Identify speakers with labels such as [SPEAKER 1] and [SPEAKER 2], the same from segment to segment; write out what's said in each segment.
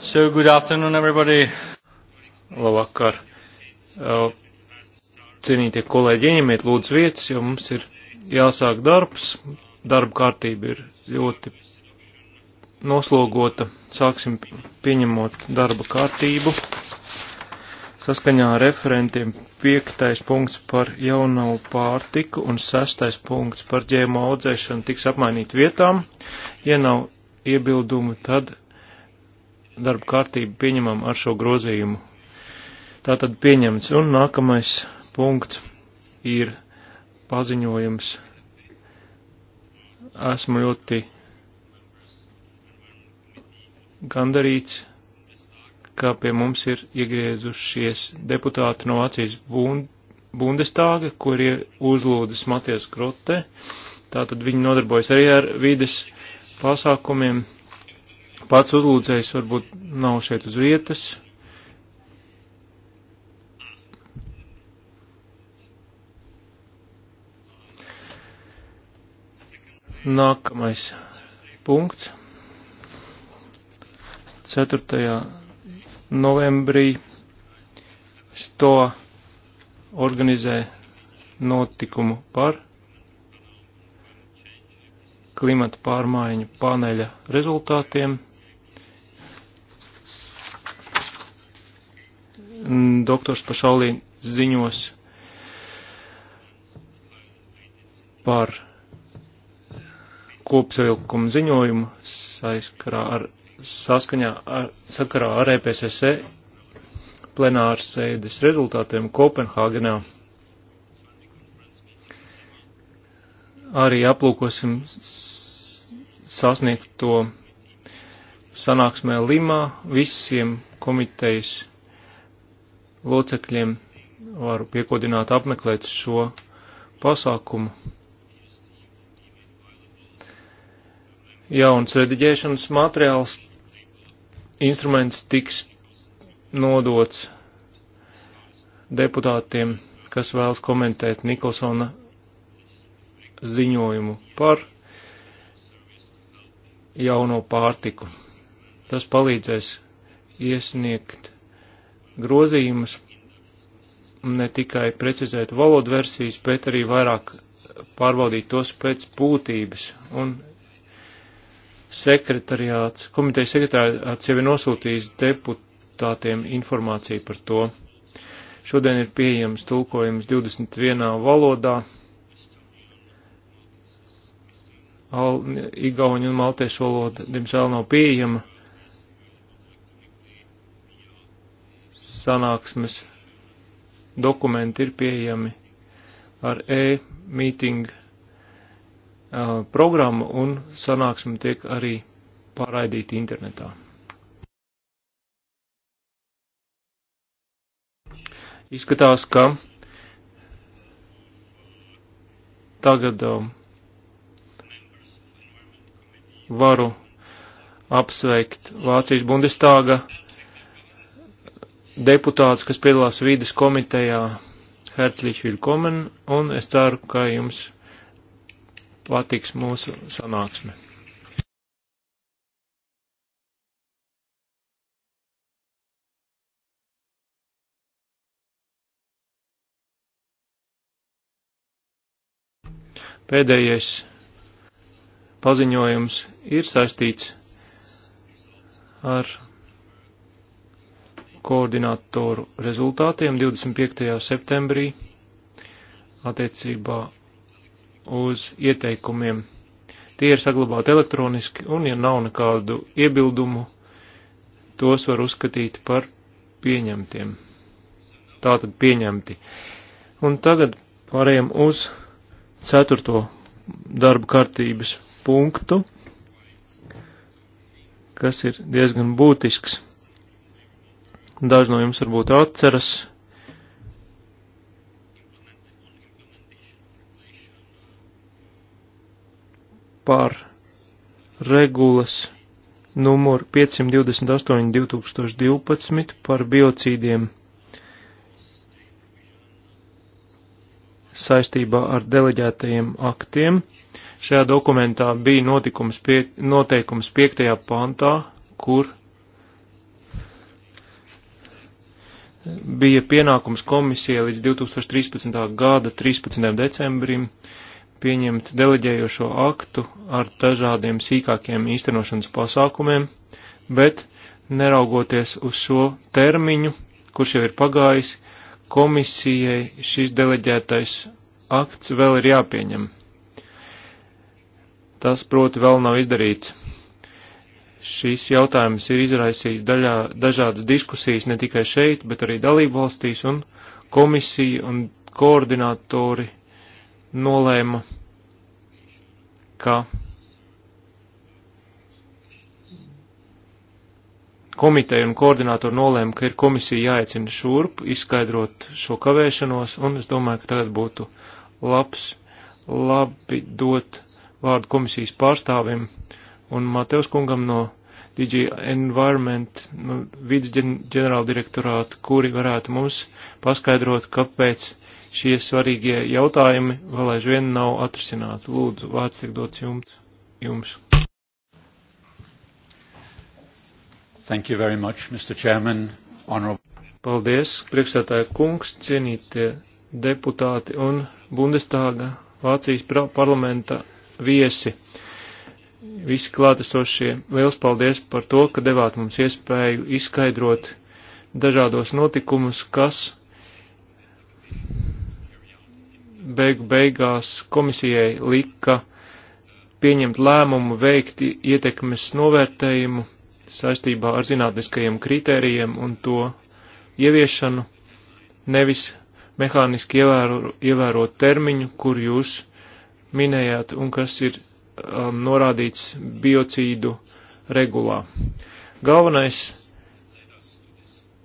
[SPEAKER 1] So, good afternoon, everybody. Labvakar. Cienītie kolēģi, ieņemiet lūdzu vietas, jo mums ir jāsāk darbs. Darba kārtība ir ļoti noslogota. Sāksim pieņemot darba kārtību. Saskaņā ar referentiem piektais punkts par jaunu pārtiku un sestais punkts par ģēmo audzēšanu tiks apmainīt vietām. Ja nav iebildumu, tad darba kārtību pieņemam ar šo grozījumu. Tā tad pieņemts. Un nākamais punkts ir paziņojums. Esmu ļoti gandarīts, ka pie mums ir iegriezušies deputāti no Vācijas bund Bundestāga, kurie uzlūdzas Matijas Grote. Tātad viņi nodarbojas arī ar vides pasākumiem pats uzlūdzējs varbūt nav šeit uz vietas. Nākamais punkts. 4. novembrī sto organizē notikumu par klimata pārmaiņu paneļa rezultātiem. Mm, doktors Pašalī ziņos par kopsavilkuma ziņojumu saiskarā ar saskaņā ar, sakarā ar EPSSE plenāras sēdes rezultātiem Kopenhāgenā. Arī aplūkosim sasniegto sanāksmē Limā visiem komitejas locekļiem varu piekodināt apmeklēt šo pasākumu. Jauns rediģēšanas materiāls instruments tiks nodots deputātiem, kas vēlas komentēt Nikolsona ziņojumu par jauno pārtiku. Tas palīdzēs iesniegt grozījumus, ne tikai precizēt valodu versijas, bet arī vairāk pārbaudīt tos pēc būtības. Un sekretariāts, komitejas sekretariāts jau ir nosūtījis deputātiem informāciju par to. Šodien ir pieejams tulkojums 21. valodā. Al, Igauņu un Maltiešu valoda, diemžēl, nav pieejama. sanāksmes dokumenti ir pieejami ar e-mīting uh, programmu un sanāksme tiek arī pārraidīta internetā. Izskatās, ka tagad um, varu apsveikt Vācijas Bundestāga deputātus, kas piedalās vīdes komitejā Herzlich Willkommen, un es ceru, ka jums patiks mūsu sanāksme. Pēdējais paziņojums ir saistīts ar koordinatoru rezultātiem 25. septembrī attiecībā uz ieteikumiem. Tie ir saglabāti elektroniski, un, ja nav nekādu iebildumu, tos var uzskatīt par pieņemtiem. Tātad pieņemti. Un tagad pārējām uz ceturto darba kārtības punktu, kas ir diezgan būtisks. Daži no jums varbūt atceras. Par regulas numuru 528-2012 par biocīdiem saistībā ar deleģētajiem aktiem. Šajā dokumentā bija notikums pie, noteikums 5. pantā, kur bija pienākums komisijai līdz 2013. gada 13. decembrim pieņemt deleģējošo aktu ar dažādiem sīkākiem īstenošanas pasākumiem, bet neraugoties uz šo termiņu, kurš jau ir pagājis, komisijai šis deleģētais akts vēl ir jāpieņem. Tas proti vēl nav izdarīts šīs jautājums ir izraisījis daļā, dažādas diskusijas ne tikai šeit, bet arī dalību valstīs un komisija un koordinātori nolēma, ka komiteja un koordinātori nolēma, ka ir komisija jāiecina šurp, izskaidrot šo kavēšanos, un es domāju, ka tagad būtu labs, labi dot vārdu komisijas pārstāvim un Mateus kungam no DG Environment, nu, vidas ģenerāldirektorāta, kuri varētu mums paskaidrot, kāpēc šie svarīgie jautājumi vēl aizvien nav atrisināti. Lūdzu, vārds tiek dots jums. jums. Thank you very much, Mr. Chairman. Honorable. Paldies, priekšsētāja kungs, cienītie deputāti un Bundestāga Vācijas parlamenta viesi visi klātesošie, liels paldies par to, ka devāt mums iespēju izskaidrot dažādos notikumus, kas beigu beigās komisijai lika pieņemt lēmumu veikt ietekmes novērtējumu saistībā ar zinātniskajiem kritērijiem un to ieviešanu, nevis mehāniski ievēro, ievērot termiņu, kur jūs minējāt un kas ir um, norādīts biocīdu regulā. Galvenais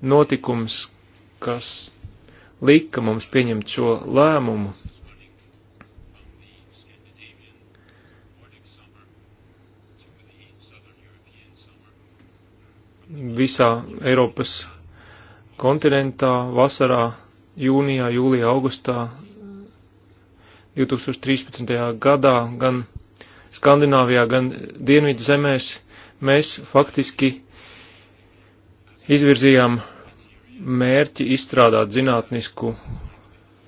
[SPEAKER 1] notikums, kas lika mums pieņemt šo lēmumu, visā Eiropas kontinentā vasarā, jūnijā, jūlijā, augustā 2013. gadā gan Skandināvijā, gan Dienvidu zemēs mēs faktiski izvirzījām mērķi izstrādāt zinātnisku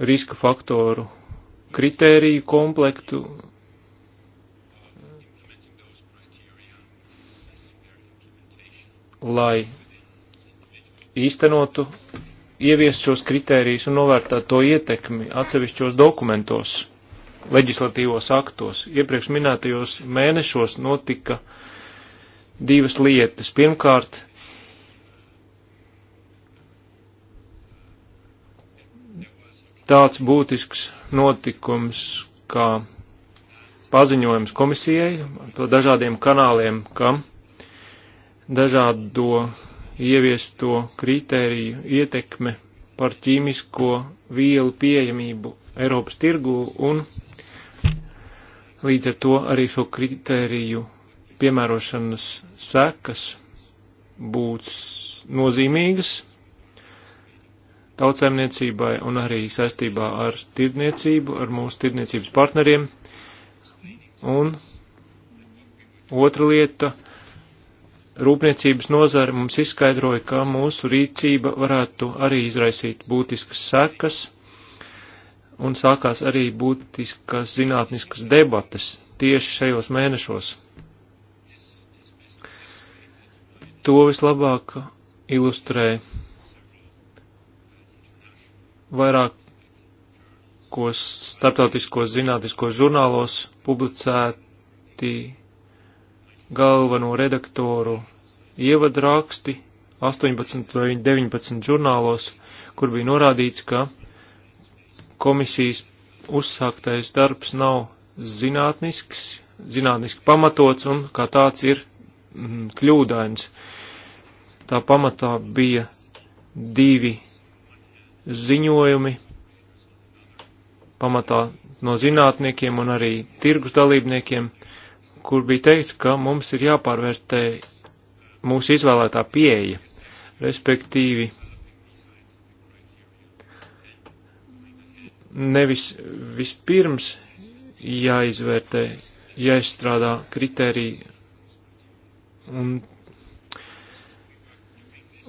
[SPEAKER 1] riska faktoru kritēriju komplektu. lai īstenotu, ieviest šos kritērijus un novērtētu to ietekmi atsevišķos dokumentos leģislatīvos aktos. Iepriekš minētajos mēnešos notika divas lietas. Pirmkārt, tāds būtisks notikums, kā paziņojums komisijai, to dažādiem kanāliem, kam dažādo ieviesto kritēriju ietekme par ķīmisko vielu pieejamību Eiropas tirgu un līdz ar to arī šo kritēriju piemērošanas sekas būs nozīmīgas tautsēmniecībai un arī saistībā ar tirdzniecību, ar mūsu tirdzniecības partneriem. Un otra lieta - rūpniecības nozara mums izskaidroja, ka mūsu rīcība varētu arī izraisīt būtiskas sekas un sākās arī būtiskas zinātniskas debates tieši šajos mēnešos. To vislabāk ilustrē vairākos starptautiskos zinātniskos žurnālos publicēti galveno redaktoru ievadraksti 18 vai 19 žurnālos, kur bija norādīts, ka komisijas uzsāktais darbs nav zinātnisks, zinātniski pamatots un kā tāds ir mm, kļūdains. Tā pamatā bija divi ziņojumi, pamatā no zinātniekiem un arī tirgus dalībniekiem, kur bija teikts, ka mums ir jāpārvērtē mūsu izvēlētā pieeja, respektīvi nevis vispirms jāizvērtē, jāizstrādā kritēriji un,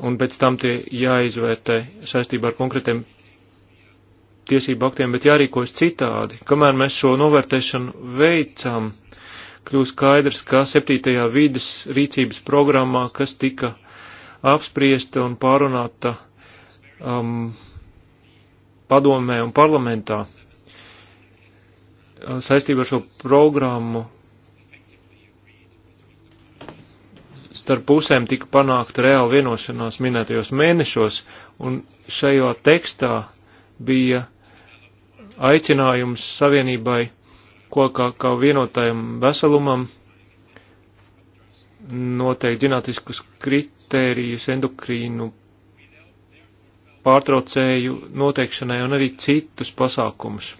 [SPEAKER 1] un pēc tam tie jāizvērtē saistībā ar konkrētiem tiesību aktiem, bet jārīkos citādi. Kamēr mēs šo novērtēšanu veicam, kļūst skaidrs, ka septītajā vidas rīcības programmā, kas tika apspriesta un pārunāta, um, padomē un parlamentā saistībā ar šo programmu starp pusēm tika panākta reāla vienošanās minētajos mēnešos, un šajā tekstā bija aicinājums savienībai, ko kā, kā vienotajam veselumam noteikt zinātniskus kritērijus endokrīnu pārtraucēju noteikšanai un arī citus pasākumus.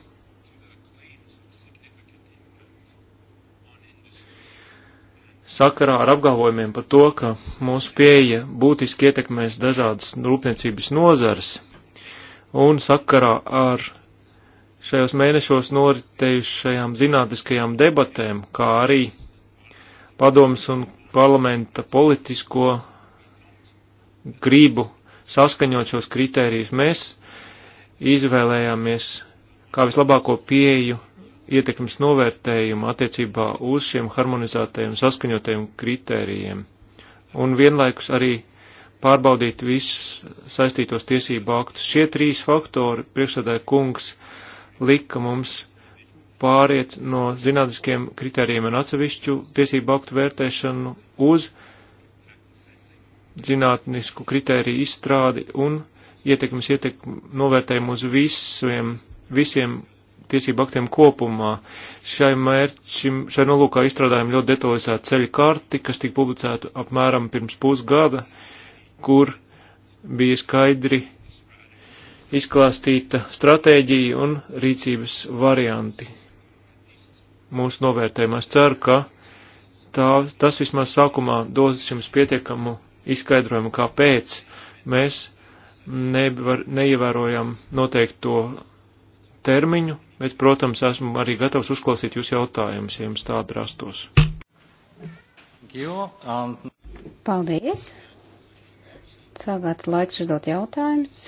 [SPEAKER 1] Sakarā ar apgalvojumiem par to, ka mūsu pieeja būtiski ietekmēs dažādas rūpniecības nozares, un sakarā ar šajos mēnešos noritējušajām zinātniskajām debatēm, kā arī padomas un parlamenta politisko gribu saskaņot šos kritērijus. Mēs izvēlējāmies kā vislabāko pieeju ietekmes novērtējumu attiecībā uz šiem harmonizētajiem saskaņotajiem kritērijiem un vienlaikus arī pārbaudīt visus saistītos tiesību aktus. Šie trīs faktori priekšsēdāja kungs lika mums pāriet no zinātniskiem kritērijiem un atsevišķu tiesību aktu vērtēšanu uz uh, zinātnisku kritēriju izstrādi un ietekmes ietekmu novērtējumu uz visiem, visiem tiesību aktiem kopumā. Šai mērķim, šai nolūkā izstrādājam ļoti detalizētu ceļu karti, kas tika publicēta apmēram pirms pusgada, kur bija skaidri izklāstīta stratēģija un rīcības varianti. Mūsu novērtējumā es ceru, ka tā, tas vismaz sākumā dos jums pietiekamu izskaidrojumu, kāpēc mēs nevar, neievērojam noteikto termiņu, bet, protams, esmu arī gatavs uzklausīt jūs jautājumus, ja jums tāda rastos.
[SPEAKER 2] Paldies! Tagad laiks uzdot jautājumus.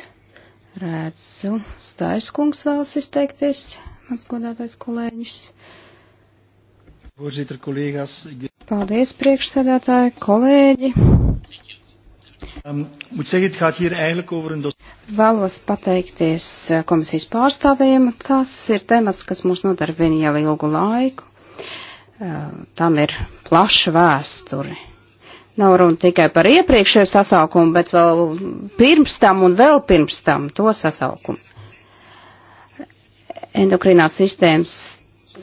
[SPEAKER 2] Redzu, Stājas kungs vēlas izteikties, mans godātais kolēģis. Paldies, priekšsēdētāji, kolēģi! Ehm, Vēlos pateikties eh, komisijas pārstāvējiem. Tas ir temats, kas mūs nodarbina jau ilgu laiku. Ehm, tam ir plaša vēsture. Nav runa tikai par iepriekšējo sasaukumu, bet vēl pirms tam un vēl pirms tam to sasaukumu. Endokrinās sistēmas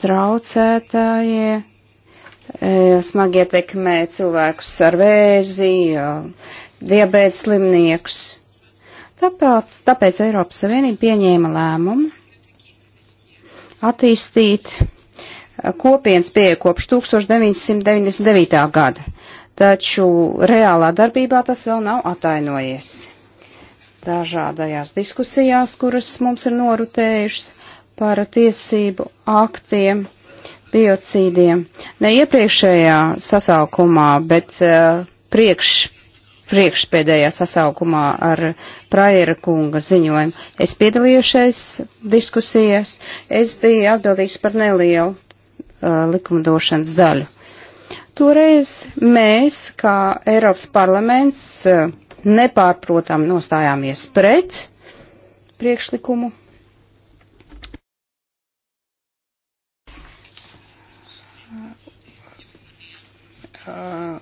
[SPEAKER 2] traucētājie eh, smagi ietekmē cilvēkus ar vēzi, eh, diabēta slimniekus. Tāpēc, tāpēc Eiropas Savienība pieņēma lēmumu attīstīt eh, kopienas pieeja kopš 1999. gada, taču reālā darbībā tas vēl nav atainojies. Dažādajās diskusijās, kuras mums ir norutējušas par tiesību aktiem, biocīdiem, ne iepriekšējā sasaukumā, bet uh, priekš priekšpēdējā sasaukumā ar Praiera kunga ziņojumu. Es piedalījušais diskusijās, es biju atbildīgs par nelielu uh, likumdošanas daļu. Toreiz mēs, kā Eiropas parlaments, uh, nepārprotam nostājāmies pret priekšlikumu. Uh,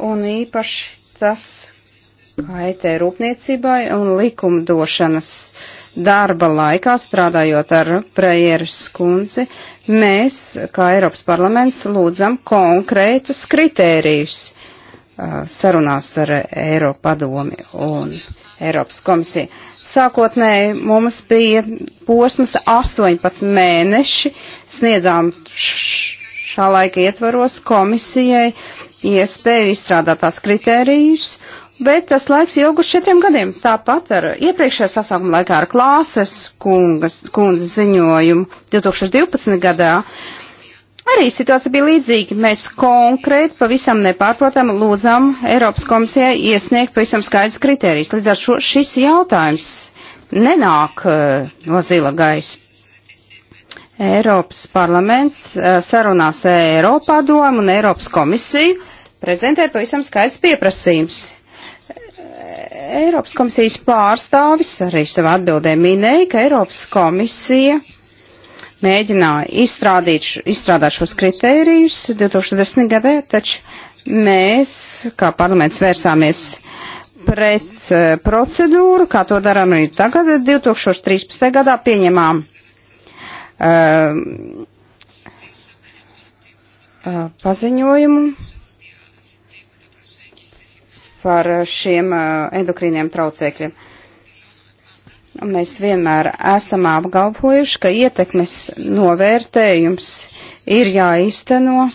[SPEAKER 2] un īpaši tas kaitē rūpniecībai un likumdošanas darba laikā strādājot ar premjeras kundzi. Mēs, kā Eiropas parlaments, lūdzam konkrētus kritērijus sarunās ar Eiropa padomi un Eiropas komisiju. Sākotnēji mums bija posms 18 mēneši, sniedzām šā laika ietvaros komisijai iespēju izstrādāt tās kritērijus, bet tas laiks ilgus četriem gadiem. Tāpat ar iepriekšējā sasaukuma laikā ar klāses kungas, kundzes ziņojumu 2012. gadā. Arī situācija bija līdzīga. Mēs konkrēti, pavisam nepārprotam, lūdzam Eiropas komisijai iesniegt pavisam skaidrs kriterijus. Līdz ar šo šis jautājums nenāk uh, no zila gaisa. Eiropas parlaments uh, sarunās Eiropā domu un Eiropas komisiju prezentē pavisam skaidrs pieprasījums. Eiropas komisijas pārstāvis arī savā atbildē minēja, ka Eiropas komisija mēģināja izstrādīt, izstrādāt šos kritērijus 2010. gadā, taču mēs, kā parlaments, vērsāmies pret uh, procedūru, kā to darām arī tagad, 2013. gadā pieņemām uh, uh, paziņojumu par eh, šiem eh, endokrīniem traucēkļiem. Mēs vienmēr esam apgalvojuši, ka ietekmes novērtējums ir jāizteno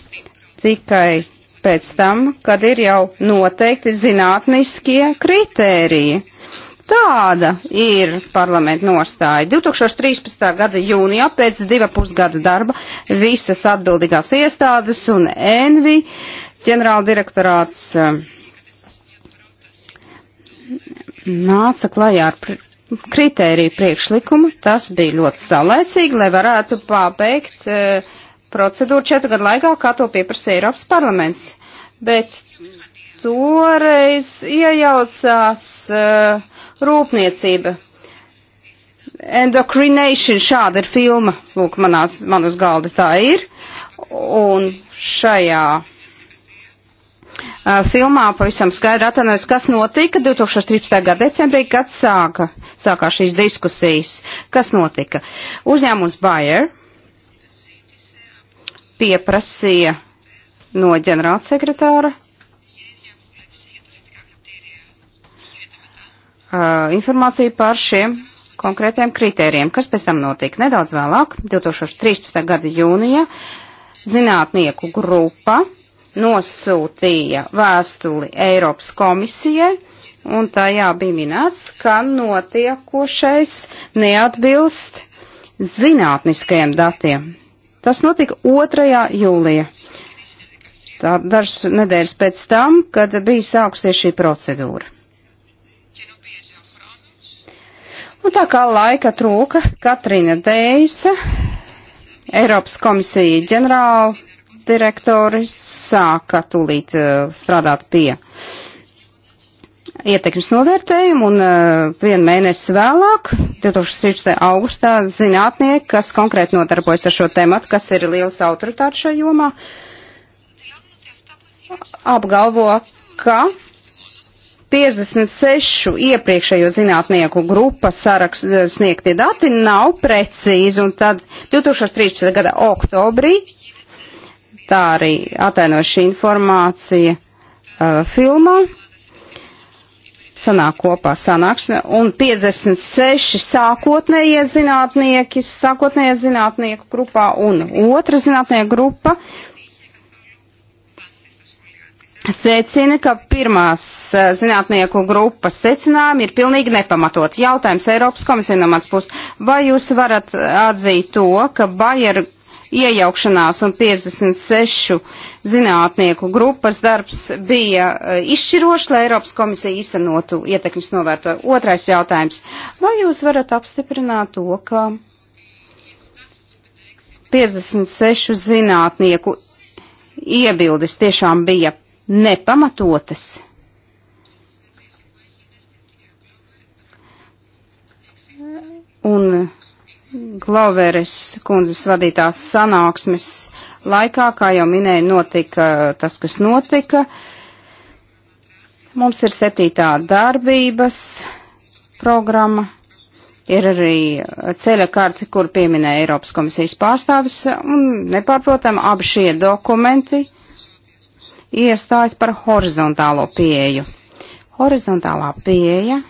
[SPEAKER 2] tikai pēc tam, kad ir jau noteikti zinātniskie kritēriji. Tāda ir parlamenta nostāja. 2013. gada jūnijā pēc diva pusgada darba visas atbildīgās iestādes un ENVI ģenerāldirektorāts direktorāts eh, nāca klajā ar kritēriju priekšlikumu. Tas bija ļoti saulēcīgi, lai varētu pabeigt e, procedūru četru gadu laikā, kā to pieprasīja Eiropas parlaments. Bet toreiz iejaucās uh, rūpniecība. Endocrination šāda ir filma, lūk, manās, man uz galda tā ir. Un šajā Uh, filmā pavisam skaidri atvainojas, kas notika 2013. gada decembrī, kad sāka, sākā šīs diskusijas. Kas notika? Uzņēmums Bayer pieprasīja no ģenerālsekretāra uh, informāciju par šiem konkrētiem kritērijiem, kas pēc tam notika. Nedaudz vēlāk, 2013. gada jūnija, zinātnieku grupa nosūtīja vēstuli Eiropas komisijai, un tajā bija minēts, ka notiekošais neatbilst zinātniskajiem datiem. Tas notika 2. jūlijā. Tā dažas nedēļas pēc tam, kad bija sākusies šī procedūra. Un tā kā laika trūka, Katrina Deisa, Eiropas komisija ģenerāla direktori sāka tūlīt eh, strādāt pie ietekmes novērtējumu un uh, vienu mēnesi vēlāk, 2016. augustā, zinātnieki, kas konkrēti nodarbojas ar šo tematu, kas ir liels autoritāte šajā jomā, apgalvo, ka 56 iepriekšējo zinātnieku grupa sarakst eh, sniegtie dati nav precīzi, un tad 2013. gada oktobrī Tā arī ataino šī informācija uh, filmā. Sanāk kopā sanāksme un 56 sākotnējie zinātnieki, sākotnējie zinātnieku grupā un otra zinātnieku grupa secina, ka pirmās uh, zinātnieku grupas secinājumi ir pilnīgi nepamatot. Jautājums Eiropas komisija no mans puses. Vai jūs varat atzīt to, ka Bayer iejaukšanās un 56 zinātnieku grupas darbs bija eh, izšķirošs, lai Eiropas komisija īstenotu ietekmes novērtoju. Otrais jautājums. Vai jūs varat apstiprināt to, ka 56 zinātnieku iebildes tiešām bija nepamatotas? Un Glauveres kundzes vadītās sanāksmes laikā, kā jau minēja, notika tas, kas notika. Mums ir septītā darbības programma, ir arī ceļa karti, kur pieminēja Eiropas komisijas pārstāvis, un nepārprotam abi šie dokumenti iestājas par horizontālo pieeju. Horizontālā pieeja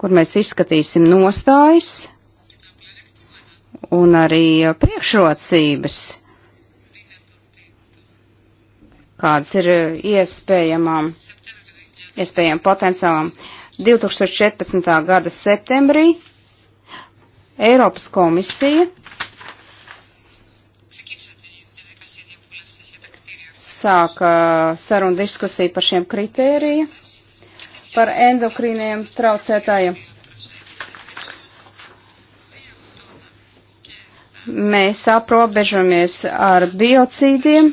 [SPEAKER 2] kur mēs izskatīsim nostājas un arī uh, priekšrocības, kādas ir uh, iespējamām, iespējām potenciālām. 2014. gada septembrī Eiropas komisija sāka uh, sarunu diskusiju par šiem kritērijiem par endokrīniem traucētājiem. Mēs aprobežamies ar biocīdiem,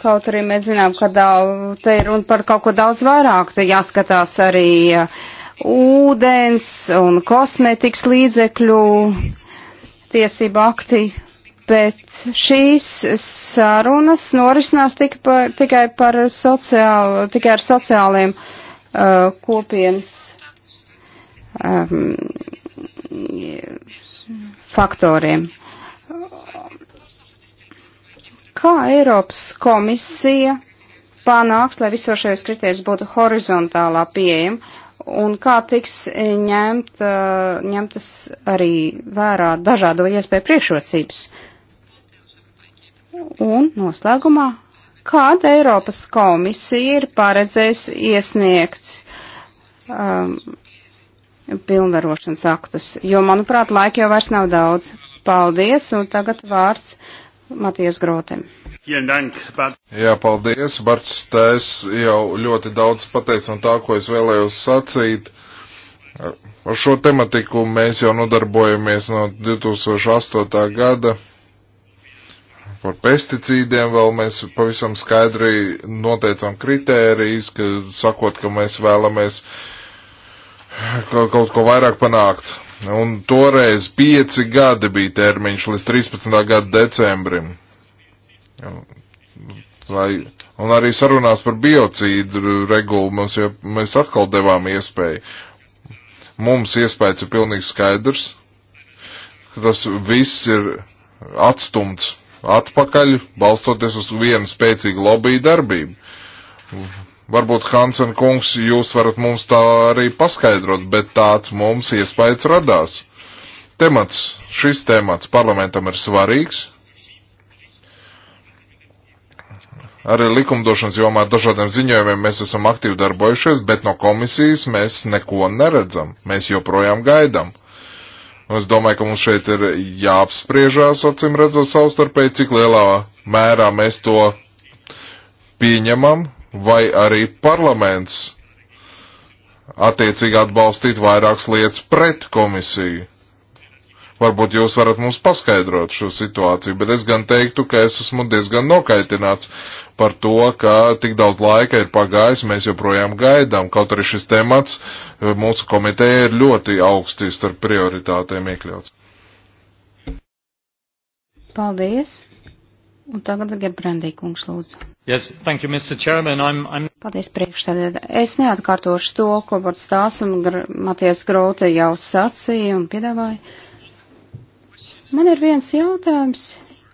[SPEAKER 2] kaut arī mēs zinām, ka daudz, te ir runa par kaut ko daudz vairāk, te jāskatās arī uh, ūdens un kosmetikas līdzekļu tiesību akti, bet šīs sarunas norisinās tik par, tikai par sociālu, tikai ar sociāliem uh, uh, kopienas um, faktoriem. Kā Eiropas komisija panāks, lai visos šajos kritērijos būtu horizontālā pieejama, un kā tiks ņemt, uh, ņemtas arī vērā dažādo iespēju priekšrocības? Un noslēgumā Kāda Eiropas komisija ir paredzējusi iesniegt um, pilnvarošanas aktus? Jo, manuprāt, laika jau vairs nav daudz. Paldies, un tagad vārds Matijas Grotem. Jā,
[SPEAKER 3] paldies, Barts Tēs jau ļoti daudz pateica no tā, ko es vēlējos sacīt. Ar šo tematiku mēs jau nodarbojamies no 2008. gada. Par pesticīdiem vēl mēs pavisam skaidri noteicām kritērijas, ka sakot, ka mēs vēlamies kaut ko vairāk panākt. Un toreiz pieci gadi bija termiņš līdz 13. gada decembrim. Lai, un arī sarunās par biocīdu regulu mums, ja mēs atkal devām iespēju. Mums iespējas ir pilnīgi skaidrs, ka tas viss ir atstumts atpakaļ, balstoties uz vienu spēcīgu lobby darbību. Varbūt Hansen kungs, jūs varat mums tā arī paskaidrot, bet tāds mums iespējas radās. Temats, šis temats parlamentam ir svarīgs. Arī likumdošanas jomā dažādiem ziņojumiem mēs esam aktīvi darbojušies, bet no komisijas mēs neko neredzam. Mēs joprojām gaidām. Es domāju, ka mums šeit ir jāapspriežās, acīm redzot, savstarpēji, cik lielā mērā mēs to pieņemam, vai arī parlaments attiecīgi atbalstīt vairākas lietas pret komisiju. Varbūt jūs varat mums paskaidrot šo situāciju, bet es gan teiktu, ka es esmu diezgan nokaitināts par to, ka tik daudz laika ir pagājis, mēs joprojām gaidām, kaut arī šis temats eh, mūsu komiteja ir ļoti augsti starp prioritātēm
[SPEAKER 1] iekļauts.
[SPEAKER 2] Paldies! Un tagad Gerbrandī kungs lūdzu.
[SPEAKER 1] Yes, thank you, Mr. Chairman. I'm, I'm... Paldies
[SPEAKER 2] priekšsēdētā. Es neatkārtošu to, ko Bart Stās un Gr Maties Grote jau sacīja un piedāvāja. Man ir viens jautājums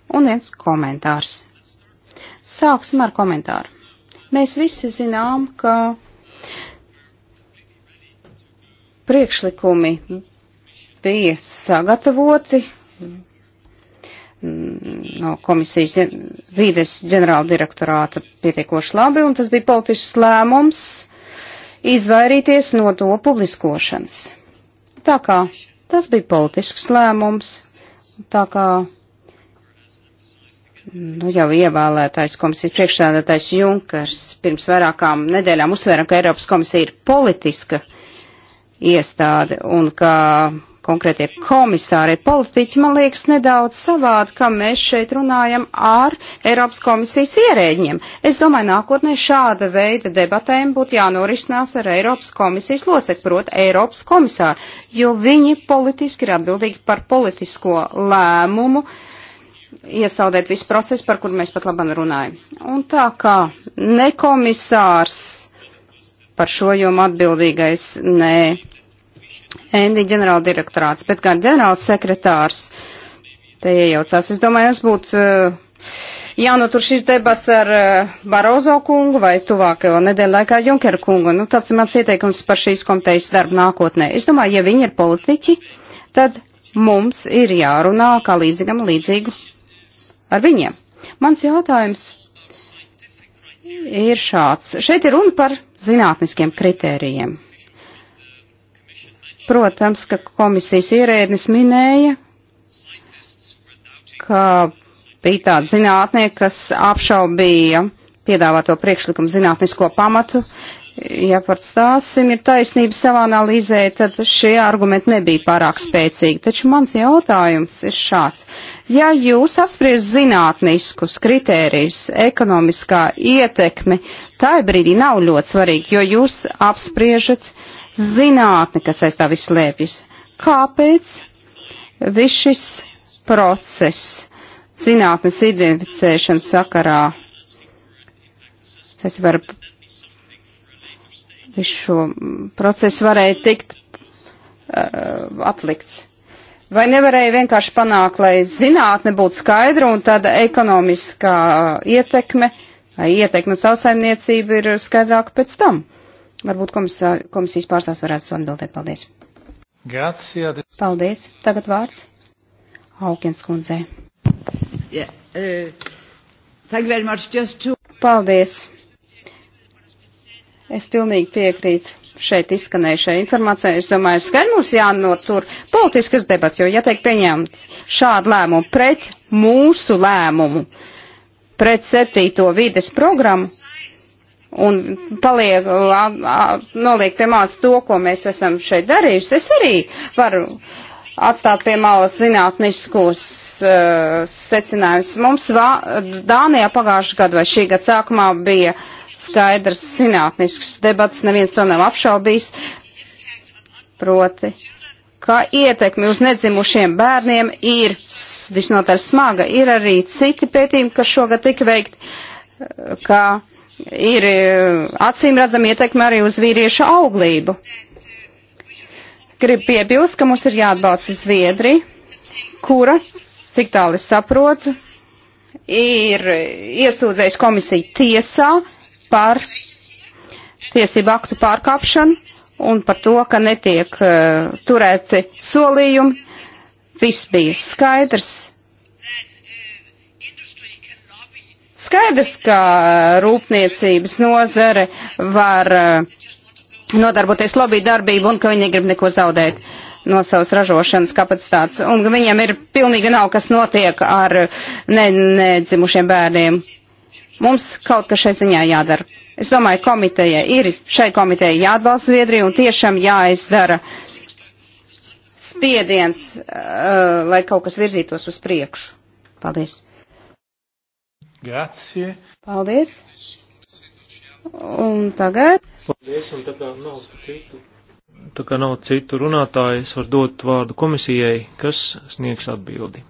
[SPEAKER 2] un viens komentārs. Sāksim ar komentāru. Mēs visi zinām, ka priekšlikumi bija sagatavoti no komisijas vīdes ģenerāla direktorāta pietiekoši labi, un tas bija politisks lēmums izvairīties no to publiskošanas. Tā kā tas bija politisks lēmums, tā kā nu, jau ievēlētais komisijas priekšsēdētājs Junkers pirms vairākām nedēļām uzsvēra, ka Eiropas komisija ir politiska iestāde un ka konkrētie komisāri ir politiķi, man liekas nedaudz savādi, ka mēs šeit runājam ar Eiropas komisijas ierēģiem. Es domāju, nākotnē šāda veida debatēm būtu jānorisinās ar Eiropas komisijas locekli, proti Eiropas komisāru, jo viņi politiski ir atbildīgi par politisko lēmumu, uh, iesaldēt visu procesu, par kuru mēs pat labam runājam. Un tā kā ne komisārs par šo jomu atbildīgais, ne Endi ģenerāla direktorāts, bet gan ģenerāls sekretārs te iejaucās. Es domāju, es būtu eh, jānotur šis debats ar eh, Barozo kungu vai tuvākajo nedēļu laikā Junkeru kungu. Nu, tāds ir mans ieteikums par šīs komitejas darbu nākotnē. Es domāju, ja viņi ir politiķi, tad mums ir jārunā kā līdzīgam līdzīgu ar viņiem. Mans jautājums ir šāds. Šeit ir runa par zinātniskiem kritērijiem. Protams, ka komisijas ierēdnis minēja, ka bija tādi zinātnieki, kas apšaubīja piedāvāto priekšlikumu zinātnisko pamatu, ja par stāsim ir taisnība savā analīzē, tad šie argumenti nebija pārāk spēcīgi. Taču mans jautājums ir šāds. Ja jūs apspriež zinātniskus kritērijus, ekonomiskā ietekme, tā brīdī nav ļoti svarīgi, jo jūs apspriežat zinātni, kas aiz tā viss lēpjas. Kāpēc viss šis process zinātnes identificēšanas sakarā saistībā ar visu šo procesu varēja tikt uh, atlikts. Vai nevarēja vienkārši panākt, lai zinātne būtu skaidra un tāda ekonomiskā ietekme vai ietekme uz saussaimniecību ir skaidrāka pēc tam? Varbūt komisā, komisijas pārstāvs varētu atbildēt. Paldies.
[SPEAKER 1] Grazie.
[SPEAKER 2] Paldies. Tagad vārds Aukins kundzei. Yeah, uh, to... Paldies. Es pilnīgi piekrītu šeit izskanējušai informācijai. Es domāju, skaidrs mums jānotur politiskas debats, jo, ja tiek pieņemt šādu lēmumu pret mūsu lēmumu, pret septīto vides programmu, un paliek, a, a, noliek pie malas to, ko mēs esam šeit darījuši, es arī varu atstāt pie malas zinātniskos uh, secinājumus. Mums va, Dānijā pagājušajā gadā vai šī gada sākumā bija uh, skaidrs zinātnisks debats, neviens to nav apšaubījis, proti, ka ietekmi uz nedzimušiem bērniem ir visnotaļ smaga. Ir arī citi pētījumi, kas šogad tika veikti, ka ir eh, acīm redzama ietekme arī uz vīriešu auglību. Gribu piebilst, ka mums ir jāatbalsta Zviedri, kura, cik tālu es saprotu, ir iesūdzējis komisiju tiesā par tiesību aktu pārkāpšanu un par to, ka netiek uh, turēti solījumi. Viss bija skaidrs. Skaidrs, ka rūpniecības nozare var uh, nodarboties lobby darbību un ka viņi negrib neko zaudēt no savas ražošanas kapacitātes. Un ka viņiem ir pilnīgi nav, kas notiek ar ne, nedzimušiem bērniem. Mums kaut kas šai ziņā jādara. Es domāju, komiteja ir šai komitejai jāatbalsta Zviedrija un tiešām jāizdara spiediens, uh, lai kaut kas virzītos uz priekšu. Paldies. Grazie. Paldies. Un tagad.
[SPEAKER 1] Paldies, un tā kā nav citu. Tā kā nav citu runātāju, es varu dot vārdu komisijai, kas sniegs atbildi.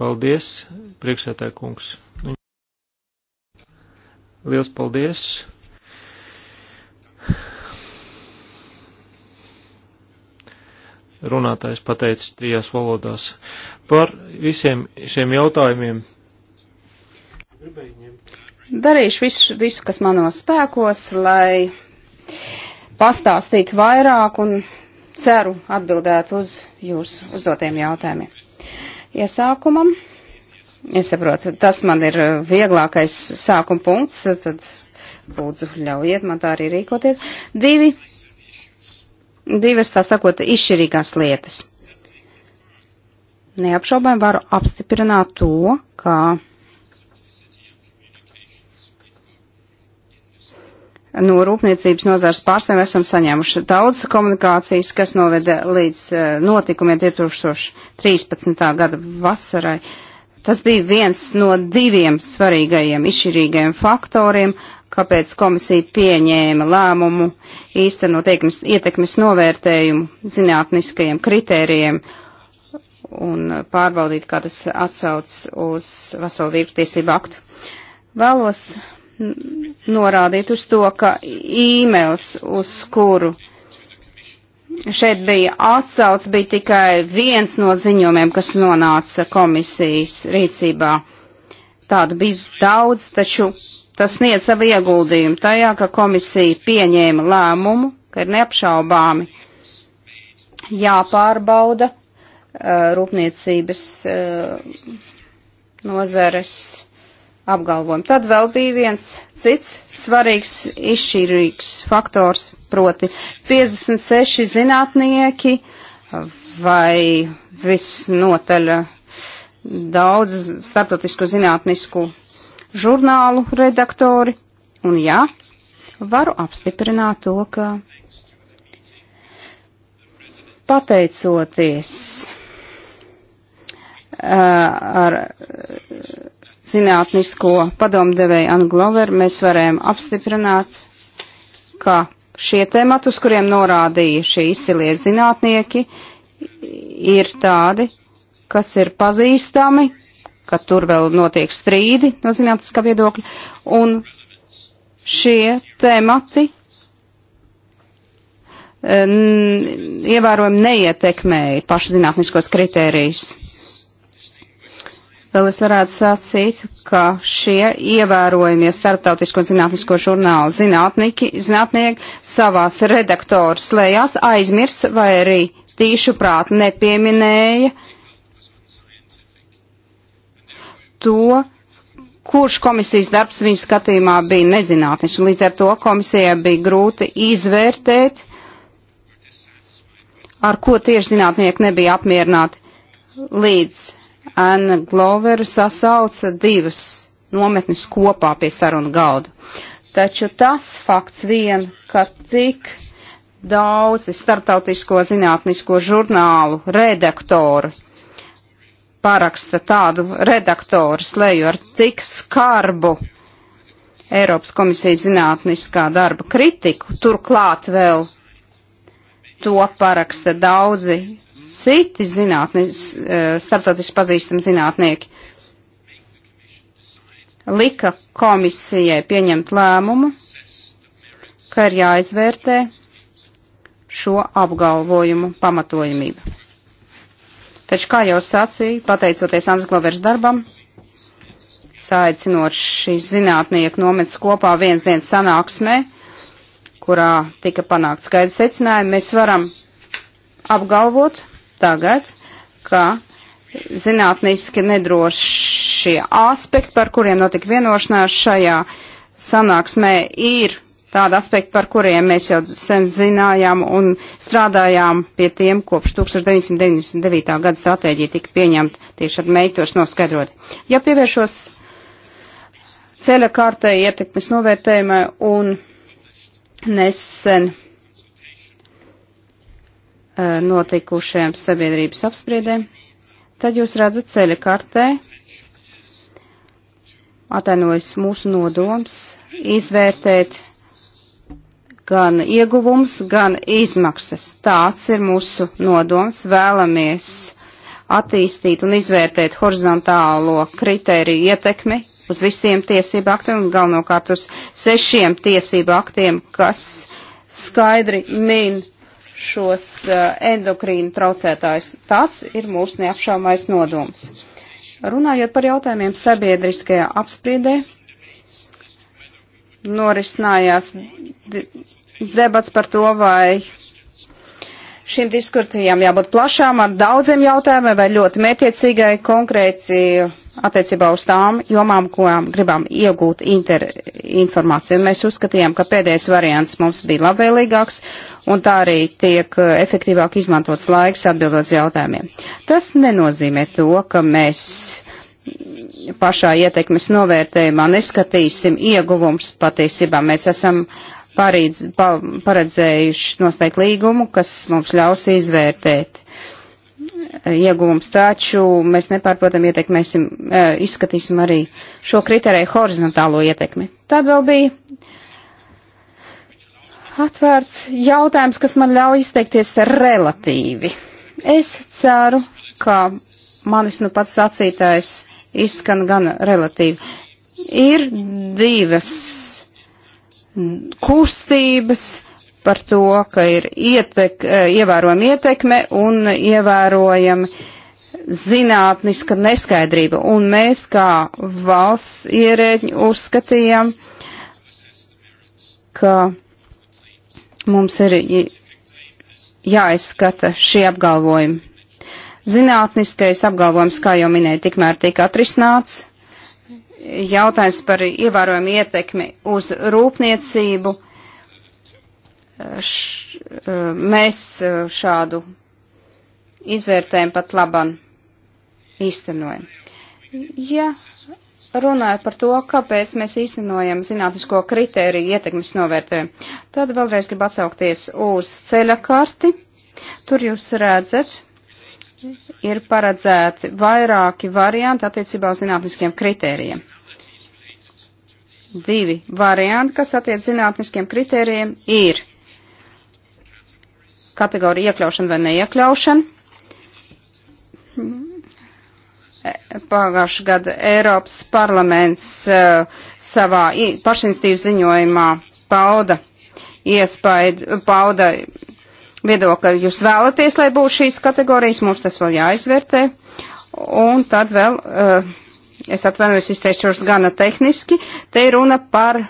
[SPEAKER 1] Paldies, priekšsētāja kungs. Liels paldies. Runātājs pateicis trijās valodās par visiem šiem jautājumiem.
[SPEAKER 2] Darīšu visu, visu, kas manos spēkos, lai pastāstītu vairāk un ceru atbildēt uz jūsu uzdotiem jautājumiem iesākumam. Es saprotu, tas man ir eh, vieglākais sākuma punkts, tad lūdzu ļaujiet man tā arī rīkoties. Divi, divas, tā sakot, izšķirīgās lietas. Neapšaubām varu apstiprināt to, ka no nu, rūpniecības nozars pārstāvjiem esam saņēmuši daudz komunikācijas, kas noveda līdz eh, notikumiem 2013. gada vasarai. Tas bija viens no diviem svarīgajiem izšķirīgajiem faktoriem, kāpēc komisija pieņēma lēmumu īstenot ietekmes novērtējumu zinātniskajiem kritērijiem un pārbaudīt, kā tas atsauc uz veselu virktiesību aktu. Vēlos norādīt uz to, ka e-mails, uz kuru šeit bija atsauc, bija tikai viens no ziņojumiem, kas nonāca komisijas rīcībā. Tādu bija daudz, taču tas sniedz savu ieguldījumu tajā, ka komisija pieņēma lēmumu, ka ir neapšaubāmi jāpārbauda uh, rūpniecības uh, nozares apgalvojumu. Tad vēl bija viens cits svarīgs izšķirīgs faktors, proti 56 zinātnieki vai visnotaļ daudz starptautisku zinātnisku žurnālu redaktori. Un jā, varu apstiprināt to, ka pateicoties uh, ar uh, zinātnisko padomdevēju Anu Gloveru mēs varējām apstiprināt, ka šie temati, uz kuriem norādīja šie izcilie zinātnieki, ir tādi, kas ir pazīstami, ka tur vēl notiek strīdi no zinātniskā viedokļa, un šie temati eh, ievērojami neietekmēja pašu zinātniskos kritērijus. Vēl es varētu sacīt, ka šie ievērojamie starptautisko zinātnisko žurnālu zinātnieki, zinātnieki savās redaktoru slējās aizmirs vai arī tīšu prāt nepieminēja to, kurš komisijas darbs viņa skatījumā bija nezinātnis. Līdz ar to komisijai bija grūti izvērtēt, ar ko tieši zinātnieki nebija apmierināti līdz Anna Glover sasauca divas nometnes kopā pie sarunu galdu. Taču tas fakts vien, ka tik daudzi startautisko zinātnisko žurnālu redaktori paraksta tādu redaktoru slēju ar tik skarbu Eiropas komisijas zinātniskā darba kritiku, turklāt vēl to paraksta daudzi citi zinātni, e, starptautiski pazīstami zinātnieki, lika komisijai pieņemt lēmumu, ka ir jāizvērtē šo apgalvojumu pamatojamību. Taču, kā jau sacīju, pateicoties Andris Glovers darbam, saicinot šīs zinātnieku nometas kopā viens dienas sanāksmē, kurā tika panākt skaidrs secinājumi, mēs varam apgalvot, tagad, ka zinātniski nedrošie aspekti, par kuriem notika vienošanās šajā sanāksmē, ir tādi aspekti, par kuriem mēs jau sen zinājām un strādājām pie tiem, kopš 1999. gada stratēģija tika pieņemta tieši ar meitos noskaidrot. Ja pievēršos ceļa kārtai ietekmes novērtējumai un nesen Eh, notikušajām sabiedrības apspriedēm, tad jūs redzat ceļa kartē, atainojas mūsu nodoms izvērtēt gan ieguvums, gan izmaksas. Tāds ir mūsu nodoms. Vēlamies attīstīt un izvērtēt horizontālo kritēriju ietekmi uz visiem tiesību aktiem un galvenokārt uz sešiem tiesību aktiem, kas skaidri min šos eh, endokrīnu traucētājus. Tāds ir mūsu neapšaumais nodoms. Runājot par jautājumiem sabiedriskajā apspriedē, norisinājās debats par to, vai Šīm diskusijām jābūt plašām ar daudziem jautājumiem vai ļoti mērķiecīgai konkrēti attiecībā uz tām jomām, ko gribam iegūt inter, informāciju. Un mēs uzskatījām, ka pēdējais variants mums bija labvēlīgāks, un tā arī tiek eh, efektīvāk izmantots laiks atbildot uz jautājumiem. Tas nenozīmē to, ka mēs pašā ietekmes novērtējumā neskatīsim ieguvums. Patiesībā mēs esam parīdz, pa, paredzējuši noslēgt līgumu, kas mums ļaus izvērtēt ieguvums, taču mēs nepārprotam ietekmēsim, eh, izskatīsim arī šo kriteriju horizontālo ietekmi. Tad vēl bija atvērts jautājums, kas man ļauj izteikties relatīvi. Es ceru, ka manis nu pats sacītājs izskan gan relatīvi. Ir divas Mm, kustības, par to, ka ir ietek, eh, ievērojama ietekme un ievērojama zinātniska neskaidrība. Un mēs kā valsts ierēģi uzskatījām, ka mums ir jāizskata šie apgalvojumi. Zinātniskais apgalvojums, kā jau minēju, tikmēr tika atrisināts, jautājums par ievērojumu ietekmi uz rūpniecību. Š, e, mēs e, šādu izvērtējumu pat laban īstenojam. Ja runāju par to, kāpēc mēs īstenojam zinātnisko kritēriju ietekmes novērtējumu, tad vēlreiz gribu atsaukties uz ceļa karti. Tur jūs redzat ir paredzēti vairāki varianti attiecībā uz zinātniskiem kritērijiem. Divi varianti, kas attiec zinātniskiem kritērijiem, ir kategorija iekļaušana vai neiekļaušana. Pagājušajā gadā Eiropas parlaments uh, savā pašinstīvu ziņojumā pauda iespaidu, pauda viedokļa jūs vēlaties, lai būtu šīs kategorijas, mums tas vēl jāizvērtē. Un tad vēl, eh, es atvainojos, izteikšos gana tehniski, te ir runa par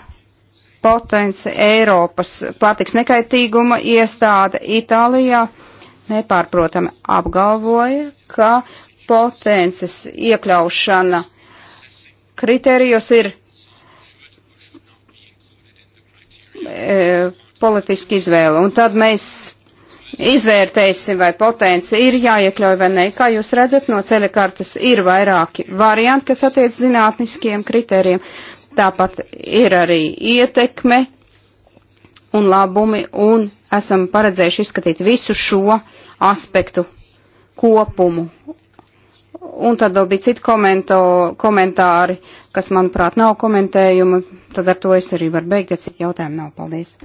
[SPEAKER 2] potenci Eiropas pārtiks nekaitīguma iestāde Itālijā nepārprotami apgalvoja, ka potences iekļaušana kriterijos ir e, politiski izvēle. Un tad mēs izvērtēsim, vai potenci ir jāiekļauj vai nē. Kā jūs redzat, no ceļa kartas ir vairāki varianti, kas attiec zinātniskiem kritērijiem. Tāpat ir arī ietekme un labumi, un esam paredzējuši izskatīt visu šo aspektu kopumu. Un tad vēl bija citi komento, komentāri, kas, manuprāt, nav komentējumi. Tad ar to es arī varu beigt, ja citi jautājumi nav. Paldies!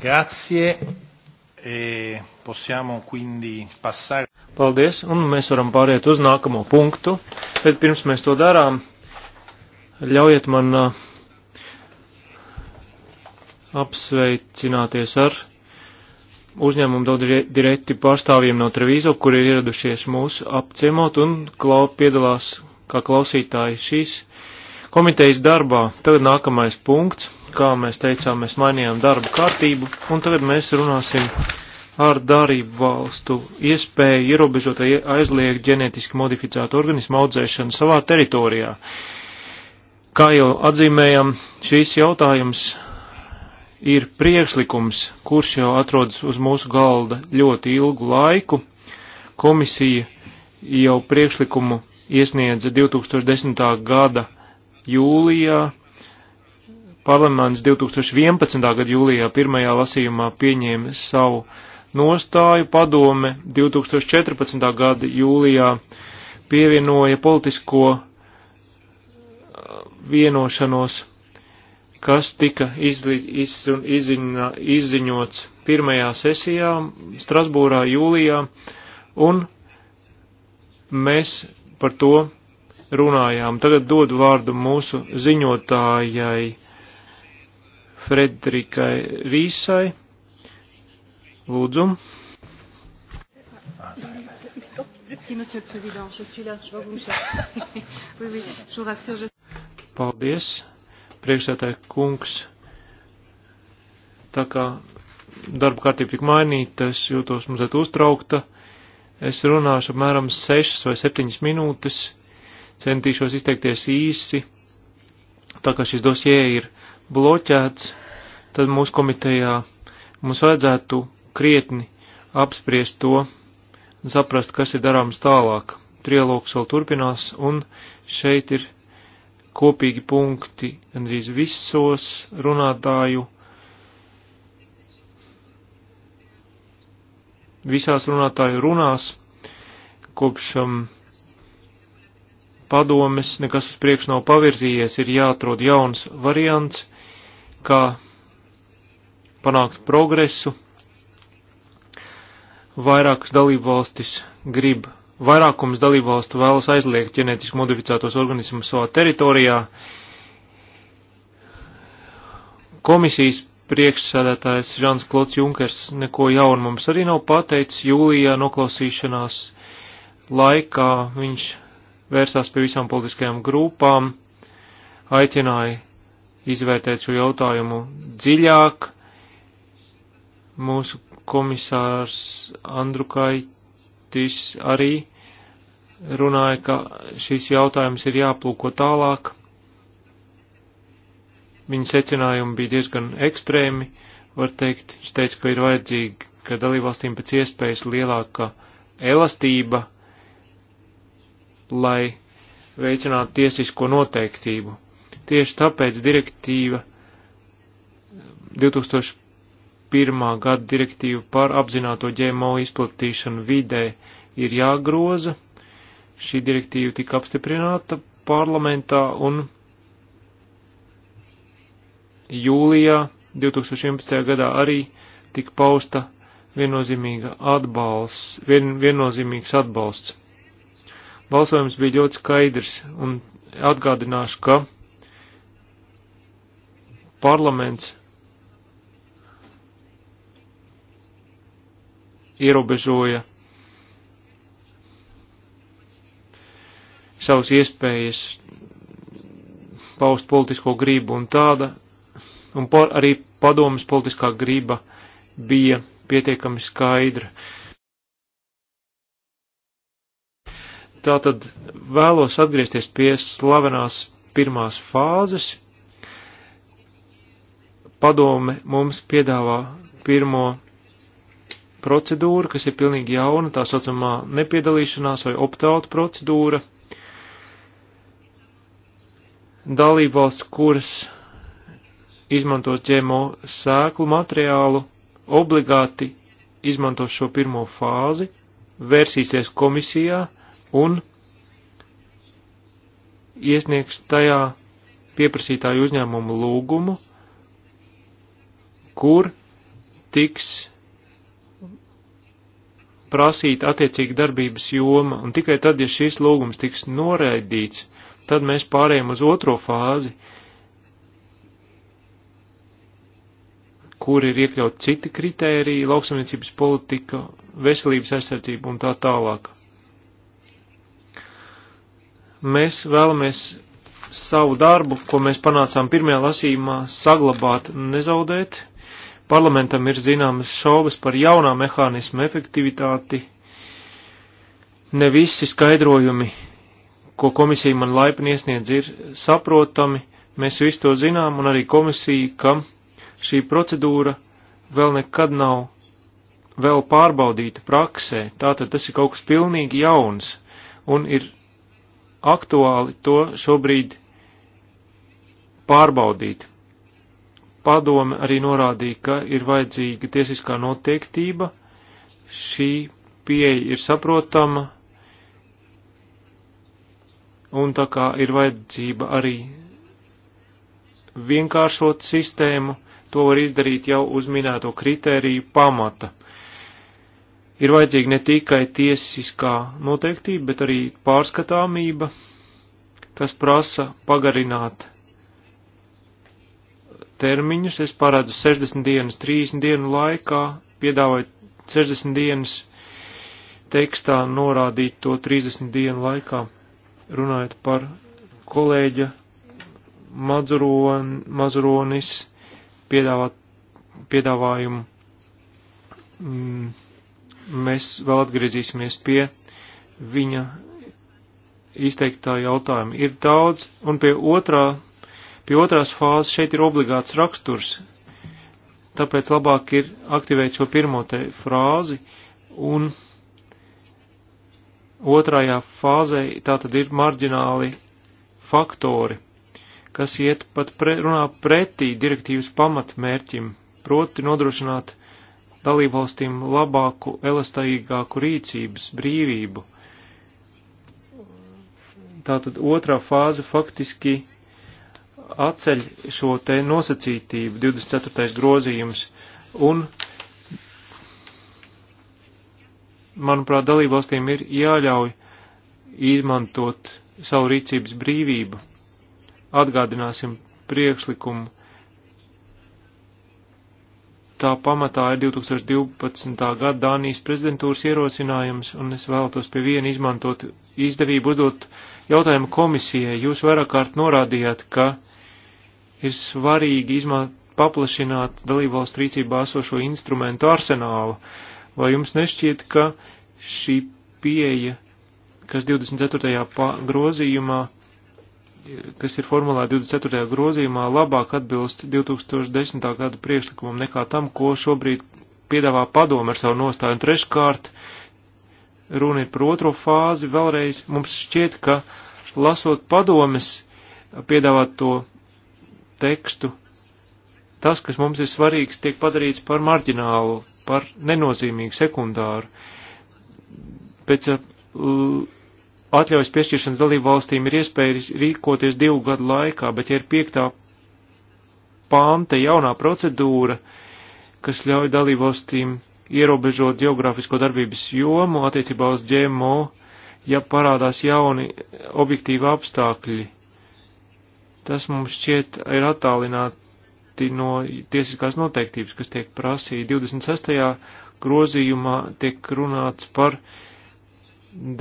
[SPEAKER 1] Grazie. E possiamo quindi passare. Paldies, un mēs varam pāriet uz nākamo punktu, bet pirms mēs to darām, ļaujiet man uh, apsveicināties ar uzņēmumu direkti pārstāvjiem no Trevīzo, kuri ir ieradušies mūsu apciemot un klau, piedalās kā klausītāji šīs komitejas darbā. Tagad nākamais punkts kā mēs teicām, mēs mainījām darbu kārtību, un tagad mēs runāsim ar darību valstu iespēju ierobežotai aizliegt ģenētiski modificētu organismu audzēšanu savā teritorijā. Kā jau atzīmējam, šīs jautājums ir priekšlikums, kurš jau atrodas uz mūsu galda ļoti ilgu laiku. Komisija jau priekšlikumu iesniedza 2010. gada jūlijā, Parlaments 2011. gada jūlijā pirmajā lasījumā pieņēma savu nostāju padome 2014. gada jūlijā pievienoja politisko uh, vienošanos, kas tika izli, iz, izziņa, izziņots pirmajā sesijā Strasbūrā jūlijā, un mēs par to runājām. Tagad dodu vārdu mūsu ziņotājai Frederikai Rīsai. Lūdzu. Paldies, priekšsētāji kungs. Tā kā darba kārtība tik mainīta, es jūtos mazliet uztraukta. Es runāšu apmēram 6 vai 7 minūtes, centīšos izteikties īsi, tā kā šis dosie ir bloķēts, tad mūsu komitejā mums vajadzētu krietni apspriest to, saprast, kas ir darāms tālāk. Trialogs vēl turpinās, un šeit ir kopīgi punkti gandrīz visos runātāju, visās runātāju runās, kopš um, padomes nekas uz priekšu nav pavirzījies, ir jāatrod jauns variants, kā panākt progresu. Vairākas dalībvalstis grib, vairākums dalībvalstu vēlas aizliegt ģenētiski modificētos organismus savā teritorijā. Komisijas priekšsēdētājs Žans Klots Junkers neko jaunu mums arī nav pateicis. Jūlijā noklausīšanās laikā viņš vērsās pie visām politiskajām grupām, aicināja izvērtēt šo jautājumu dziļāk. Mūsu komisārs Andrukaitis arī runāja, ka šīs jautājums ir jāplūko tālāk. Viņa secinājumi bija diezgan ekstrēmi, var teikt, viņš teica, ka ir vajadzīga, ka dalībvalstīm pēc iespējas lielāka elastība, lai veicinātu tiesisko noteiktību. Tieši tāpēc direktīva 2001. gada direktīva par apzināto ģēmo izplatīšanu vidē ir jāgroza. Šī direktīva tika apstiprināta parlamentā un jūlijā 2011. gadā arī tika pausta viennozīmīga atbalsts, vien, viennozīmīgs atbalsts. Balsojums bija ļoti skaidrs un atgādināšu, ka parlaments ierobežoja savas iespējas paust politisko gribu un tāda, un par, arī padomas politiskā griba bija pietiekami skaidra. Tātad vēlos atgriezties pie slavenās pirmās fāzes, Padome mums piedāvā pirmo procedūru, kas ir pilnīgi jauna, tā saucamā nepiedalīšanās vai optauta procedūra. Dalībvalsts, kuras izmantos ģēmo sēklu materiālu, obligāti izmantos šo pirmo fāzi, vērsīsies komisijā un iesniegs tajā pieprasītāju uzņēmumu lūgumu kur tiks prasīt attiecīgi darbības joma, un tikai tad, ja šis lūgums tiks noraidīts, tad mēs pārējām uz otro fāzi, kur ir iekļaut citi kritēriji, lauksamniecības politika, veselības aizsardzība un tā tālāk. Mēs vēlamies savu darbu, ko mēs panācām pirmajā lasījumā, saglabāt, nezaudēt, Parlamentam ir zināmas šaubas par jaunā mehānisma efektivitāti. Ne visi skaidrojumi, ko komisija man laipni iesniedz, ir saprotami. Mēs visi to zinām, un arī komisija, kam šī procedūra vēl nekad nav vēl pārbaudīta praksē. Tātad tas ir kaut kas pilnīgi jauns, un ir aktuāli to šobrīd pārbaudīt. Padome arī norādīja, ka ir vajadzīga tiesiskā noteiktība, šī pieeja ir saprotama, un tā kā ir vajadzība arī vienkāršot sistēmu, to var izdarīt jau uz minēto kritēriju pamata. Ir vajadzīga ne tikai tiesiskā noteiktība, bet arī pārskatāmība, kas prasa pagarināt termiņus. Es parādu 60 dienas, 30 dienu laikā, piedāvāju 60 dienas tekstā norādīt to 30 dienu laikā, runājot par kolēģa Mazuron, Mazuronis piedāvā, piedāvājumu. Mm, mēs vēl atgriezīsimies pie viņa izteiktā jautājuma. Ir daudz, un pie otrā Pie otrās fāzes šeit ir obligāts raksturs, tāpēc labāk ir aktivēt šo pirmo te frāzi, un otrajā fāzē tā tad ir marģināli faktori, kas iet pat pre, runā pretī direktīvas pamatmērķim, proti nodrošināt dalībvalstīm labāku, elastīgāku rīcības brīvību. Tātad otrā fāze faktiski atceļ šo te nosacītību 24. grozījums un, manuprāt, dalībvalstīm ir jāļauj izmantot savu rīcības brīvību. Atgādināsim priekšlikumu. Tā pamatā ir 2012. gada Dānijas prezidentūras ierosinājums, un es vēlētos pie viena izmantot izdevību uzdot jautājumu komisijai. Jūs vairāk kārt norādījāt, ka ir svarīgi izmantot paplašināt dalībvalstu rīcībā esošo instrumentu arsenālu. Vai jums nešķiet, ka šī pieeja, kas 24. grozījumā, kas ir formulēta 24. grozījumā, labāk atbilst 2010. gada priekšlikumam nekā tam, ko šobrīd piedāvā padomu ar savu nostāju. Un treškārt, runa ir par otro fāzi, vēlreiz mums šķiet, ka lasot padomes piedāvāt to tekstu, tas, kas mums ir svarīgs, tiek padarīts par marģinālu, par nenozīmīgu sekundāru. Pēc uh, atļaujas piešķiršanas dalību valstīm ir iespēja rīkoties divu gadu laikā, bet ja ir piektā panta jaunā procedūra, kas ļauj dalību valstīm ierobežot geogrāfisko darbības jomu attiecībā uz GMO, ja parādās jauni objektīvi apstākļi Tas mums šķiet ir attālināti no tiesiskās noteiktības, kas tiek prasīta. 26. grozījumā tiek runāts par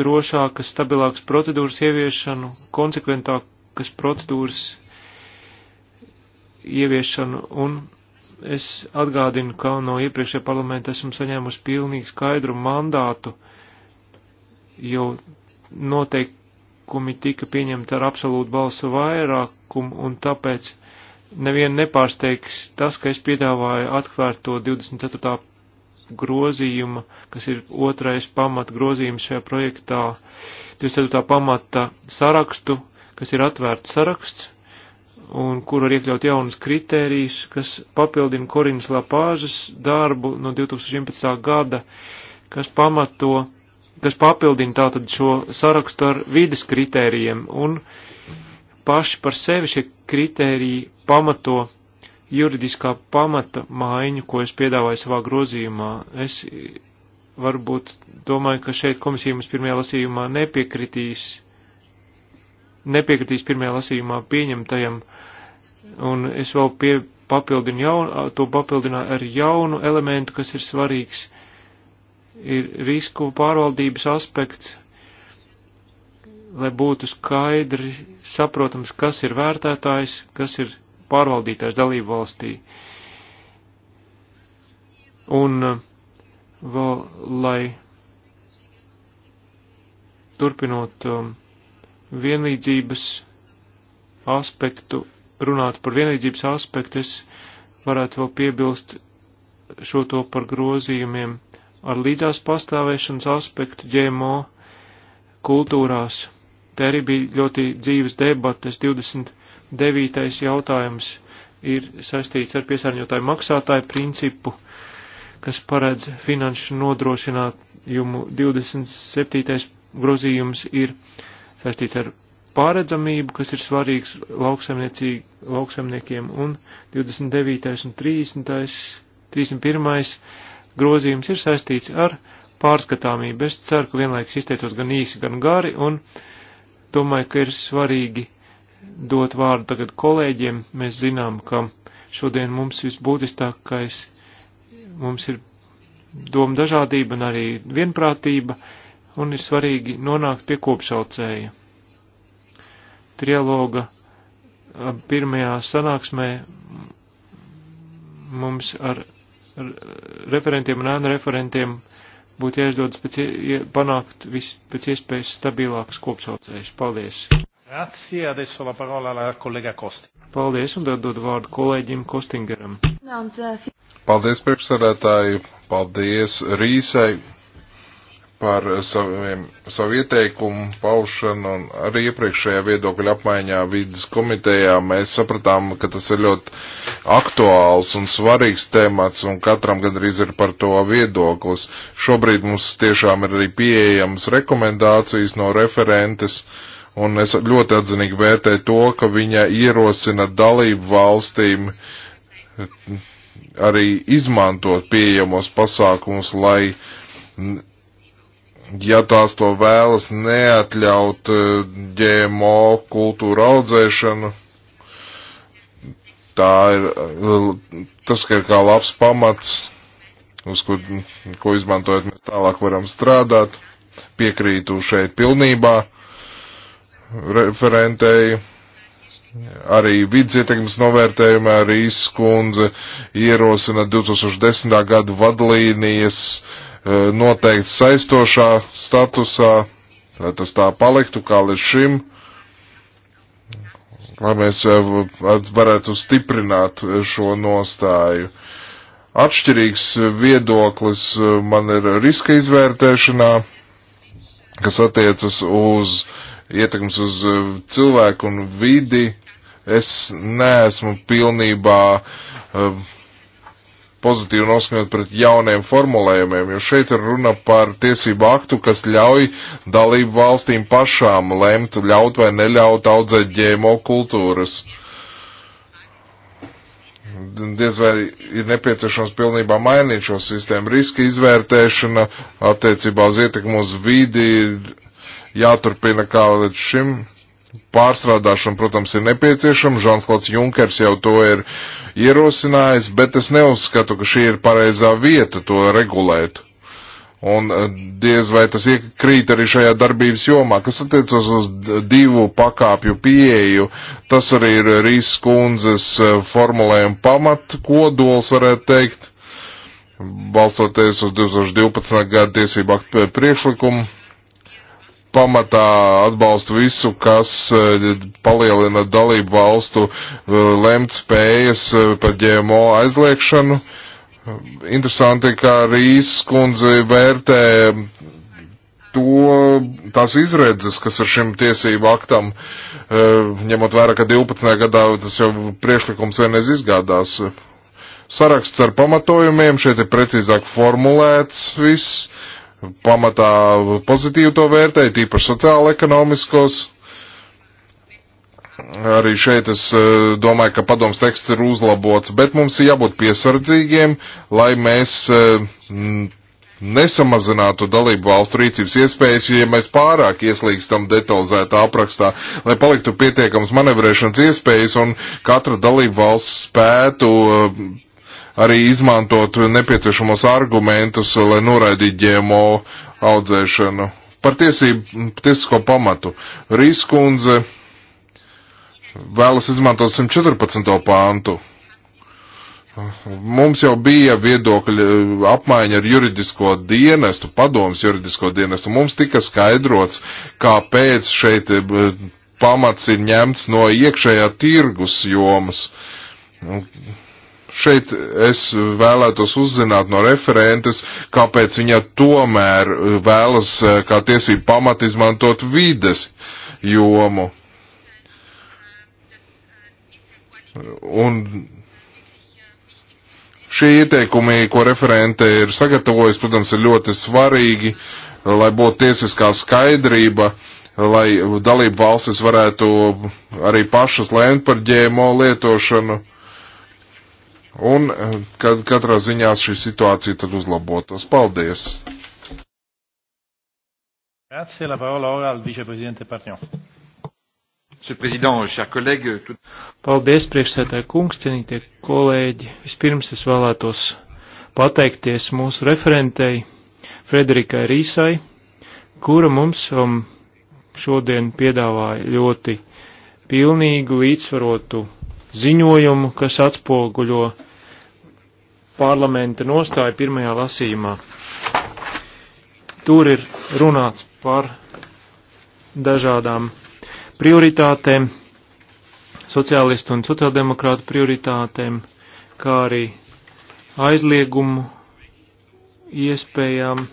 [SPEAKER 1] drošākas, stabilākas procedūras ieviešanu, konsekventākas procedūras ieviešanu un es atgādinu, ka no iepriekšējā parlamenta esam saņēmusi pilnīgi skaidru mandātu, jo noteikumi tika pieņemti ar absolūtu balsu vairāk, likumu, un tāpēc nevienu nepārsteigs tas, ka es piedāvāju atklāt to 24. grozījuma, kas ir otrais pamat grozījums šajā projektā, 24. pamata sarakstu, kas ir atvērts saraksts, un kur var iekļaut jaunas kritērijas, kas papildina Korinas Lapāžas darbu no 2011. gada, kas pamato, kas papildina tātad šo sarakstu ar vides kritērijiem un uh, paši par sevi šie kritēriji pamato juridiskā pamata maiņu, ko es piedāvāju savā grozījumā. Es varbūt domāju, ka šeit komisija mums pirmajā lasījumā nepiekritīs, nepiekritīs pirmajā lasījumā pieņemtajam, un es vēl pie, papildinu jaunu, to papildināju ar jaunu elementu, kas ir svarīgs, ir risku pārvaldības aspekts lai būtu skaidri saprotams, kas ir vērtētājs, kas ir pārvaldītājs dalību valstī. Un uh, vēl, lai turpinot um, vienlīdzības aspektu, runāt par vienlīdzības aspektu, es varētu vēl piebilst šo to par grozījumiem ar līdzās pastāvēšanas aspektu ģēmo kultūrās Te arī bija ļoti dzīves debates. 29. jautājums ir saistīts ar piesārņotāju maksātāju principu, kas paredz finanšu nodrošinājumu. 27. grozījums ir saistīts ar pāredzamību, kas ir svarīgs lauksaimniekiem, un 29. un 30. 31. grozījums ir saistīts ar pārskatāmību. Es ceru, ka vienlaikus izteicos gan īsi, gan gari, un Domāju, ka ir svarīgi dot vārdu tagad kolēģiem. Mēs zinām, ka šodien mums visbūtiskākais mums ir doma dažādība un arī vienprātība, un ir svarīgi nonākt pie kopšaucēja. Trialoga pirmajā sanāksmē mums ar referentiem un ēnu referentiem būtu jāizdodas pēc, panākt vis, pēc iespējas stabilāks kopsaucējs. Paldies! Grazie, adesso la parola alla collega Kosti. Paldies, un tad dod vārdu kolēģim Kostingeram. Uh,
[SPEAKER 3] paldies, priekšsēdētāji, paldies Rīsai par saviem, savu ieteikumu paušanu un arī iepriekšējā viedokļa apmaiņā vidas komitejā mēs sapratām, ka tas ir ļoti aktuāls un svarīgs temats un katram gandrīz ir par to viedoklis. Šobrīd mums tiešām ir arī pieejamas rekomendācijas no referentes un es ļoti atzinīgi vērtēju to, ka viņa ierosina dalību valstīm arī izmantot pieejamos pasākumus, lai ja tās to vēlas neatļaut GMO eh, kultūra audzēšanu, tā ir, eh, tas ir kā labs pamats, uz kur, ko izmantojot mēs tālāk varam strādāt. Piekrītu šeit pilnībā referentēju. Arī vidas ietekmes novērtējumā Rīs kundze ierosina 2010. gadu vadlīnijas uh, E, noteikts saistošā statusā, lai tas tā paliktu kā līdz šim, lai mēs e, varētu stiprināt šo nostāju. Atšķirīgs viedoklis e, man ir riska izvērtēšanā, kas attiecas uz ietekmes uz cilvēku un vidi. Es neesmu pilnībā uh, pozitīvi noskaņot pret jauniem formulējumiem, jo šeit ir runa par tiesību aktu, kas ļauj dalību valstīm pašām lemt, ļaut vai neļaut audzēt ģēmo kultūras. Diez vai ir nepieciešams pilnībā mainīt šo sistēmu. Riska izvērtēšana attiecībā uz ietekmu uz vidi ir jāturpina kā līdz šim Pārstrādāšana, protams, ir nepieciešama. Žansklāts Junkers jau to ir ierosinājis, bet es neuzskatu, ka šī ir pareizā vieta to regulēt. Un eh, diez vai tas iekrīt arī šajā darbības jomā, kas attiecas uz divu pakāpju pieeju. Tas arī ir Rīs kundzes eh, formulējuma pamat kodols, varētu teikt, balstoties uz 2012. gada tiesību aktu priekšlikumu pamatā atbalstu visu, kas eh, palielina dalību valstu eh, lemt spējas eh, par GMO aizliekšanu. Interesanti, kā Rīs kundze vērtē to, tās izredzes, kas ar šim tiesību aktam, ņemot vērā, ka 12. gadā tas jau priekšlikums vienreiz izgādās. Saraksts ar pamatojumiem, šeit ir precīzāk formulēts viss pamatā pozitīvi to vērtēju, tīpaši sociāla ekonomiskos. Arī šeit es e, domāju, ka padoms teksts ir uzlabots, bet mums ir jābūt piesardzīgiem, lai mēs e, nesamazinātu dalību valstu rīcības iespējas, ja mēs pārāk ieslīgstam detalizētā aprakstā, lai paliktu pietiekams manevrēšanas iespējas un katra dalību valsts spētu e, arī izmantot nepieciešamos argumentus, lai noraidītu ģēmo audzēšanu. Par tiesību, tiesisko pamatu. Rīskundze vēlas izmantot 114. pāntu. Mums jau bija viedokļa apmaiņa ar juridisko dienestu, padomus juridisko dienestu. Mums tika skaidrots, kāpēc šeit e, pamats ir ņemts no iekšējā tirgus jomas šeit es vēlētos uzzināt no referentes, kāpēc viņa tomēr uh, vēlas uh, kā tiesību pamat izmantot vides jomu. Un šie ieteikumi, ko referente ir sagatavojis, protams, ir ļoti svarīgi, lai būtu tiesiskā skaidrība, lai dalību valstis varētu arī pašas lēmt par ģēmo lietošanu. Uh, Un eh, kad katrā ziņā šī situācija tad uzlabotos. Paldies!
[SPEAKER 1] Grazie, la parola ora al viceprezidente Parnion. Monsieur le Président, chers collègues, tout... Paldies, priekšsētāji kungs, cienītie kolēģi. Vispirms es vēlētos pateikties mūsu referentei Frederikai Rīsai, kura mums um, šodien piedāvāja ļoti pilnīgu līdzsvarotu ziņojumu, kas atspoguļo parlamenta nostāju pirmajā lasījumā. Tur ir runāts par dažādām prioritātēm, sociālistu un sociāldemokrātu prioritātēm, kā arī aizliegumu iespējām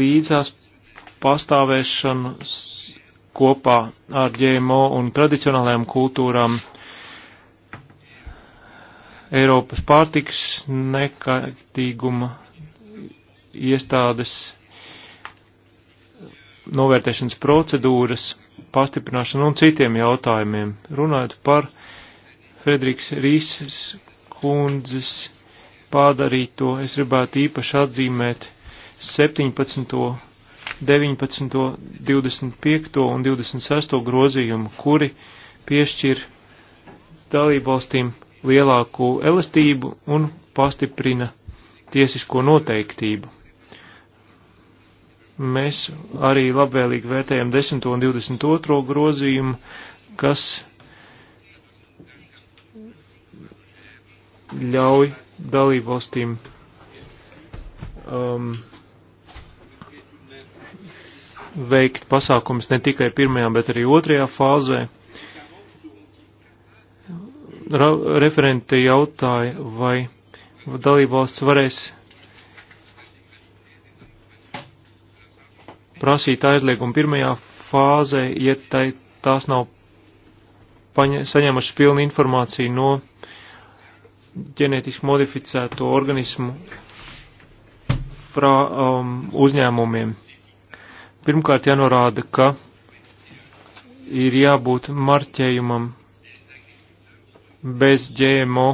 [SPEAKER 1] līdzās pastāvēšanas kopā ar ģēmo un tradicionālajām kultūrām Eiropas pārtiks nekaitīguma iestādes novērtēšanas procedūras pastiprināšanu un citiem jautājumiem. Runājot par Frederiks Rīses kundzes padarīto, es gribētu īpaši atzīmēt 17. 19, 25 un 26 grozījumu, kuri piešķir dalībvalstīm lielāku elastību un pastiprina tiesisko noteiktību. Mēs arī labvēlīgi vērtējam 10. un 22. grozījumu, kas ļauj dalībvalstīm um, veikt pasākumus ne tikai pirmajā, bet arī otrajā fāzē. Ra referente jautāja, vai dalībvalsts varēs prasīt aizliegumu pirmajā fāzē, ja tai, tās nav paņa, saņēmušas pilnu informāciju no ģenētiski modificēto organismu frā, um, uzņēmumiem. Pirmkārt jānorāda, ka ir jābūt marķējumam bez GMO,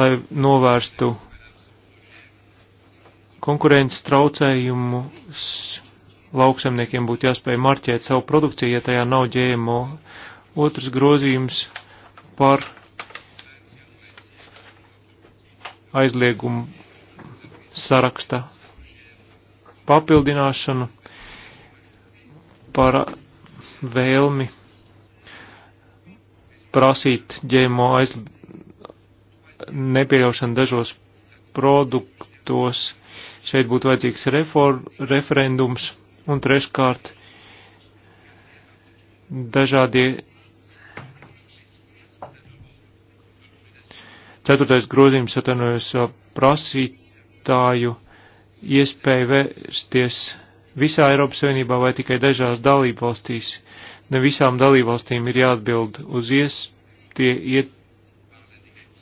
[SPEAKER 1] lai novērstu konkurences traucējumus. Lauksemniekiem būtu jāspēj marķēt savu produkciju, ja tajā nav GMO. Otrs grozījums par aizliegumu saraksta papildināšanu par vēlmi prasīt ģēmo aiz nepieļaušanu dažos produktos. Šeit būtu vajadzīgs reform, referendums un treškārt dažādie. Ceturtais grozījums atvainojas uh, prasītāju iespēju vērsties visā Eiropas Savienībā vai tikai dažās dalībvalstīs. Ne visām dalībvalstīm ir jāatbild uz ies, tie iet,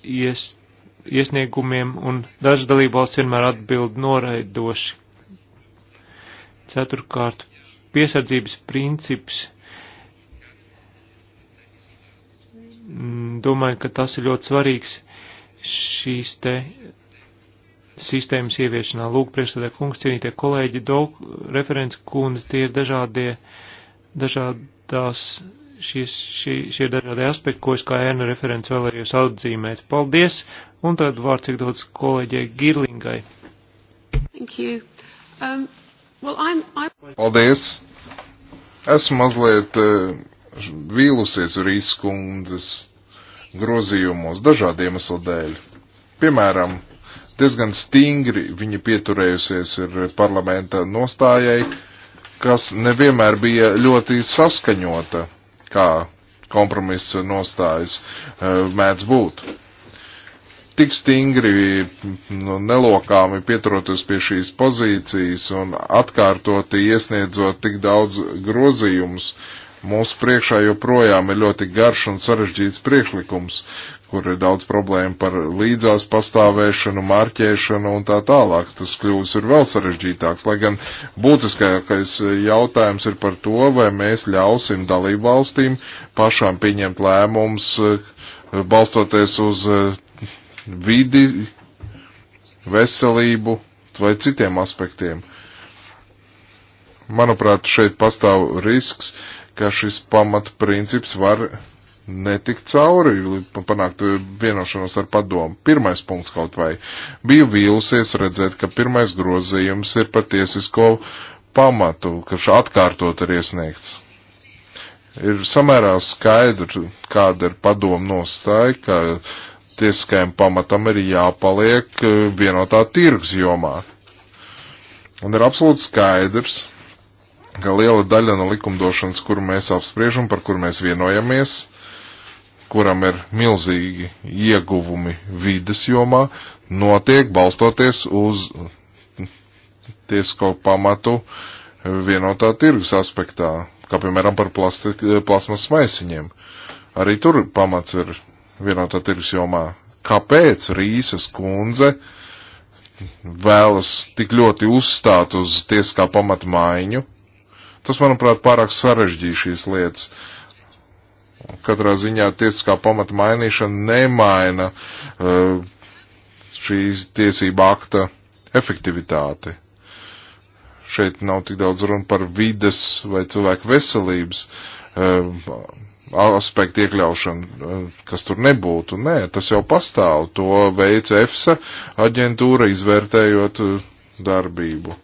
[SPEAKER 1] ies, iesniegumiem, un dažas dalībvalsts vienmēr atbild noraidoši. Ceturkārt, piesardzības princips. Mm, domāju, ka tas ir ļoti svarīgs šīs te sistēmas ieviešanā. Lūk, priekšstādē kungs, cienītie kolēģi, dok, referents kundze, tie ir dažādie, dažādās, šis, šie, šie dažādie aspekti, ko es kā ēnu referents vēlējos atzīmēt. Paldies, un tad vārds ir dots kolēģei Girlingai. Thank you. Um,
[SPEAKER 3] well, I'm, I'm... Paldies. Esmu mazliet uh, vīlusies Rīskundzes grozījumos dažādiem iemeslu dēļ. Piemēram, Diezgan stingri viņa pieturējusies ir parlamenta nostājai, kas nevienmēr bija ļoti saskaņota, kā kompromisa nostājas e, mēdz būt. Tik stingri, nu, nelokāmi pieturoties pie šīs pozīcijas un atkārtoti iesniedzot tik daudz grozījumus, uh, Mūsu priekšā joprojām ir ļoti garš un sarežģīts priekšlikums, kur ir daudz problēmu par līdzās pastāvēšanu, marķēšanu un tā tālāk. Tas kļūst ir vēl sarežģītāks, lai gan būtiskākais jautājums ir par to, vai mēs ļausim dalību valstīm pašām pieņemt lēmums, eh, balstoties uz eh, vidi, veselību vai citiem aspektiem. Manuprāt, šeit pastāv risks, uh, ka šis pamatprincips var netikt cauri, panākt eh, vienošanos ar padomu. Pirmais punkts kaut vai. Biju vīlusies redzēt, ka pirmais grozījums ir par tiesisko pamatu, kas atkārtot ir iesniegts. Ir samērā skaidri, kāda ir padoma nostāja, ka tiesiskajam pamatam ir jāpaliek eh, vienotā tirgus jomā. Un ir absolūti skaidrs, ka liela daļa no likumdošanas, kuru mēs apspriežam, par kuru mēs vienojamies, kuram ir milzīgi ieguvumi vides jomā, notiek balstoties uz tiesisko pamatu vienotā tirgus aspektā, kā piemēram par plasmas maisiņiem. Arī tur pamats ir vienotā tirgus jomā. Kāpēc Rīsas kundze vēlas tik ļoti uzstāt uz tiesiskā pamata maiņu? Tas, manuprāt, pārāk sarežģīja šīs lietas. Katrā ziņā tiesiskā pamata mainīšana nemaina uh, šīs tiesība akta efektivitāti. Šeit nav tik daudz runa par vides vai cilvēku veselības uh, aspektu iekļaušanu, uh, kas tur nebūtu. Nē, tas jau pastāv. To veica EFSA aģentūra, izvērtējot uh, darbību.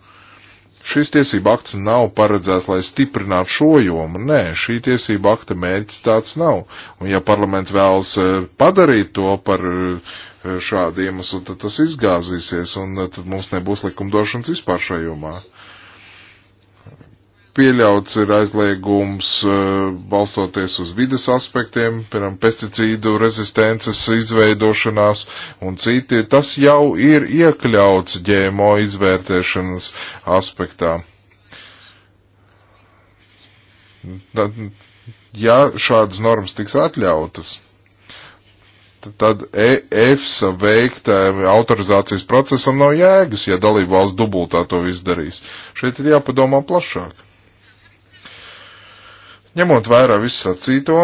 [SPEAKER 3] Šis tiesība akts nav paredzēts, lai stiprinātu šo jomu. Nē, šī tiesība akta mērķis tāds nav. Un ja parlaments vēlas eh, padarīt to par eh, šādu iemeslu, tad tas izgāzīsies un eh, tad mums nebūs likumdošanas vispār šajā jomā pieļauts ir aizliegums eh, balstoties uz vides aspektiem, piemēram, pesticīdu rezistences izveidošanās un citi. Tas jau ir iekļauts ģēmo izvērtēšanas aspektā. Tad, ja šādas normas tiks atļautas, tad e, EFSA veikta autorizācijas procesam nav jēgas, ja dalību valsts dubultā to izdarīs. Šeit ir jāpadomā plašāk. Ņemot vērā visu sacīto,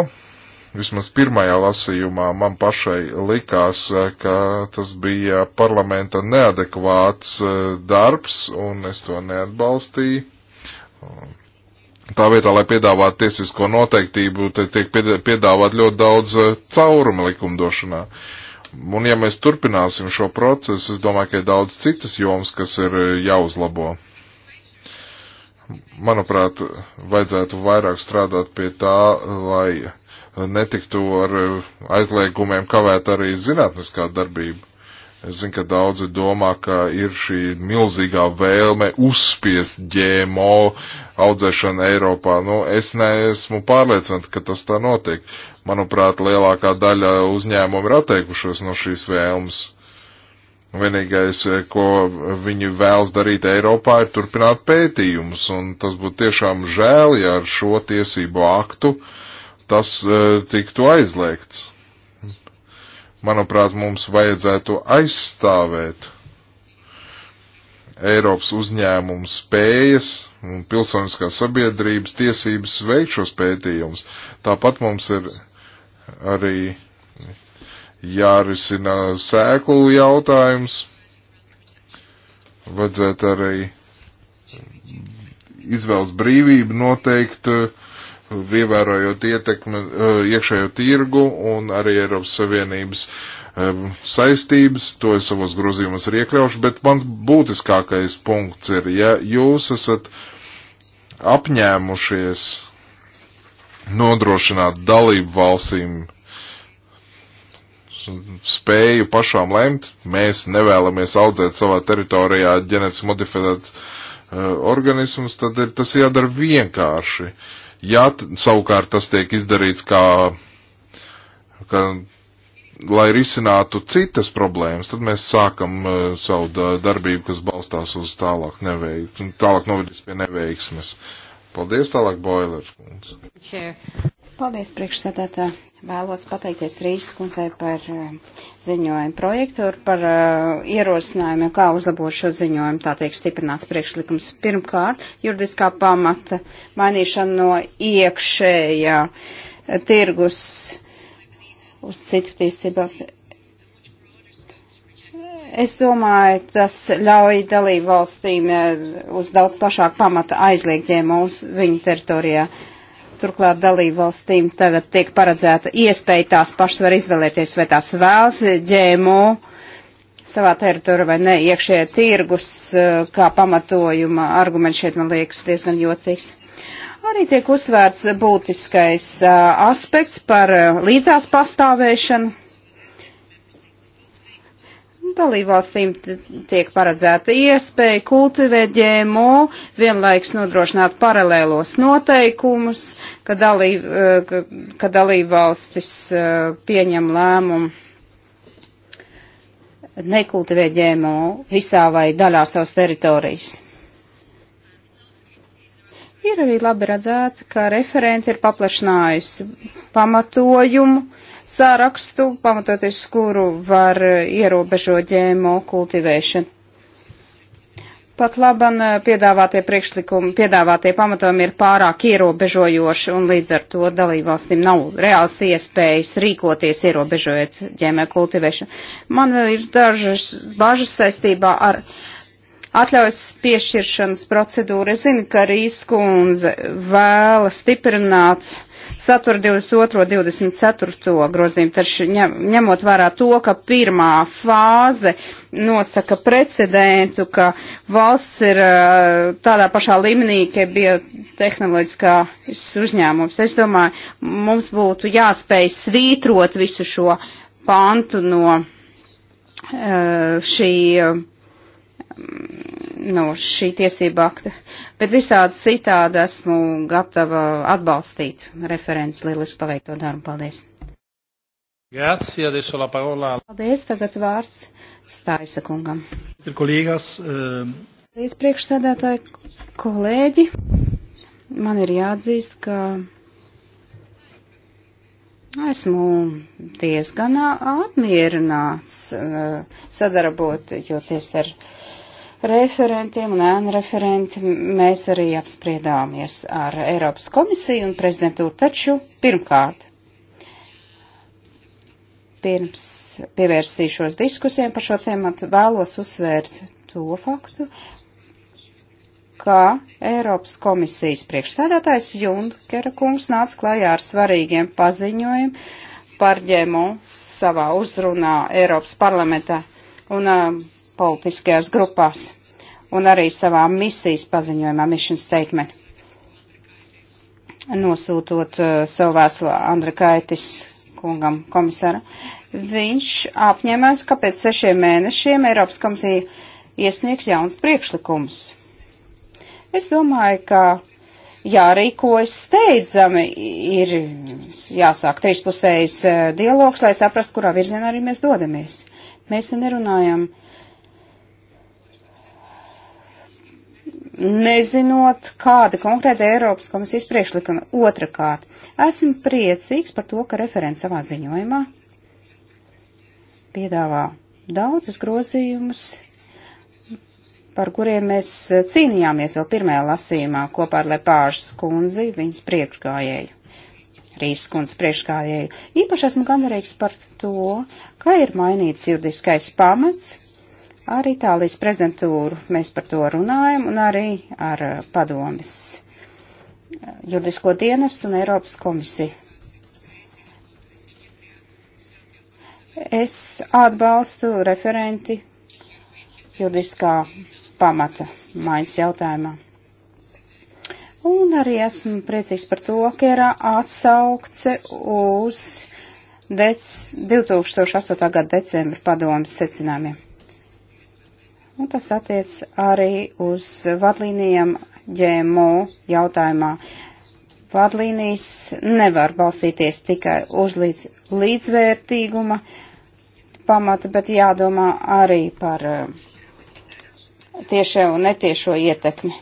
[SPEAKER 3] vismaz pirmajā lasījumā man pašai likās, eh, ka tas bija parlamenta neadekvāts eh, darbs, un es to neatbalstīju. Tā vietā, lai piedāvātu tiesisko noteiktību, te tiek piedāvāt ļoti daudz eh, cauruma likumdošanā. Un ja mēs turpināsim šo procesu, es domāju, ka ir daudz citas jomas, kas ir jāuzlabo manuprāt, vajadzētu vairāk strādāt pie tā, lai netiktu ar aizliegumiem kavēt arī zinātniskā darbība. Es zinu, ka daudzi domā, ka ir šī milzīgā vēlme uzspiest ģēmo audzēšanu Eiropā. Nu, es neesmu pārliecināts, ka tas tā notiek. Manuprāt, lielākā daļa uzņēmumu ir atteikušos no šīs vēlmes. Uh, Vienīgais, eh, ko viņi vēlas darīt Eiropā, ir turpināt pētījumus, un tas būtu tiešām žēl, ja ar šo tiesību aktu tas eh, tiktu aizliegts. Manuprāt, mums vajadzētu aizstāvēt Eiropas uzņēmumu spējas un pilsoniskās sabiedrības tiesības veikt šos pētījumus. Tāpat mums ir arī jārisina sēklu jautājums. Vajadzētu arī izvēles brīvību noteikt, ievērojot ietekmi iekšējo tirgu un arī Eiropas Savienības um, saistības, to es savos grozījumos arī iekļaušu, bet mans būtiskākais punkts ir, ja jūs esat apņēmušies nodrošināt dalību valstīm spēju pašām lemt. Mēs nevēlamies audzēt savā teritorijā ģenētiski modificēts uh, organismus, tad ir tas jādara vienkārši. Ja savukārt tas tiek izdarīts kā, kā lai risinātu citas problēmas, tad mēs sākam uh, savu darbību, kas balstās uz tālāk neveik, tālāk novedīs pie neveiksmes. Paldies tālāk, Boiler.
[SPEAKER 2] Sure. Paldies, priekšsēdētā. Vēlos pateikties Rīsas kundzei par eh, ziņojumu projektu un par uh, ierosinājumu, kā uzlabot šo ziņojumu. Tā tiek stiprināts priekšlikums. Pirmkārt, juridiskā pamata mainīšana no iekšējā eh, tirgus uz citu tiesību. Es domāju, tas ļauj dalību valstīm uz daudz plašāku pamatu aizliegt ģēmo uz viņu teritorijā. Uh, Turklāt dalību valstīm tagad tiek paredzēta iespēja tās pašas var izvēlēties, vai tās vēlas ģēmo savā teritorijā vai ne iekšējā tirgus, eh, kā pamatojuma arguments šeit man liekas diezgan jocīgs. Arī tiek uzsvērts būtiskais eh, aspekts par eh, līdzās pastāvēšanu Dalībvalstīm tiek paredzēta iespēja kultivēt ģēmo, vienlaiks nodrošināt paralēlos noteikumus, ka, dalīb, eh, ka, ka dalībvalstis eh, pieņem lēmumu nekultivēt ģēmo visā vai daļā savas teritorijas. Ir arī labi redzēt, ka referenti ir paplašinājusi pamatojumu sārakstu, pamatoties kuru var eh, ierobežot ģēmo kultivēšanu. Pat laban eh, piedāvātie priekšlikumi, piedāvātie pamatojumi ir pārāk ierobežojoši un līdz ar to dalībvalstīm nav reāls iespējas rīkoties ierobežojot ģēmē kultivēšanu. Man vēl ir dažas bažas saistībā ar atļaujas piešķiršanas procedūru. Es zinu, ka Rīs kundze vēla stiprināt uh, satura 22. 24. grozījumu, taču ņemot vērā to, ka pirmā fāze nosaka precedentu, ka valsts ir tādā pašā līmenī, ka bija tehnoloģiskās uzņēmums. Es domāju, mums būtu jāspēj svītrot visu šo pantu no šī no šī tiesība akta, bet visādi citādi esmu gatava atbalstīt referents lielisku paveikto darbu. Paldies!
[SPEAKER 1] Grazie, adesso la parola.
[SPEAKER 2] Paldies, tagad vārds Staisa kungam. Kolēgas, um... Paldies, priekšsēdētāji, kolēģi. Man ir jāatzīst, ka Esmu diezgan apmierināts eh, sadarboties ar referentiem un ēnu referenti mēs arī apspriedāmies ar Eiropas komisiju un prezidentūru. Taču pirmkārt, pirms pievērsīšos diskusijām par šo tēmatu, vēlos uzsvērt to faktu, ka Eiropas komisijas priekšsēdētājs Junkera kungs nāca klajā ar svarīgiem paziņojumiem par ģēmo savā uzrunā Eiropas parlamentā. Un uh, politiskajās grupās un arī savā misijas paziņojumā, mission statement, nosūtot uh, savu vēstuli Andrikaitis kungam komisara. Viņš apņēmās, ka pēc sešiem mēnešiem Eiropas komisija iesniegs jauns priekšlikums. Es domāju, ka jārīkojas steidzami, ir jāsāk trīspusējs uh, dialogs, lai saprastu, kurā virzienā arī mēs dodamies. Mēs te nerunājam nezinot, kāda konkrēta Eiropas komisijas priekšlikuma. Otrakārt, esmu priecīgs par to, ka referents savā ziņojumā piedāvā daudzus grozījumus, par kuriem mēs cīnījāmies vēl pirmajā lasījumā kopā ar Lepāžas kundzi, viņas priekšgājēju. Rīs kundze priekšgājēju. Īpaši esmu gandarīgs par to, ka ir mainīts juridiskais pamats Ar Itālijas prezidentūru mēs par to runājam un arī ar eh, padomis eh, juridisko dienestu un Eiropas komisiju. Es atbalstu referenti juridiskā pamata maiņas jautājumā. Un arī esmu priecīgs par to, ka ir atsaukce uz dec 2008. gada decembra padomas secinājumiem un tas attiec arī uz vadlīnijām ģēmo jautājumā. Vadlīnijas nevar balstīties tikai uz līdz, līdzvērtīguma pamata, bet jādomā arī par eh, tiešo un netiešo ietekmi.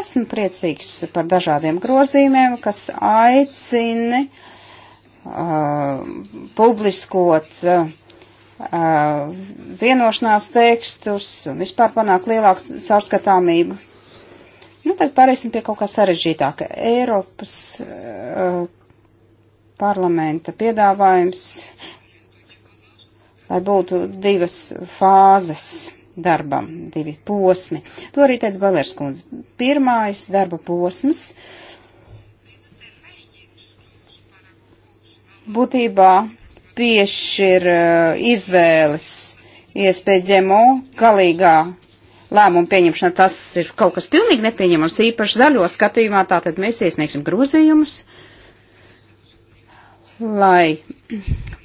[SPEAKER 2] Esmu priecīgs par dažādiem grozījumiem, kas aicina uh, publiskot uh, Uh, vienošanās tekstus un vispār panāk lielāku caurskatāmību. Nu, tad pārēsim pie kaut kā sarežģītāka. Eiropas uh, parlamenta piedāvājums, lai būtu divas fāzes darbam, divi posmi. To arī teica Balērs kundze. Pirmais darba posms būtībā piešķir uh, izvēles iespējas ģemo galīgā lēmuma pieņemšana. Tas ir kaut kas pilnīgi nepieņemams, īpaši zaļo skatījumā, tātad mēs iesniegsim grozījumus, lai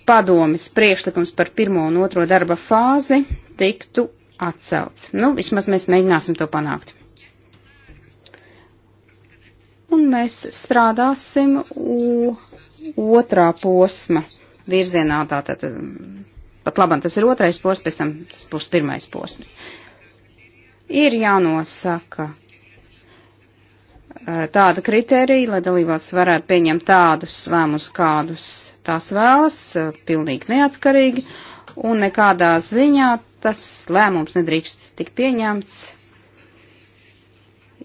[SPEAKER 2] padomis priekšlikums par pirmo un otro darba fāzi tiktu atcelts. Nu, vismaz mēs mēģināsim to panākt. Un mēs strādāsim otrā posma virzienā. Tātad, mm, pat labam tas ir otrais posms, pēc tam tas būs pirmais posms. Ir jānosaka eh, tāda kriterija, lai dalībvalsts varētu pieņemt tādus lēmumus, kādus tās vēlas, eh, pilnīgi neatkarīgi, un nekādā ziņā tas lēmums nedrīkst tik pieņemts,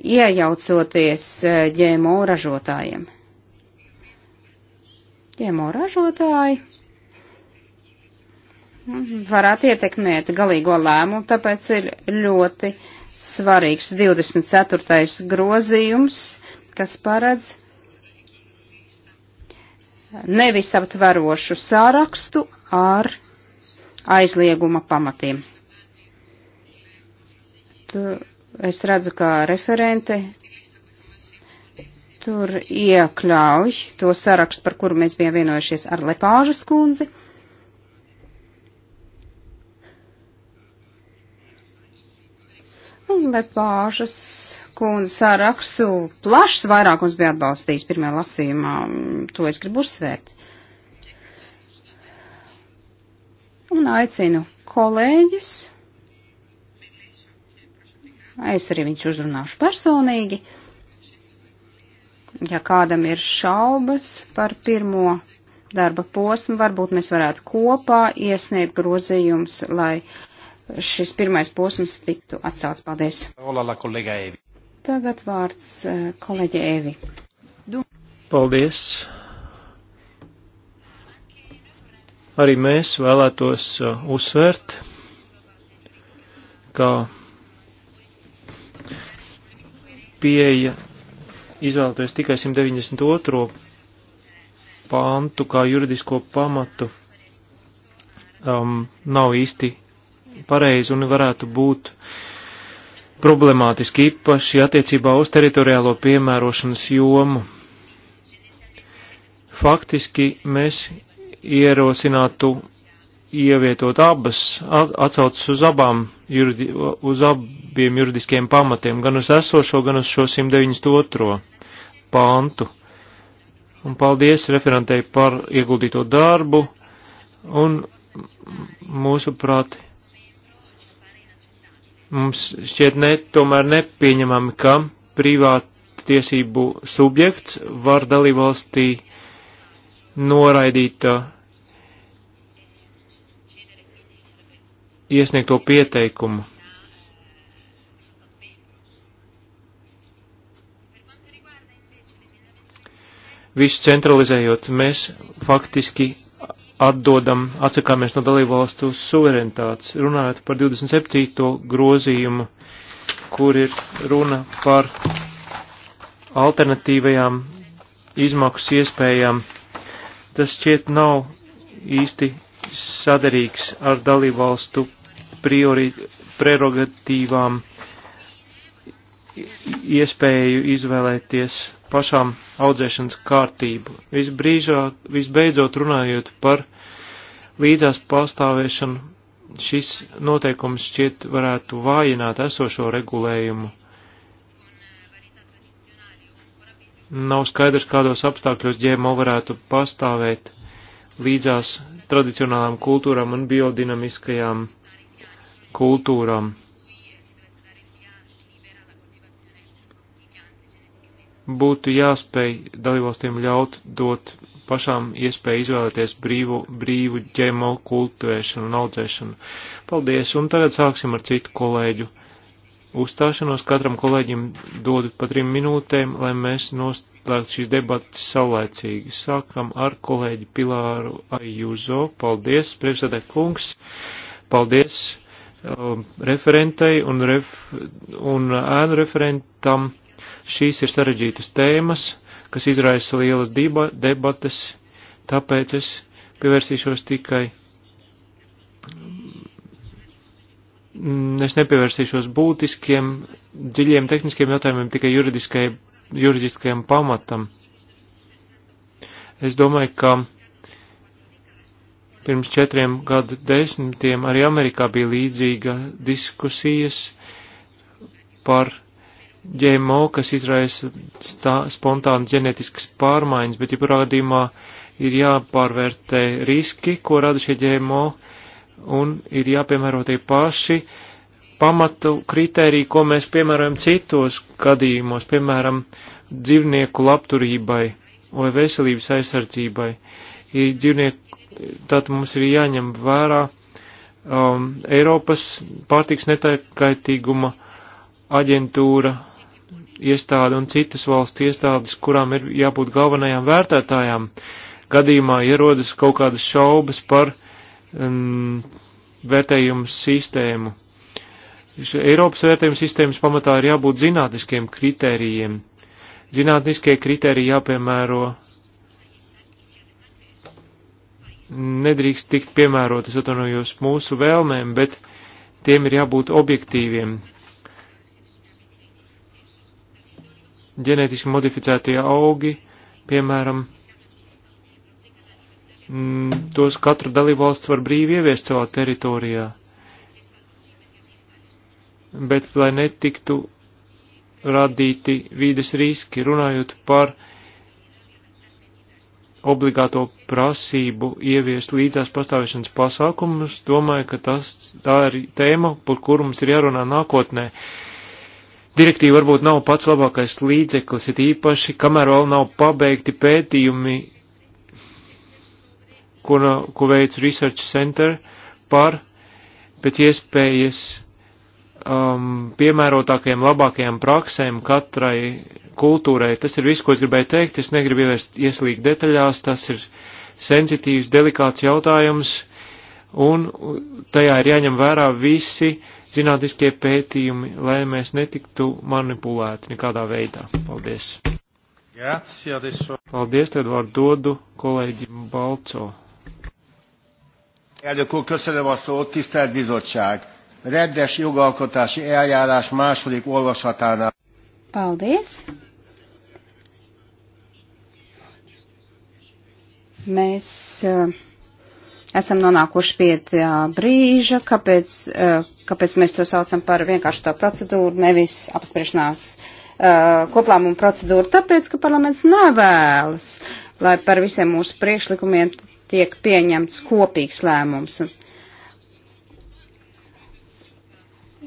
[SPEAKER 2] iejaucoties eh, ģēmo ražotājiem. ģēmo ražotāji varētu ietekmēt galīgo lēmumu, tāpēc ir ļoti svarīgs 24. grozījums, kas paredz nevis aptverošu sārakstu ar aizlieguma pamatiem. Tu, es redzu, kā referente tur iekļauj to sarakstu, par kuru mēs bijām vienojušies ar Lepāžas kundzi. Un Lepāžas kundze sārakstu plašs vairākums bija atbalstījis pirmajā lasījumā, to es gribu uzsvērt. Un aicinu kolēģis, es arī viņš uzrunāšu personīgi, ja kādam ir šaubas par pirmo darba posmu, varbūt mēs varētu kopā iesniegt grozījums, lai šis pirmais posms tiktu atcelts. Paldies. Tagad vārds eh, kolēģe Evi.
[SPEAKER 1] Paldies. Arī mēs vēlētos eh, uzsvērt, ka pieeja izvēlēties tikai 192. pāntu kā juridisko pamatu um, nav īsti pareizi un varētu būt problemātiski īpaši attiecībā uz teritoriālo piemērošanas jomu. Faktiski mēs ierosinātu ievietot abas, atsaucas uz abām, juridi, uz abiem juridiskiem pamatiem, gan uz esošo, gan uz šo 192. pāntu. Un paldies referentei par ieguldīto darbu, un mūsuprāt Mums šķiet ne, tomēr nepieņemami, ka privāta tiesību subjekts var dalībvalstī noraidīt uh, iesniegto pieteikumu. Visu centralizējot, mēs faktiski atdodam, atsakāmies no dalībvalstu suverenitātes, runājot par 27. grozījumu, kur ir runa par alternatīvajām izmaksu iespējām. Tas šķiet nav īsti sadarīgs ar dalībvalstu priori, prerogatīvām iespēju izvēlēties pašām audzēšanas kārtību. Visbrīžāk, visbeidzot runājot par līdzās pastāvēšanu, šis noteikums šķiet varētu vājināt esošo regulējumu. Nav skaidrs, kādos apstākļos ģēmo varētu pastāvēt līdzās tradicionālām kultūrām un biodinamiskajām kultūrām. būtu jāspēj dalībvalstīm ļaut dot pašām iespēju izvēlēties brīvu, brīvu ģemo kultūrēšanu un audzēšanu. Paldies, un tagad sāksim ar citu kolēģu. Uzstāšanos katram kolēģim dodu pa trim minūtēm, lai mēs noslēgtu šīs debatas saulēcīgi. Sākam ar kolēģi Pilāru Ajuzo. Paldies, priekšsēdē kungs. Paldies um, referentei un, ref, un ēnu referentam Šīs ir sarežģītas tēmas, kas izraisa lielas debates, tāpēc es pievērsīšos tikai. Mm, es nepievērsīšos būtiskiem, dziļiem tehniskiem jautājumiem, tikai juridiskajam pamatam. Es domāju, ka pirms četriem gadu desmitiem arī Amerikā bija līdzīga diskusijas par ģēmo, kas izraisa spontānas ģenetiskas pārmaiņas, bet jebkurā gadījumā ir jāpārvērtē riski, ko rada šie ģēmo, un ir jāpiemēro tie paši pamatu kritēriji, ko mēs piemērojam citos gadījumos, piemēram, dzīvnieku labturībai vai veselības aizsardzībai. Ir dzīvnieku, tātad mums ir jāņem vērā um, Eiropas pārtiks netaitīguma aģentūra iestāde un citas valsts iestādes, kurām ir jābūt galvenajām vērtētājām, gadījumā ierodas kaut kādas šaubas par um, vērtējumu sistēmu. Eiropas vērtējuma sistēmas pamatā ir jābūt zinātniskiem kritērijiem. Zinātniskie kritēriji jāpiemēro. Nedrīkst tikt piemērotas, atvainojos, mūsu vēlmēm, bet tiem ir jābūt objektīviem. ģenētiski modificētie augi, piemēram, mm, tos katru dalībvalsts var brīvi ieviest savā teritorijā. Bet, lai netiktu radīti vīdes riski, runājot par obligāto prasību ieviest līdzās pastāvēšanas pasākumus, domāju, ka tas, tā ir tēma, par kuru mums ir jārunā nākotnē. Uh, direktīva varbūt nav pats labākais līdzeklis, it īpaši, kamēr vēl nav pabeigti pētījumi, ko, ko veic Research Center par pēc iespējas um, piemērotākajiem, labākajiem praksēm katrai kultūrai. Tas ir viss, ko es gribēju teikt. Es negribu ievērst ieslīgt detaļās. Tas ir sensitīvs, delikāts jautājums. Un tajā ir jāņem vērā visi uh, zinātniskie pētījumi, lai mēs netiktu manipulēti nekādā veidā. Paldies! Paldies, tad var dodu kolēģi Balco. Elnök úr, köszönöm a szót, tisztelt bizottság! Rendes jogalkotási eljárás második olvasatánál.
[SPEAKER 2] Paldies! Mēs uh, esam nonākuši pie tā brīža, kāpēc uh, kāpēc mēs to saucam par vienkāršo procedūru, nevis apspriešanās uh, koplāmumu procedūru, tāpēc, ka parlaments nevēlas, lai par visiem mūsu priekšlikumiem tiek pieņemts kopīgs lēmums. Un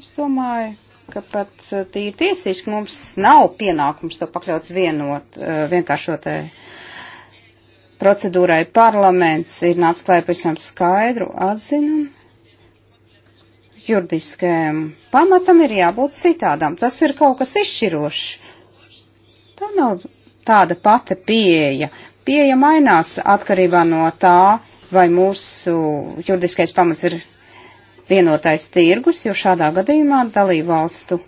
[SPEAKER 2] es domāju, ka pat uh, tīri tiesiski mums nav pienākums to pakļaut vienot, uh, vienkāršotai procedūrai. Parlaments ir nācis klāja pavisam skaidru atzinumu juridiskajam pamatam ir jābūt citādam. Tas ir kaut kas izšķirošs. Tā nav tāda pati pieeja. Pieeja mainās atkarībā no tā, vai mūsu juridiskais pamats ir vienotais tirgus, jo šādā gadījumā dalību valstu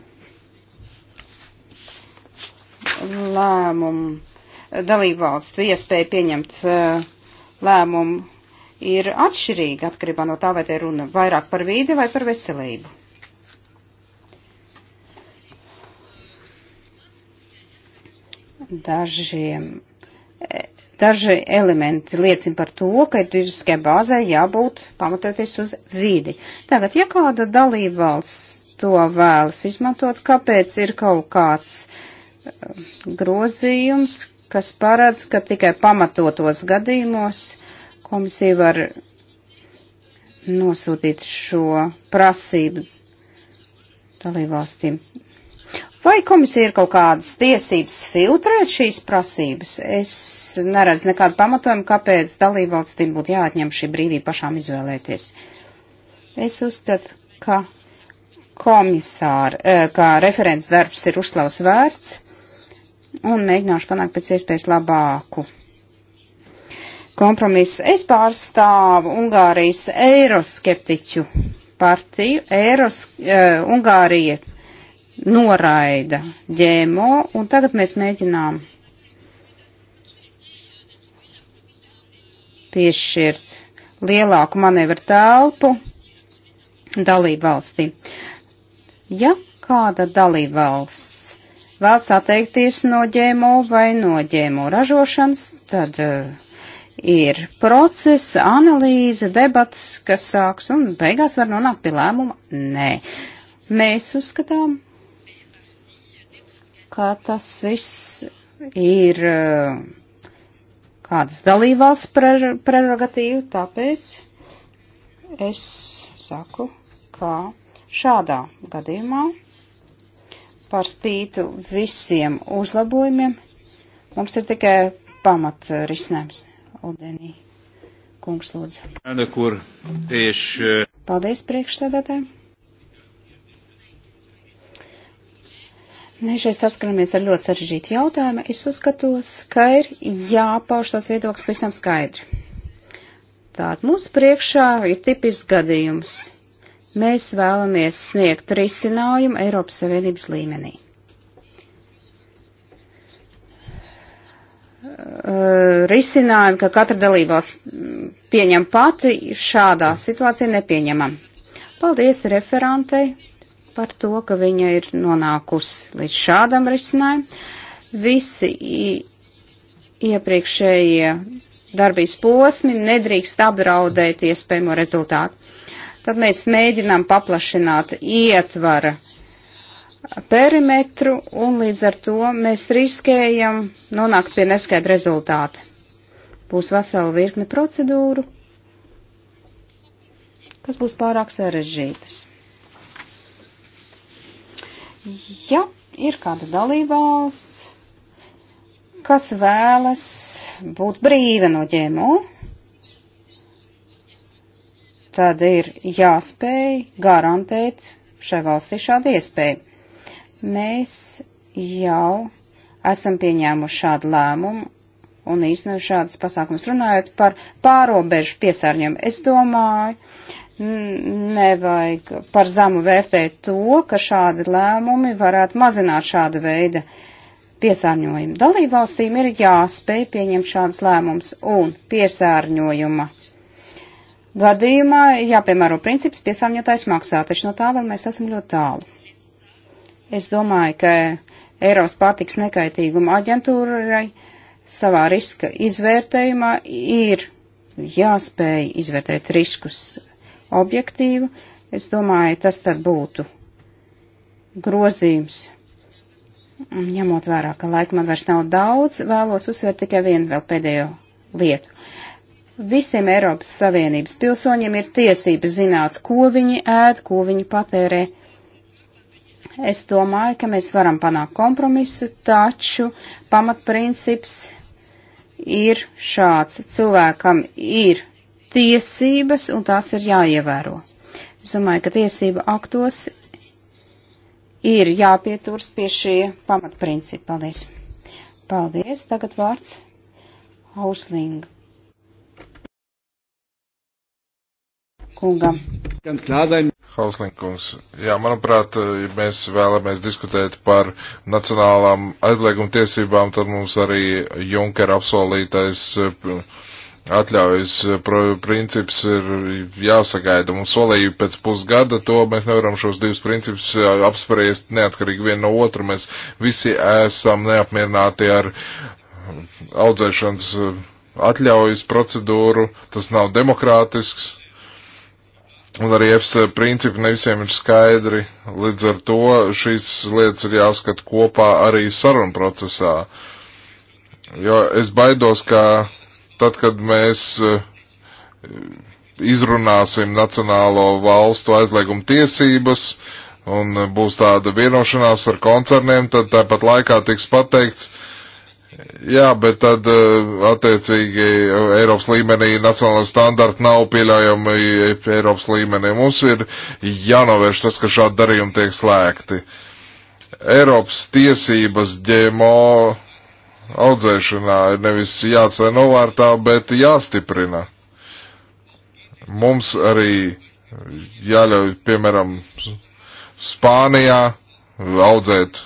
[SPEAKER 2] lēmumu, dalību valstu iespēju pieņemt eh, lēmumu ir atšķirīga atkarībā no tā, vai te runa vairāk par vīdi vai par veselību. Dažiem, e, daži elementi liecina par to, ka ir tirdziskai bāzē jābūt pamatoties uz vīdi. Tagad, ja kāda dalībvalsts to vēlas izmantot, kāpēc ir kaut kāds e, grozījums, kas paredz, ka tikai pamatotos gadījumos Komisija var nosūtīt šo prasību dalībvalstīm. Vai komisija ir kaut kādas tiesības filtrēt šīs prasības? Es neredzu nekādu pamatojumu, kāpēc dalībvalstīm būtu jāatņem šī brīvība pašām izvēlēties. Es uzskatu, ka komisāra, eh, kā referents darbs ir uzslavas vērts un mēģināšu panākt pēc iespējas labāku kompromisu. Es pārstāvu Ungārijas eiroskeptiķu partiju. Eiros, uh, Ungārija noraida ģēmo, un tagad mēs mēģinām piešķirt lielāku manevru telpu dalību valstī. Ja kāda dalību valsts vēlas atteikties no ģēmo vai no ģēmo ražošanas, tad uh, ir process, analīze, debats, kas sāks un beigās var nonākt pie lēmuma. Nē. Mēs uzskatām, ka tas viss ir eh, kādas dalībvalsts prerogatīva, tāpēc es saku, ka šādā gadījumā par spītu visiem uzlabojumiem mums ir tikai pamat risinājums Odenī. Kungs, lūdzu.
[SPEAKER 1] Kur tieši.
[SPEAKER 2] Paldies, priekšstādātāji. Mēs šeit saskaramies ar ļoti sarežģītu jautājumu. Es uzskatos, ka ir jāpauž tos viedoklis visam skaidri. Tātad mūsu priekšā ir tipisks gadījums. Mēs vēlamies sniegt risinājumu Eiropas Savienības līmenī. Eh, risinājumi, ka katra dalībās pieņem pati, šādā situācijā nepieņemam. Paldies referantei par to, ka viņa ir nonākusi līdz šādam risinājumam. Visi iepriekšējie darbības posmi nedrīkst apdraudēt iespējamo rezultātu. Tad mēs mēģinām paplašināt ietvara uh, perimetru, un līdz ar to mēs riskējam nonākt pie neskaidra rezultāta. Būs vesela virkne procedūru, kas būs pārāk sarežģītas. Ja ir kāda dalībvalsts, kas vēlas būt brīva no ģēmo, tad ir jāspēj garantēt šai valstī šādu iespēju. Mēs jau esam pieņēmuši šādu lēmumu un īstenot šādas pasākumas. Runājot par pārobežu piesārņojumu, es domāju, nevajag par zemu vērtēt to, ka šādi lēmumi varētu mazināt šāda veida piesārņojumu. Dalībvalstīm ir jāspēj pieņemt šādas lēmumus un piesārņojuma. Gadījumā jāpiemēro princips piesārņotājs maksā, taču no tā vēl mēs esam ļoti tālu. Es domāju, ka Eiropas pārtiks nekaitīguma aģentūrai savā riska izvērtējumā ir jāspēj izvērtēt riskus objektīvu. Es domāju, tas tad būtu grozījums. Ņemot vērā, ka laika man vairs nav daudz, vēlos uzsvērt tikai vienu vēl pēdējo lietu. Visiem Eiropas Savienības pilsoņiem ir tiesības zināt, ko viņi ēd, ko viņi patērē Es domāju, ka mēs varam panākt kompromisu, taču pamatprincips ir šāds. Cilvēkam ir tiesības un tās ir jāievēro. Es domāju, ka tiesība aktos ir jāpieturs pie šie pamatprincipi. Paldies! Paldies! Tagad vārds Hauslinga. Kungam.
[SPEAKER 3] Hauslinkungs, jā, manuprāt, ja mēs vēlamies diskutēt par nacionālām aizlieguma tiesībām, tad mums arī Junker apsolītais eh, atļaujas eh, princips ir jāsagaida. Mums solīja pēc pusgada to, mēs nevaram šos divus principus eh, apspriest neatkarīgi vienu no otru. Mēs visi esam neapmierināti ar audzēšanas atļaujas procedūru, tas nav demokrātisks Un arī EFSA principi ne visiem ir skaidri, līdz ar to šīs lietas ir jāskat kopā arī sarunu procesā. Jo es baidos, ka tad, kad mēs eh, izrunāsim nacionālo valstu aizliegumu tiesības un būs tāda vienošanās ar koncerniem, tad tāpat laikā tiks pateikts, uh, Jā, bet tad eh, attiecīgi Eiropas līmenī nacionālajā standarta nav pieļaujami Eiropas līmenī. Mums ir jānovērš tas, ka šādi darījumi tiek slēgti. Eiropas tiesības ģēmo audzēšanā ir nevis jācē novārtā, bet jāstiprina. Mums arī jāļauj, piemēram, Spānijā audzēt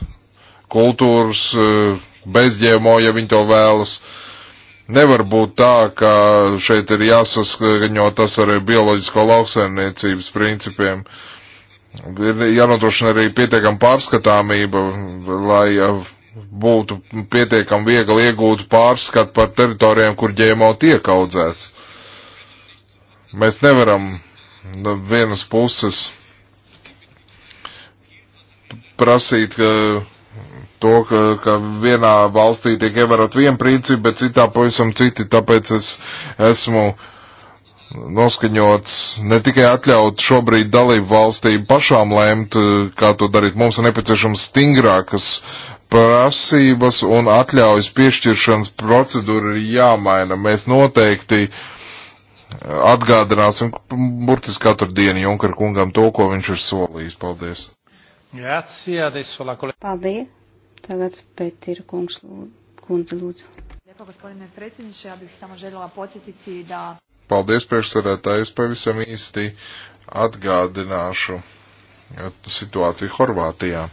[SPEAKER 3] kultūras eh, bez ģēmo, ja viņi to vēlas. Nevar būt tā, ka šeit ir jāsaskaņo tas ar bioloģisko lauksaimniecības principiem. Ir jānodrošina arī pietiekama pārskatāmība, lai būtu pietiekami viegli iegūt pārskatu par teritorijām, kur ģēmo tiek audzēts. Mēs nevaram vienas puses prasīt, ka to, ka, ka vienā valstī tiek ievērot viena principa, bet citā pavisam citi, tāpēc es esmu noskaņots ne tikai atļaut šobrīd dalību valstīm pašām lēmt, kā to darīt. Mums ir nepieciešams stingrākas prasības un atļaujas piešķiršanas procedūra ir jāmaina. Mēs noteikti atgādināsim burtiski katru dienu Junkar kungam to, ko viņš ir solījis. Paldies!
[SPEAKER 2] Grazie, adesso la collega. Paldies. Tagad Petir kungs, kundze lūdzu. Lijepo gospodine predsjedniče, ja bih samo željela podsjetiti da...
[SPEAKER 3] Paldies priekšsēdētājs, pavisam īsti atgādināšu e, situāciju Horvātijā.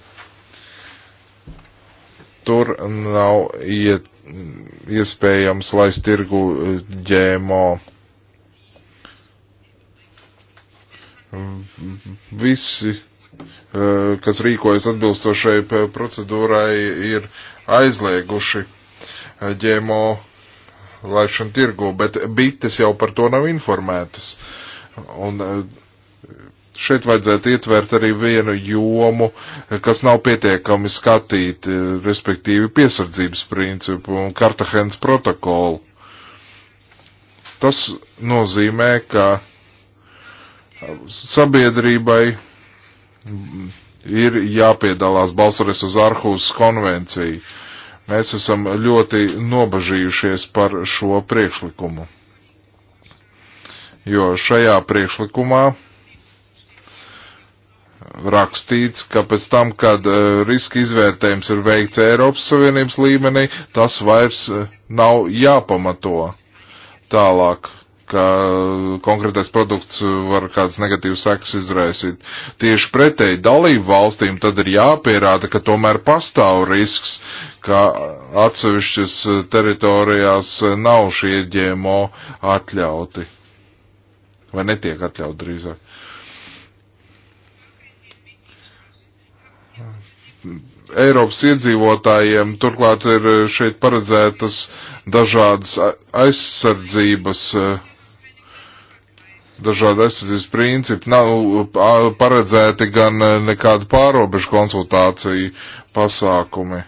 [SPEAKER 3] Tur nav iet, iespējams laist tirgu e, ģēmo. Visi Eh, kas rīkojas atbilstošai procedūrai, ir aizlieguši eh, ģēmo laišanu tirgu, bet bites jau par to nav informētas. Un eh, šeit vajadzētu ietvert arī vienu jomu, kas nav pietiekami skatīti, respektīvi piesardzības principu un Kartahens protokolu. Tas nozīmē, ka sabiedrībai ir jāpiedalās balsoties uz Arhus konvenciju. Mēs esam ļoti nobažījušies par šo priekšlikumu. Jo šajā priekšlikumā rakstīts, ka pēc tam, kad uh, riska izvērtējums ir veikts Eiropas Savienības līmenī, tas vairs uh, nav jāpamato tālāk ka konkrētais produkts var kādas negatīvas sekas izraisīt. Tieši pretēji dalību valstīm tad ir jāpierāda, ka tomēr pastāv risks, ka atsevišķas teritorijās nav šie ģēmo atļauti. Vai netiek atļauti drīzāk? Eiropas iedzīvotājiem turklāt ir šeit paredzētas dažādas aizsardzības uh, dažādi aizsardzības principi, nav paredzēti gan e, nekādu pārobežu konsultāciju pasākumi.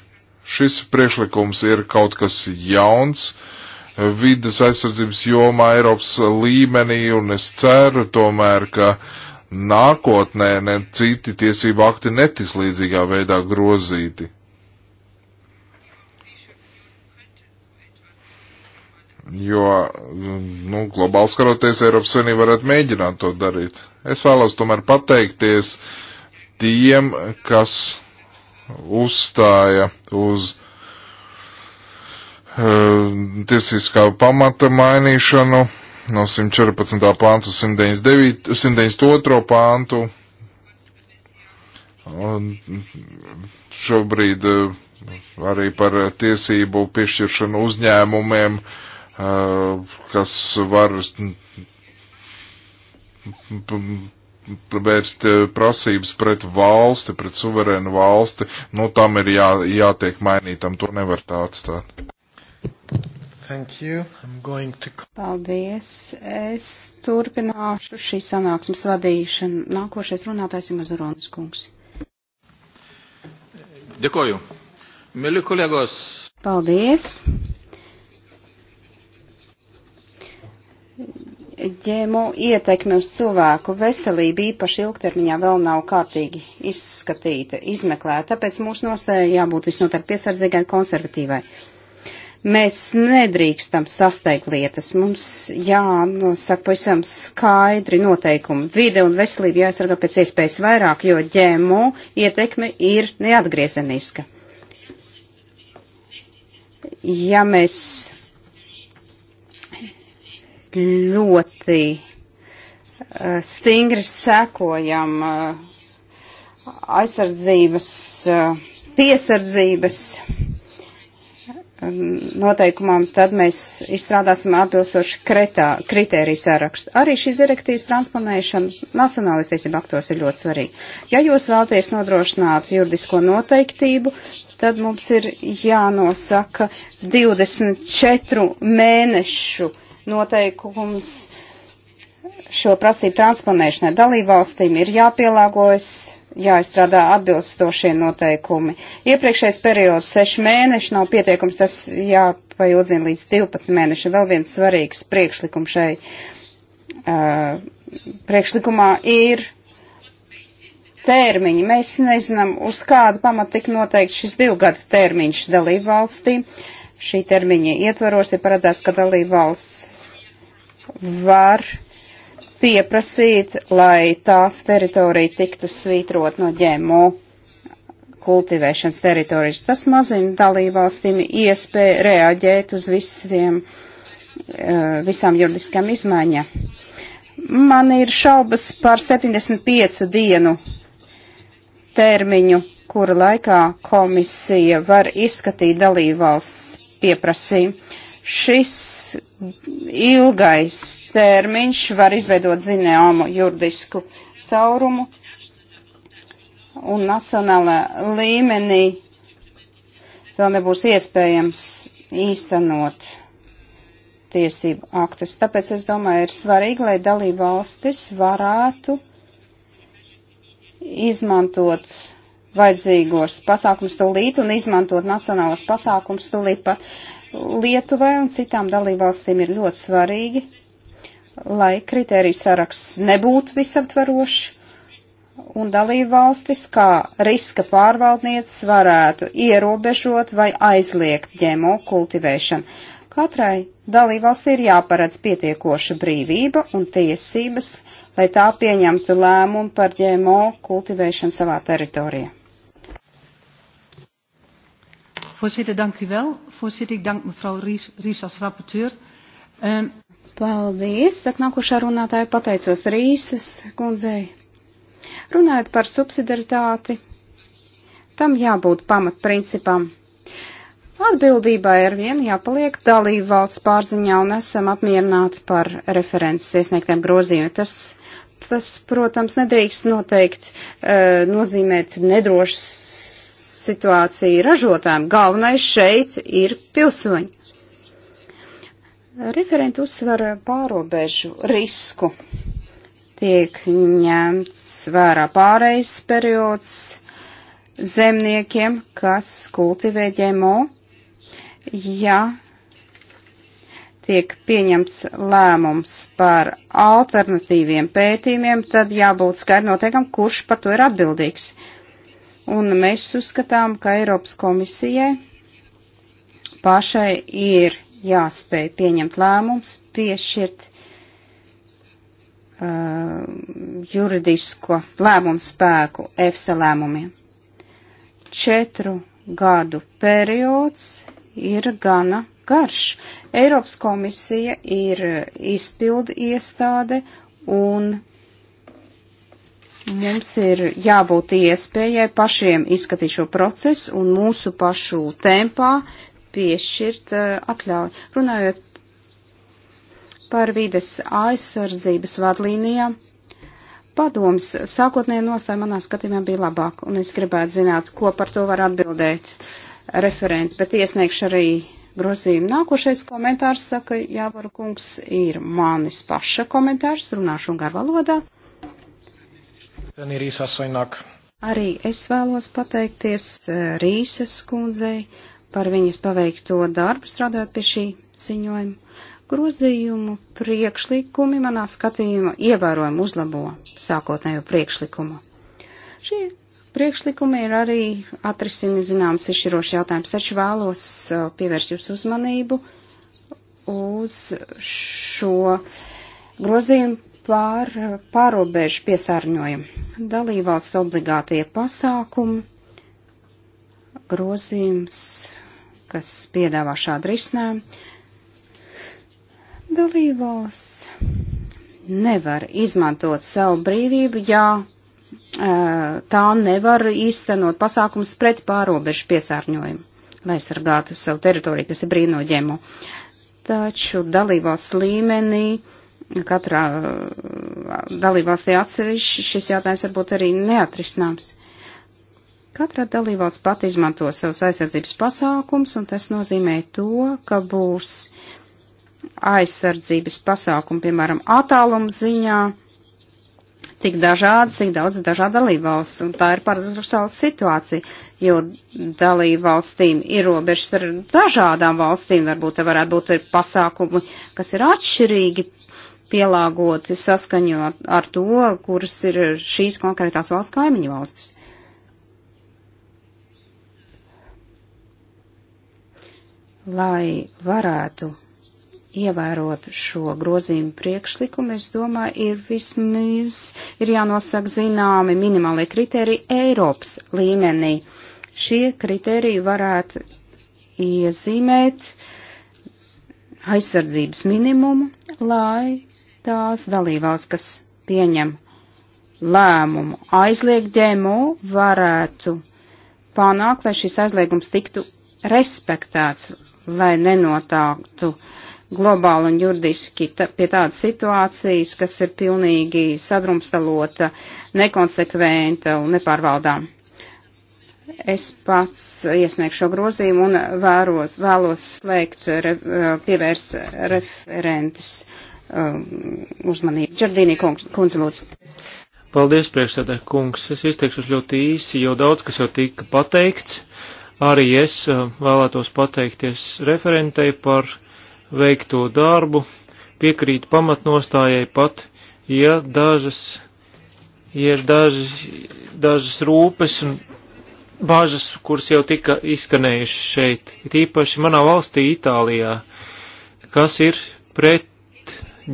[SPEAKER 3] Šis priekšlikums ir kaut kas jauns e, vidas aizsardzības jomā Eiropas līmenī, un es ceru tomēr, ka nākotnē ne citi tiesību akti netiks līdzīgā veidā grozīti. jo, nu, globāli skaroties, Eiropas Savienība varētu mēģināt to darīt. Es vēlos tomēr pateikties tiem, kas uzstāja uz uh, tiesiskā pamata mainīšanu no 114. pāntu 192, 192. pāntu. Un šobrīd uh, arī par tiesību piešķiršanu uzņēmumiem uh, Eh, kas var vērst eh, prasības pret valsti, pret suverēnu valsti, nu tam ir jā, jātiek mainītam, to nevar tā atstāt. Thank you. I'm going to...
[SPEAKER 2] Paldies. Es turpināšu šī sanāksmes vadīšanu. Nākošais runātājs ir Mazuronis kungs.
[SPEAKER 1] Dekoju. Mili kolegos.
[SPEAKER 2] Paldies. ģēmu ietekme uz cilvēku veselību īpaši ilgtermiņā vēl nav kārtīgi izskatīta, izmeklēta, tāpēc mūsu nostāja jābūt visnotaļ piesardzīgai un konservatīvai. Mēs nedrīkstam sasteigt lietas, mums jānosaka pavisam skaidri noteikumi. Vide un veselība jāaizsargā pēc iespējas vairāk, jo ģēmu ietekme ir neatgriezeniska. Ja mēs ļoti eh, stingri sekojam eh, aizsardzības, eh, piesardzības noteikumam, tad mēs izstrādāsim atbilstoši kritēriju sārakstu. Arī šīs direktīvas transponēšana nacionālais tiesība aktos ir ļoti svarīga. Ja jūs vēlaties nodrošināt juridisko noteiktību, tad mums ir jānosaka 24 mēnešu uh, noteikums šo prasību transponēšanai. Dalībvalstīm ir jāpielāgojas, jāizstrādā atbilstošie noteikumi. Iepriekšējais periods 6 mēneši nav pietiekums, tas jāpaildzina līdz 12 mēnešiem. Vēl viens svarīgs priekšlikums šai uh, priekšlikumā ir termiņi. Mēs nezinām, uz kādu pamatu tik noteikti šis divu gadu termiņš dalību valstī. Šī termiņa ietvaros ir paredzēts, ka dalību valsts var pieprasīt, lai tās teritorija tiktu svītrot no ģēmo kultivēšanas teritorijas. Tas mazina dalībvalstīm iespēju reaģēt uz visiem, eh, visām juridiskām izmaiņām. Man ir šaubas par 75 dienu termiņu, kura laikā komisija var izskatīt dalībvalsts pieprasījumu šis ilgais termiņš var izveidot zināmu juridisku caurumu un nacionālā līmenī vēl nebūs iespējams īstenot tiesību aktus. Tāpēc es domāju, ir svarīgi, lai dalība valstis varētu izmantot vajadzīgos pasākums tūlīt un izmantot nacionālas pasākums tūlīt pat. Uh, Lietuvai un citām dalībvalstīm ir ļoti svarīgi, lai kritēriju saraksts nebūtu visaptvarošs, un dalībvalstis kā riska pārvaldnieces varētu ierobežot vai aizliegt ģemo kultivēšanu. Katrai dalībvalstī ir jāparedz pietiekoša brīvība un tiesības, lai tā pieņemtu lēmumu par ģemo kultivēšanu savā teritorijā. Voorzitter, dank u wel. Voorzitter, ik dank mevrouw Ries, Ries als rapporteur. Um, Paldies, saka nākošā runātāja, pateicos Rīsas kundzei. Runājot par subsidaritāti, tam jābūt pamatprincipam. Atbildībā ir vien jāpaliek dalību valsts pārziņā un esam apmierināti par references iesniegtiem grozījumiem. Tas, tas, protams, nedrīkst noteikt, eh, nozīmēt nedrošas situācija ražotājiem. Galvenais šeit ir pilsoņi. Referenti uzsver pārobežu risku. Tiek ņemts vērā pārejas periods zemniekiem, kas kultivē ģemo, ja tiek pieņemts lēmums par alternatīviem pētījumiem, tad jābūt skaidri noteikam, kurš par to ir atbildīgs. Uh, un mēs uzskatām, ka Eiropas komisijai pašai ir jāspēj pieņemt lēmums, piešķirt uh, juridisko lēmumu spēku EFSA lēmumiem. Četru gadu periods ir gana garš. Eiropas komisija ir izpildu iestāde un Mums ir jābūt iespējai pašiem izskatīt šo procesu un mūsu pašu tempā piešķirt eh, atļauju. Runājot par vides aizsardzības vadlīnijām, padoms sākotnēji nostāja manā skatījumā bija labāk, un es gribētu zināt, ko par to var atbildēt referenti, bet iesniegšu arī grozījumu. Nākošais komentārs saka, Jāvara kungs, ir manis paša komentārs, runāšu un garvalodā.
[SPEAKER 1] Arī
[SPEAKER 2] es vēlos pateikties eh, Rīses kundzei par viņas paveikto darbu strādājot pie šī ziņojuma. Grozījumu priekšlikumi manā skatījumā ievērojami uzlabo sākotnējo priekšlikumu. Šie priekšlikumi ir arī atrisina zināms izšķiroši jautājums, taču vēlos eh, pievērst jūsu uzmanību uz šo grozījumu pār pārobežu piesārņojumu. Dalībvalsts obligātie pasākumi, grozījums, kas piedāvā šādu risinājumu. Dalībvalsts nevar izmantot savu brīvību, ja tā nevar īstenot pasākums pret pārobežu piesārņojumu, lai sargātu savu teritoriju, kas ir brīnoģēmu. Taču dalībvalsts līmenī uh, katrā dalībvalstī atsevišķi šis jautājums varbūt arī neatrisināms. Katra dalībvalsts pat izmanto savus aizsardzības pasākums, un tas nozīmē to, ka būs aizsardzības pasākumi, piemēram, attāluma ziņā, tik dažādi, cik daudz dažādu dalībvalstu, un tā ir paradoxāla situācija, jo dalībvalstīm ir robežas ar dažādām valstīm, varbūt te varētu būt pasākumi, kas ir atšķirīgi pielāgoti saskaņot ar to, kuras ir šīs konkrētās valsts kaimiņu valstis. Lai varētu ievērot šo grozījumu priekšlikumu, es domāju, ir vismaz ir jānosaka zināmi minimālie kriteriji Eiropas līmenī. Šie kriteriji varētu iezīmēt aizsardzības minimumu, lai tās dalībās, kas pieņem lēmumu aizliegt ģēmo, varētu panākt, lai šis aizliegums tiktu respektēts, lai nenotāktu globāli un juridiski pie tādas situācijas, kas ir pilnīgi sadrumstalota, nekonsekventa un nepārvaldām. Es pats iesniegšu šo grozījumu un vēros, vēlos slēgt, re, pievērst referentes Um, uzmanību. Džardīnī kundze, lūdzu.
[SPEAKER 1] Paldies, priekšsēdē kungs. Es izteikšos ļoti īsi, jo daudz kas jau tika pateikts. Arī es uh, vēlētos pateikties referentei par veikto darbu, piekrīt pamatnostājai pat, ja dažas, ja ir daži, dažas rūpes un bāžas, kuras jau tika izskanējušas šeit, it īpaši manā valstī Itālijā, kas ir pret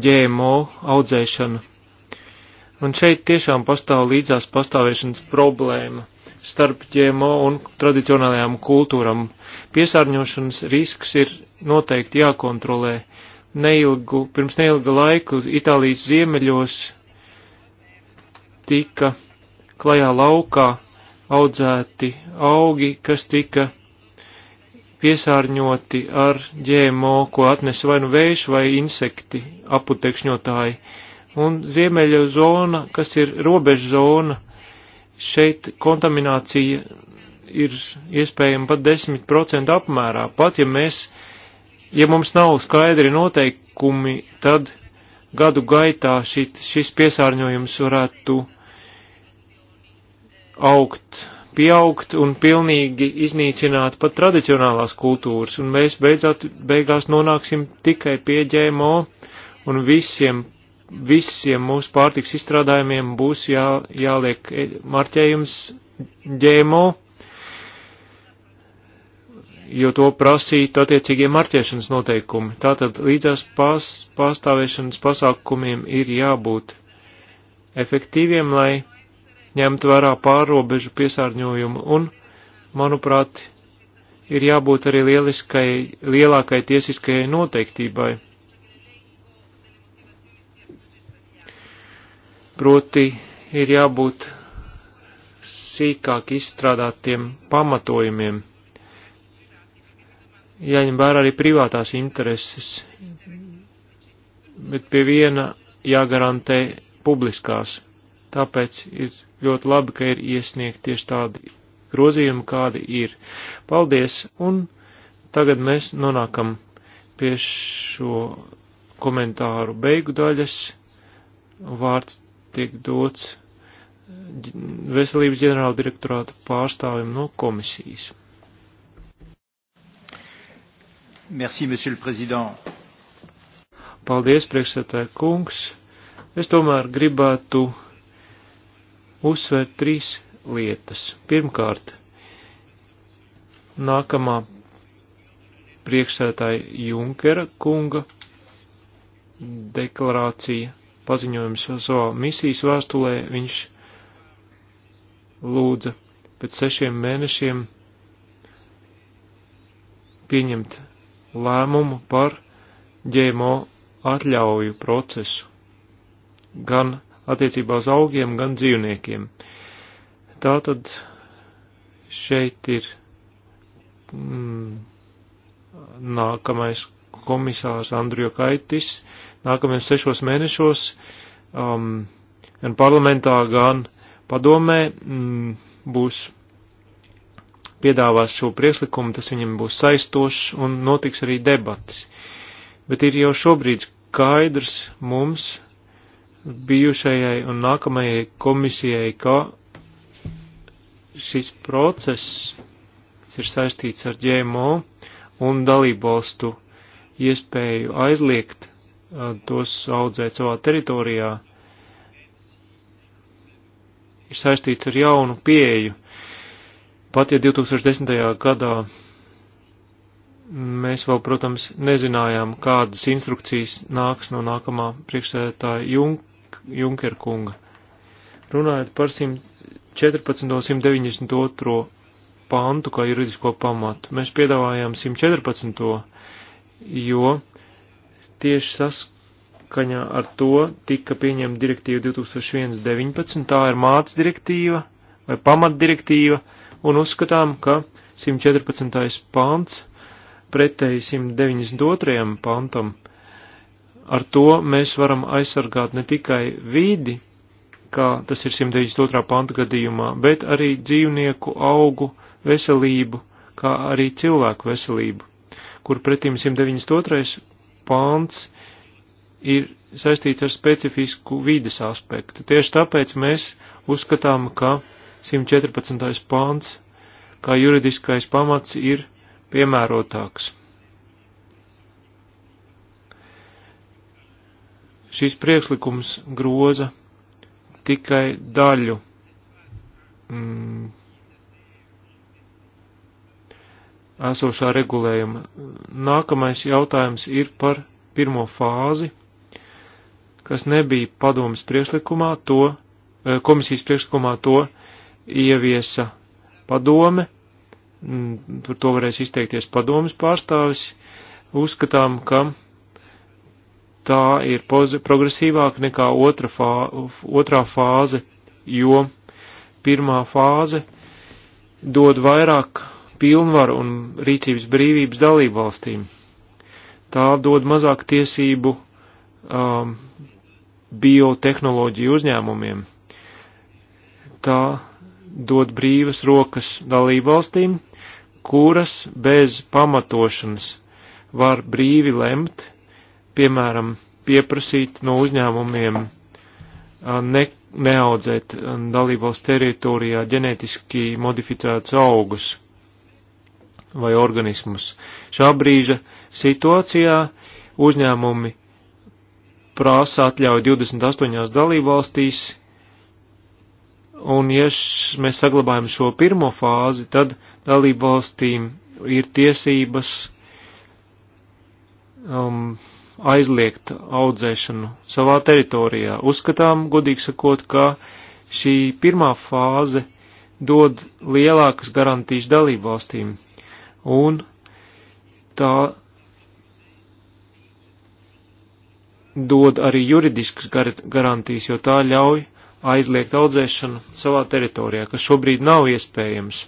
[SPEAKER 1] ģēmo audzēšanu. Un šeit tiešām pastāv līdzās pastāvēšanas problēma starp ģēmo un tradicionālajām kultūram. Piesārņošanas risks ir noteikti jākontrolē. Neilgu, pirms neilga laiku Itālijas ziemeļos tika klajā laukā audzēti augi, kas tika piesārņoti ar ģēmo, ko atnes vai nu vējš vai insekti aputekšņotāji. Un ziemeļa zona, kas ir robeža zona, šeit kontaminācija ir iespējama pat 10% apmērā. Pat ja mēs, ja mums nav skaidri noteikumi, tad gadu gaitā šit, šis piesārņojums varētu augt pieaugt un pilnīgi iznīcināt pat tradicionālās kultūras, un mēs beidzot, beigās nonāksim tikai pie ģēmo, un visiem, visiem mūsu pārtiks izstrādājumiem būs jā, jāliek e, marķējums ģēmo, jo to prasītu attiecīgie marķēšanas noteikumi. Tātad līdzās pās, pārstāvēšanas pasākumiem ir jābūt efektīviem, lai ņemt vērā pārobežu piesārņojumu un, manuprāt, ir jābūt arī lieliskai, lielākai tiesiskajai noteiktībai. Proti ir jābūt sīkāk izstrādātiem pamatojumiem. Jāņem vērā arī privātās intereses, bet pie viena jāgarantē publiskās. Tāpēc ir ļoti labi, ka ir iesniegt tieši tādi grozījumi, kādi ir. Paldies! Un tagad mēs nonākam pie šo komentāru beigu daļas. Vārds tiek dots veselības ģenerāla direktorāta pārstāvim no komisijas. Merci, monsieur le président. Paldies, priekšsētāja kungs. Es tomēr gribētu uzsver trīs lietas. Pirmkārt, nākamā priekšsētāja Junkera kunga deklarācija paziņojums savā misijas vēstulē viņš lūdza pēc sešiem mēnešiem pieņemt lēmumu par ģēmo atļauju procesu gan attiecībā uz augiem, gan dzīvniekiem. Tātad šeit ir mm, nākamais komisārs Andriju Kaitis, nākamajos sešos mēnešos um, gan parlamentā, gan padomē mm, būs piedāvās šo priekšlikumu, tas viņam būs saistošs un notiks arī debatas. Bet ir jau šobrīd skaidrs mums, bijušajai un nākamajai komisijai, ka šis process ir saistīts ar GMO un dalībvalstu iespēju aizliegt uh, tos audzēt savā teritorijā, ir saistīts ar jaunu pieeju. Pat ja 2010. gadā mēs vēl, protams, nezinājām, kādas instrukcijas nāks no nākamā priekšsēdētāja Junk Junker kunga. Runājot par 114. un 192. pantu kā juridisko pamatu, mēs piedāvājām 114. jo tieši saskaņā ar to tika pieņemta direktīva 2001-19, tā ir māca direktīva vai pamatdirektīva, un uzskatām, ka 114. pants pretēji 192. pantam Ar to mēs varam aizsargāt ne tikai vidi, kā tas ir 192. panta gadījumā, bet arī dzīvnieku augu veselību, kā arī cilvēku veselību, kur pretim 192. pants ir saistīts ar specifisku vides aspektu. Tieši tāpēc mēs uzskatām, ka 114. pants kā juridiskais pamats ir piemērotāks. Šis priekšlikums groza tikai daļu mm, esošā regulējuma. Nākamais jautājums ir par pirmo fāzi, kas nebija padomas priekšlikumā, to, eh, komisijas priekšlikumā to ieviesa padome, par mm, to varēs izteikties padomas pārstāvis, uzskatām, ka tā ir progresīvāka nekā otra fā, otrā fāze, jo pirmā fāze dod vairāk pilnvaru un rīcības brīvības dalību valstīm. Tā dod mazāk tiesību um, biotehnoloģiju uzņēmumiem. Tā dod brīvas rokas dalību valstīm, kuras bez pamatošanas var brīvi lemt, piemēram, pieprasīt no uzņēmumiem ne, neaudzēt dalībvalsts teritorijā ģenētiski modificēts augus vai organismus. Šā brīža situācijā uzņēmumi prasa atļauju 28 dalībvalstīs, un ja š, mēs saglabājam šo pirmo fāzi, tad dalībvalstīm ir tiesības um, aizliegt audzēšanu savā teritorijā. Uzskatām, godīgi sakot, ka šī pirmā fāze dod lielākas garantijas dalību valstīm, un tā dod arī juridiskas gar garantijas, jo tā ļauj aizliegt audzēšanu savā teritorijā, kas šobrīd nav iespējams.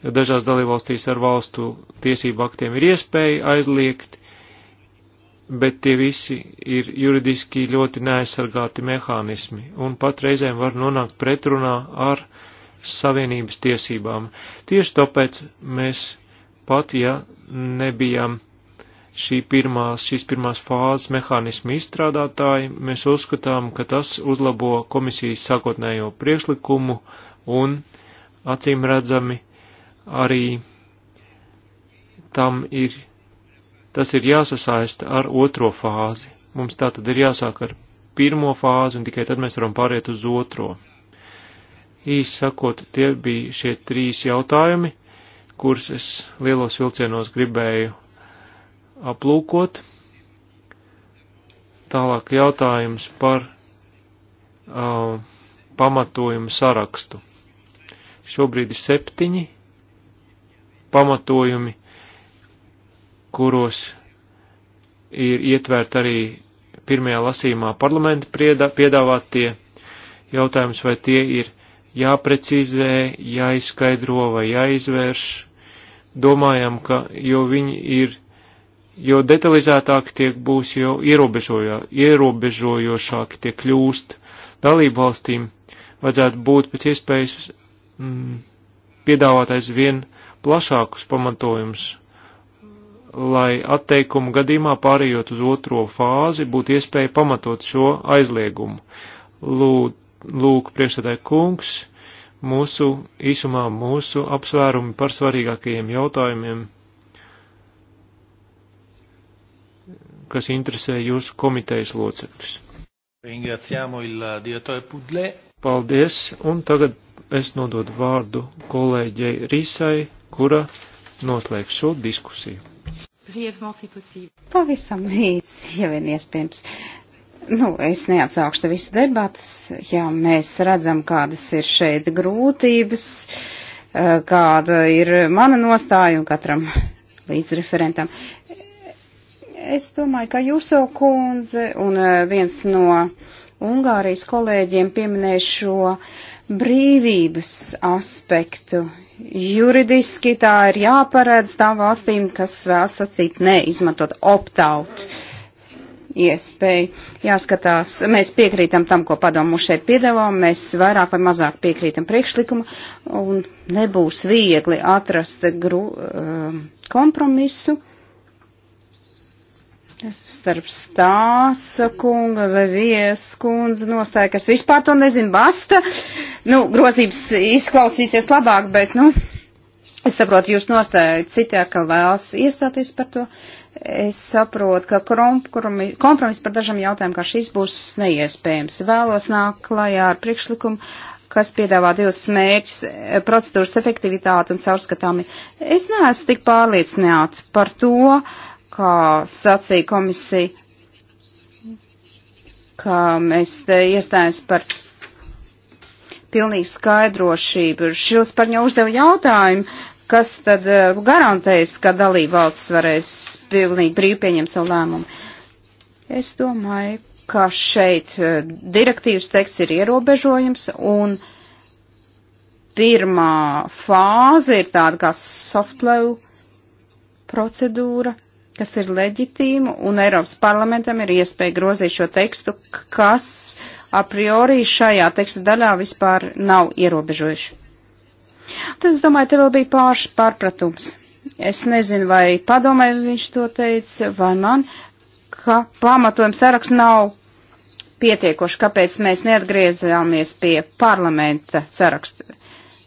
[SPEAKER 1] Jo dažās dalībvalstīs ar valstu tiesību aktiem ir iespēja aizliegt bet tie visi ir juridiski ļoti neaizsargāti mehānismi un patreizēm var nonākt pretrunā ar savienības tiesībām. Tieši tāpēc mēs pat, ja nebijām šī pirmās, šīs pirmās fāzes mehānismu izstrādātāji, mēs uzskatām, ka tas uzlabo komisijas sākotnējo priekšlikumu un acīm redzami arī tam ir tas ir jāsasaista ar otro fāzi. Mums tā tad ir jāsāk ar pirmo fāzi, un tikai tad mēs varam pāriet uz otro. Īsi sakot, tie bija šie trīs jautājumi, kurus es lielos vilcienos gribēju aplūkot. Tālāk jautājums par uh, pamatojumu sarakstu. Šobrīd ir septiņi pamatojumi, kuros ir ietvert arī pirmajā lasījumā parlamenta piedāvātie jautājums, vai tie ir jāprecizē, jāizskaidro vai jāizvērš. Domājam, ka jo viņi ir, jo detalizētāki tiek būs, jo ierobežojošāki tie kļūst dalību valstīm, vajadzētu būt pēc iespējas mm, piedāvāt aizvien plašākus pamatojumus lai atteikumu gadījumā pārējot uz otro fāzi būtu iespēja pamatot šo aizliegumu. Lūd, lūk, priekšsēdētāji kungs, mūsu īsumā mūsu apsvērumi par svarīgākajiem jautājumiem, kas interesē jūsu komitejas locekļus. Paldies, un tagad es nododu vārdu kolēģei Rīsai, kura noslēgs šo diskusiju.
[SPEAKER 2] Pavisam īsi, ja vien iespējams. Nu, es neatsākšu visu debatas, ja mēs redzam, kādas ir šeit grūtības, eh, kāda ir mana nostāja un katram līdzreferentam. Es domāju, ka jūs jau kundze un eh, viens no Ungārijas kolēģiem pieminēja šo uh, brīvības aspektu. Juridiski tā ir jāparedz tām valstīm, kas vēl sacīt neizmantot opt-out iespēju. Jāskatās, mēs piekrītam tam, ko padomu šeit piedāvā, mēs vairāk vai mazāk piekrītam priekšlikumu, un nebūs viegli atrast gru, um, kompromisu, starp stāsa kunga, levies kundze nostāja, kas vispār to nezinu, basta. Nu, grozības izklausīsies labāk, bet, nu, es saprotu, jūs nostājat citā, ka vēlas iestāties par to. Es saprotu, ka kompromiss par dažam jautājumu, kā šis būs neiespējams. Vēlos nākt klajā ar priekšlikumu kas piedāvā divus mērķus e, - procedūras efektivitāti un caurskatāmi. Es neesmu tik pārliecināta par to, uh, kā sacīja komisija, ka mēs te iestājas par pilnīgi skaidrošību. Šils par ņau uzdeva jautājumu, kas tad eh, garantēs, ka dalībvalsts varēs pilnīgi brīvi pieņemt savu lēmumu. Es domāju, ka šeit eh, direktīvas teksts ir ierobežojums un pirmā fāze ir tāda kā soft law procedūra, kas ir leģitīma, un Eiropas parlamentam ir iespēja grozīt šo tekstu, kas a priori šajā teksta daļā vispār nav ierobežojuši. Tad es domāju, te vēl bija pārš pārpratums. Es nezinu, vai padomē viņš to teica, vai man, ka pamatojums saraksts nav pietiekoši, kāpēc mēs neatgriezāmies pie parlamenta saraksta.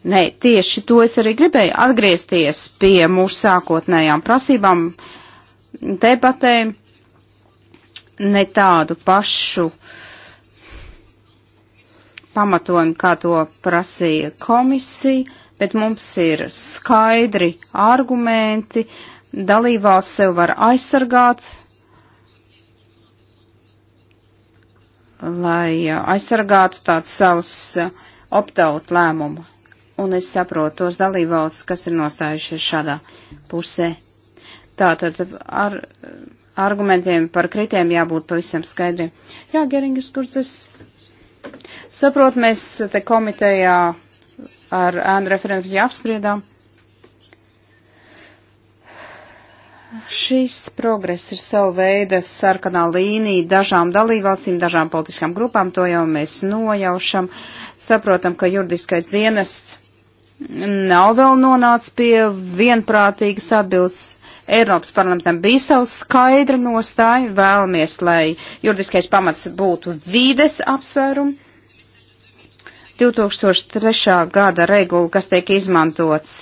[SPEAKER 2] Nē, tieši to es arī gribēju atgriezties pie mūsu sākotnējām prasībām, uh, debatēm, ne tādu pašu pamatojumu, kā to prasīja komisija, bet mums ir skaidri argumenti, dalībvalsts sev var aizsargāt, lai aizsargātu tāds savus optaut lēmumu. Un es saprotu tos dalībvalsts, kas ir nostājušies šādā pusē. Tātad ar argumentiem par kritiem jābūt pavisam skaidriem. Jā, Geringas kurces. Saprot, mēs te komitejā ar ēnu referentu apspriedām. Šis progress ir sava veida sarkanā līnija dažām dalībvalstīm, dažām politiskām grupām, to jau mēs nojaušam. Saprotam, ka juridiskais dienests nav vēl nonācis pie vienprātīgas atbildes Eiropas parlamentam bija savs skaidra nostāja, vēlamies, lai juridiskais pamats būtu vīdes apsvērumi. 2003. gada regula, kas tiek izmantots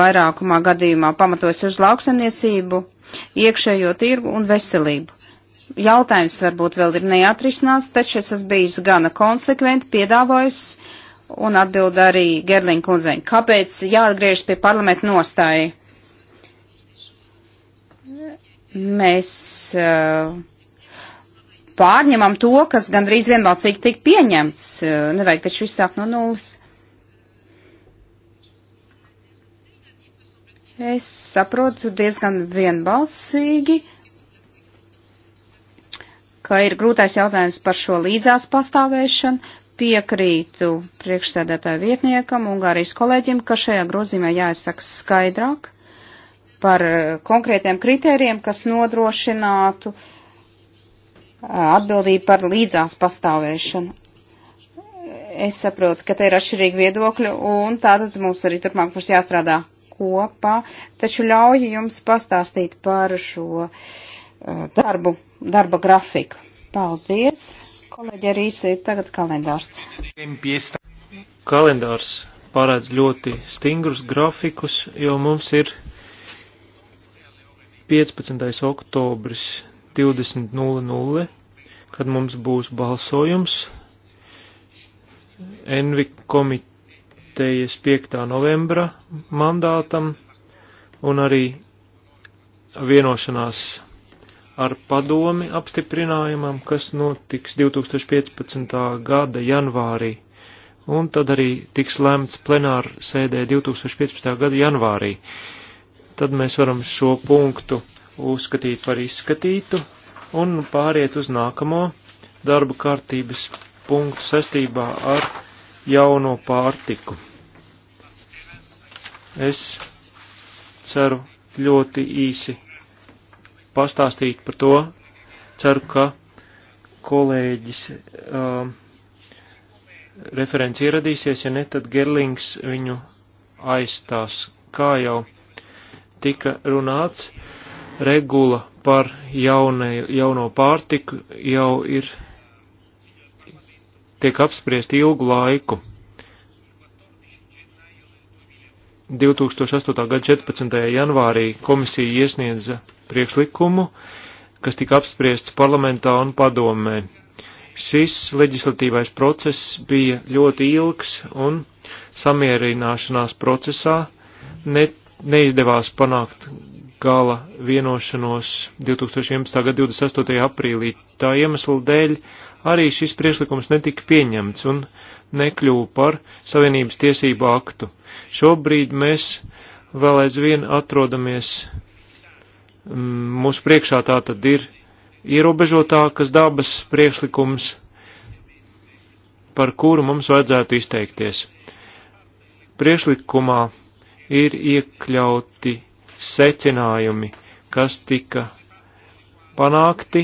[SPEAKER 2] vairākumā gadījumā, pamatojas uz lauksaimniecību, iekšējo tirgu un veselību. Jautājums varbūt vēl ir neatrisināts, taču es esmu bijis gana konsekventi piedāvājis un atbild arī Gerlina kundzei, kāpēc jāatgriežas pie parlamenta nostāja mēs uh, pārņemam to, kas gandrīz vienbalsīgi tika pieņemts. Uh, nevajag taču viss sākt no nulles. Es saprotu diezgan vienbalsīgi, ka ir grūtais jautājums par šo līdzās pastāvēšanu. Piekrītu priekšsēdētāju vietniekam un arī kolēģim, ka šajā grozīmē jāizsaka skaidrāk par eh, konkrētiem kritērijiem, kas nodrošinātu eh, atbildību par līdzās pastāvēšanu. Es saprotu, ka te ir atšķirīgi viedokļi, un tātad mums arī turpmāk būs jāstrādā kopā, taču ļauju jums pastāstīt par šo eh, darbu, darba grafiku. Paldies! Kolēģi arī ir tagad kalendārs.
[SPEAKER 1] Kalendārs parāds ļoti stingrus grafikus, jo mums ir 15. oktobris 20.00, kad mums būs balsojums. Envi komitejas 5. novembra mandātam un arī vienošanās ar padomi apstiprinājumam, kas notiks 2015. gada janvārī. Un tad arī tiks lemts plenāra sēdē 2015. gada janvārī tad mēs varam šo punktu uzskatīt par izskatītu un pāriet uz nākamo darba kārtības punktu saistībā ar jauno pārtiku. Es ceru ļoti īsi pastāstīt par to. Ceru, ka kolēģis um, referents ieradīsies, ja ne, tad Gerlings viņu aizstās. Kā jau tika runāts, regula par jaunie, jauno pārtiku jau ir, tiek apspriest ilgu laiku. 2008. gada 14. janvārī komisija iesniedza priekšlikumu, kas tika apspriests parlamentā un padomē. Šis leģislatīvais process bija ļoti ilgs un samierināšanās procesā net neizdevās panākt gala vienošanos 2011. gada 28. aprīlī. Tā iemesla dēļ arī šis priešlikums netika pieņemts un nekļuva par Savienības tiesību aktu. Šobrīd mēs vēl aizvien atrodamies, mm, mūsu priekšā tā tad ir ierobežotākas dabas priekšlikums, par kuru mums vajadzētu izteikties. Priešlikumā ir iekļauti secinājumi, kas tika panākti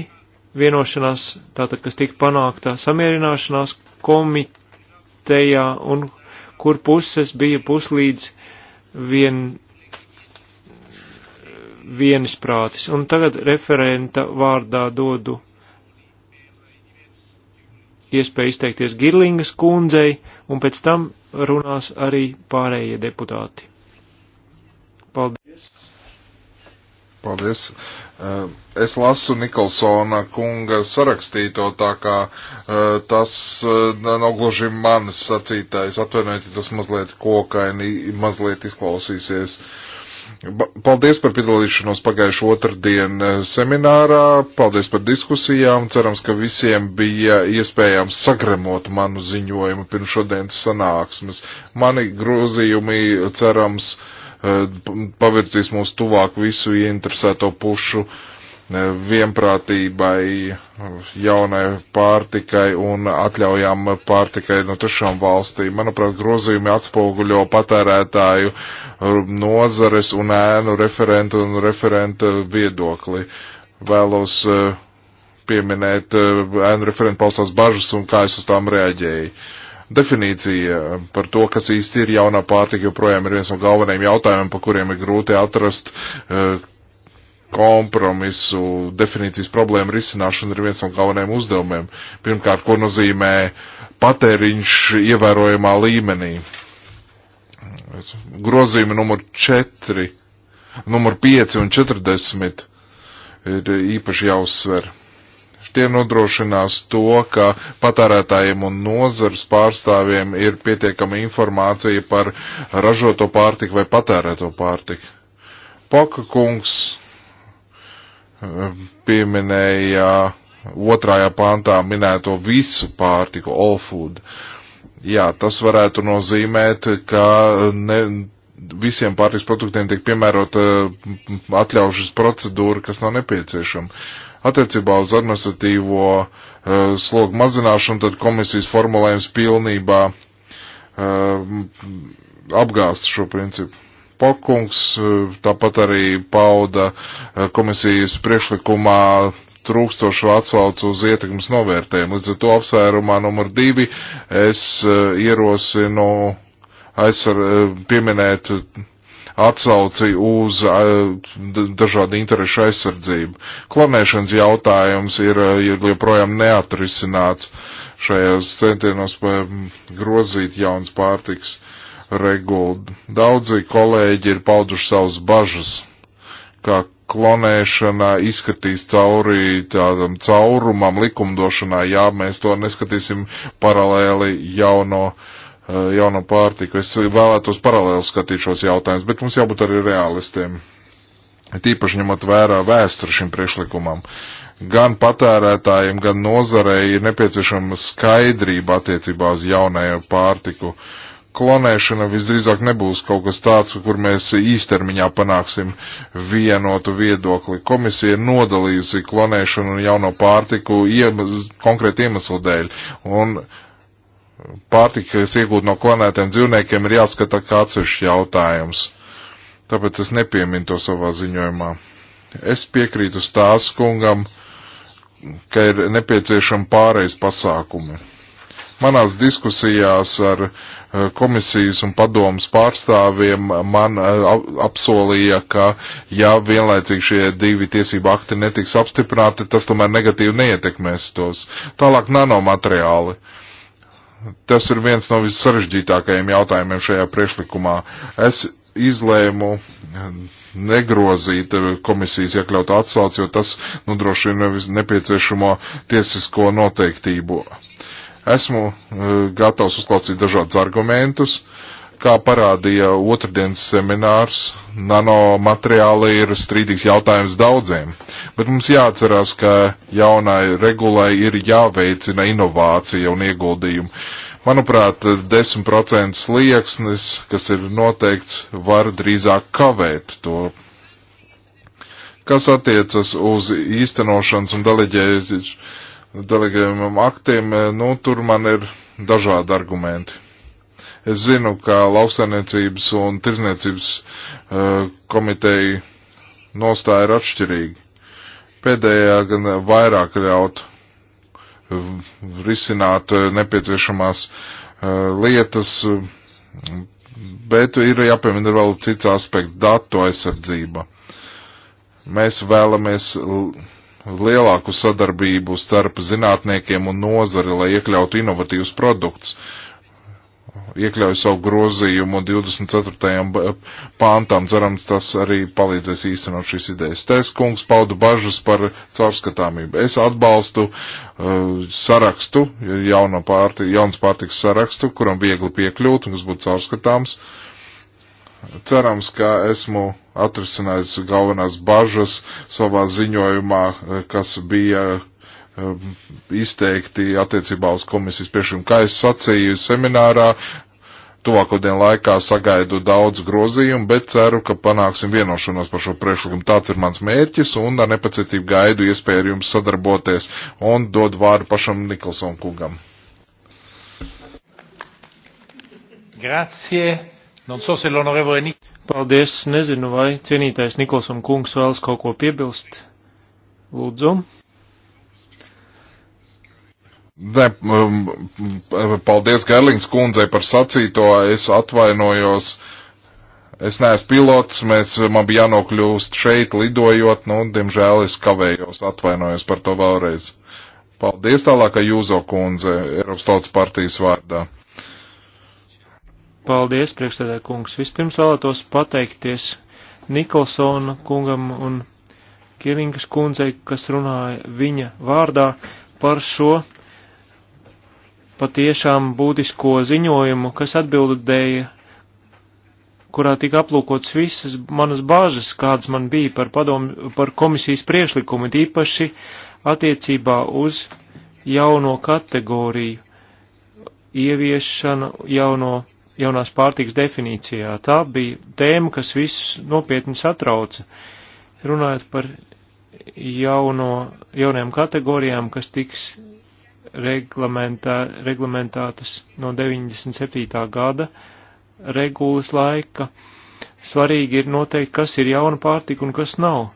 [SPEAKER 1] vienošanās, tātad, kas tika panākta samierināšanās komitejā un kur puses bija puslīdz vien, vienisprātis. Un tagad referenta vārdā dodu iespēju izteikties Girlingas kundzei, un pēc tam runās arī pārējie deputāti. Paldies.
[SPEAKER 3] Paldies. Eh, es lasu Nikolsona kunga sarakstīto, tā kā eh, tas eh, nav gluži manis sacītājs. Atvainojiet, ja tas mazliet kokaini, mazliet izklausīsies. Paldies par piedalīšanos pagājušo otrdien seminārā, paldies par diskusijām, cerams, ka visiem bija iespējams sagremot manu ziņojumu pirms šodienas sanāksmes. Mani grozījumi, cerams, uh, Eh, pavirzīs mūs tuvāk visu ieinteresēto pušu eh, vienprātībai, jaunai pārtikai un atļaujām pārtikai no trešām valstīm. Manuprāt, grozījumi atspoguļo patērētāju eh, nozares un ēnu referentu un referenta viedokli. Vēlos pieminēt ēnu referentu paustās bažas un kā es uz tām reaģēju. Uh, Definīcija par to, kas īsti ir jaunā pārtika, joprojām ir viens no galvenajiem jautājumiem, pa kuriem ir grūti atrast e, kompromisu. Definīcijas problēma risināšana ir viens no galvenajiem uzdevumiem. Pirmkārt, ko nozīmē patēriņš ievērojamā līmenī. Grozījumi numur 4, numur 5 un 40 ir īpaši jāuzsver tie nodrošinās to, ka patērētājiem un nozars pārstāvjiem ir pietiekama informācija par ražoto pārtiku vai patērēto pārtiku. Poka kungs eh, pieminēja otrajā pantā minēto visu pārtiku, all food. Jā, tas varētu nozīmēt, ka ne, visiem pārtiks produktiem tiek piemērota eh, atļaušas procedūra, kas nav nepieciešama. Attiecībā uz administratīvo uh, slogu mazināšanu, tad komisijas formulējums pilnībā uh, apgāst šo principu. Pokungs uh, eh, tāpat arī pauda uh, komisijas priekšlikumā trūkstošo atsaucu uz ietekmes novērtējumu. Līdz ar to apsvērumā numur divi es uh, ierosinu aizsar, pieminēt atsauci uz uh, dažādu interešu aizsardzību. Klonēšanas jautājums ir, uh, ir joprojām neatrisināts šajos centienos grozīt jauns pārtiks regulu. Daudzi kolēģi ir pauduši savus bažas, kā klonēšana izskatīs cauri tādam caurumam likumdošanā, ja mēs to neskatīsim paralēli jauno Eh, jauno pārtiku. Es vēlētos paralēli skatīt šos jautājumus, bet mums jābūt arī realistiem. Tīpaši ņemot vērā vēsturi šim priekšlikumam. Gan patērētājiem, gan nozarei ir nepieciešama skaidrība attiecībā uz jaunajā pārtiku. Klonēšana visdrīzāk nebūs kaut kas tāds, kur mēs īstermiņā panāksim vienotu viedokli. Komisija ir nodalījusi klonēšanu un jauno pārtiku iemaz, konkrēti iemeslu dēļ. Un uh, pārtika, kas iegūta no klonētiem dzīvniekiem, ir jāskata kā atsevišķs jautājums. Tāpēc es nepieminu to savā ziņojumā. Es piekrītu stāsts kungam, ka ir nepieciešama pāreiz pasākumi. Manās diskusijās ar eh, komisijas un padomas pārstāvjiem man eh, apsolīja, ka ja vienlaicīgi šie divi tiesību akti netiks apstiprināti, tas tomēr negatīvi neietekmēs tos. Tālāk nanomateriāli. Uh, tas ir viens no vissarežģītākajiem jautājumiem šajā priešlikumā. Es izlēmu negrozīt komisijas iekļaut atsauci, jo tas nodrošina nu, nepieciešamo tiesisko noteiktību. Esmu uh, gatavs uzklausīt dažādus argumentus, uh, Kā parādīja otrdienas seminārs, nanomateriāli ir strīdīgs jautājums daudziem, bet mums jāatcerās, ka jaunai regulai ir jāveicina inovācija un ieguldījumi. Manuprāt, 10% slieksnis, kas ir noteikts, var drīzāk kavēt to kas attiecas uz īstenošanas un deleģējumam aktiem, nu, tur man ir dažādi argumenti. Es zinu, ka lauksainiecības un tirzniecības uh, komiteja nostāja ir atšķirīga. Pēdējā gan vairāk ļaut uh, risināt uh, nepieciešamās uh, lietas, uh, bet ir jāpiemina vēl cits aspekts - datu aizsardzība. Mēs vēlamies lielāku sadarbību starp zinātniekiem un nozari, lai iekļautu inovatīvus produktus. Uh, iekļauju savu grozījumu 24. pāntām. Cerams, tas arī palīdzēs īstenot šīs idejas. Tēs kungs paudu bažas par caurskatāmību. Es atbalstu uh, sarakstu, jauno pārti, jauns pārtiks sarakstu, kuram viegli piekļūt un kas būtu caurskatāms. Cerams, ka esmu atrisinājis galvenās bažas savā ziņojumā, uh, kas bija uh, Um, izteikti attiecībā uz komisijas priekšlikumu. Kā es sacīju seminārā, tuvāko dienu laikā sagaidu daudz grozījumu, bet ceru, ka panāksim vienošanos par šo priekšlikumu. Tāds ir mans mērķis un ar nepacietību gaidu iespēju ar jums sadarboties un dod vārdu pašam Nikolson
[SPEAKER 1] kungam. Grazie. Non so se l'onorevole Nik. Paldies. Nezinu, vai cienītais Nikolson kungs vēlas kaut ko piebilst. Lūdzu.
[SPEAKER 3] Ne, um, paldies Gerlings kundzei par sacīto, es atvainojos. Es neesmu pilots, mēs, man bija jānokļūst šeit lidojot, nu, diemžēl es kavējos, atvainojos par to vēlreiz. Paldies tālāk Jūzo kundze, Eiropas Tautas partijas vārdā.
[SPEAKER 1] Paldies, priekšstādē kungs. Vispirms vēlētos pateikties Nikolsona kungam un Kiringas kundzei, kas runāja viņa vārdā par šo patiešām būtisko ziņojumu, kas atbildēja, kurā tika aplūkots visas manas bāžas, kādas man bija par, padomu, par komisijas priekšlikumu, īpaši attiecībā uz jauno kategoriju ieviešanu jauno, jaunās pārtīks definīcijā. Tā bija tēma, kas visus nopietni satrauca. Runājot par jauno, jaunajām kategorijām, kas tiks reglamentā, reglamentētas no 97. gada regulas laika. Svarīgi ir noteikt, kas ir jauna pārtika un kas nav,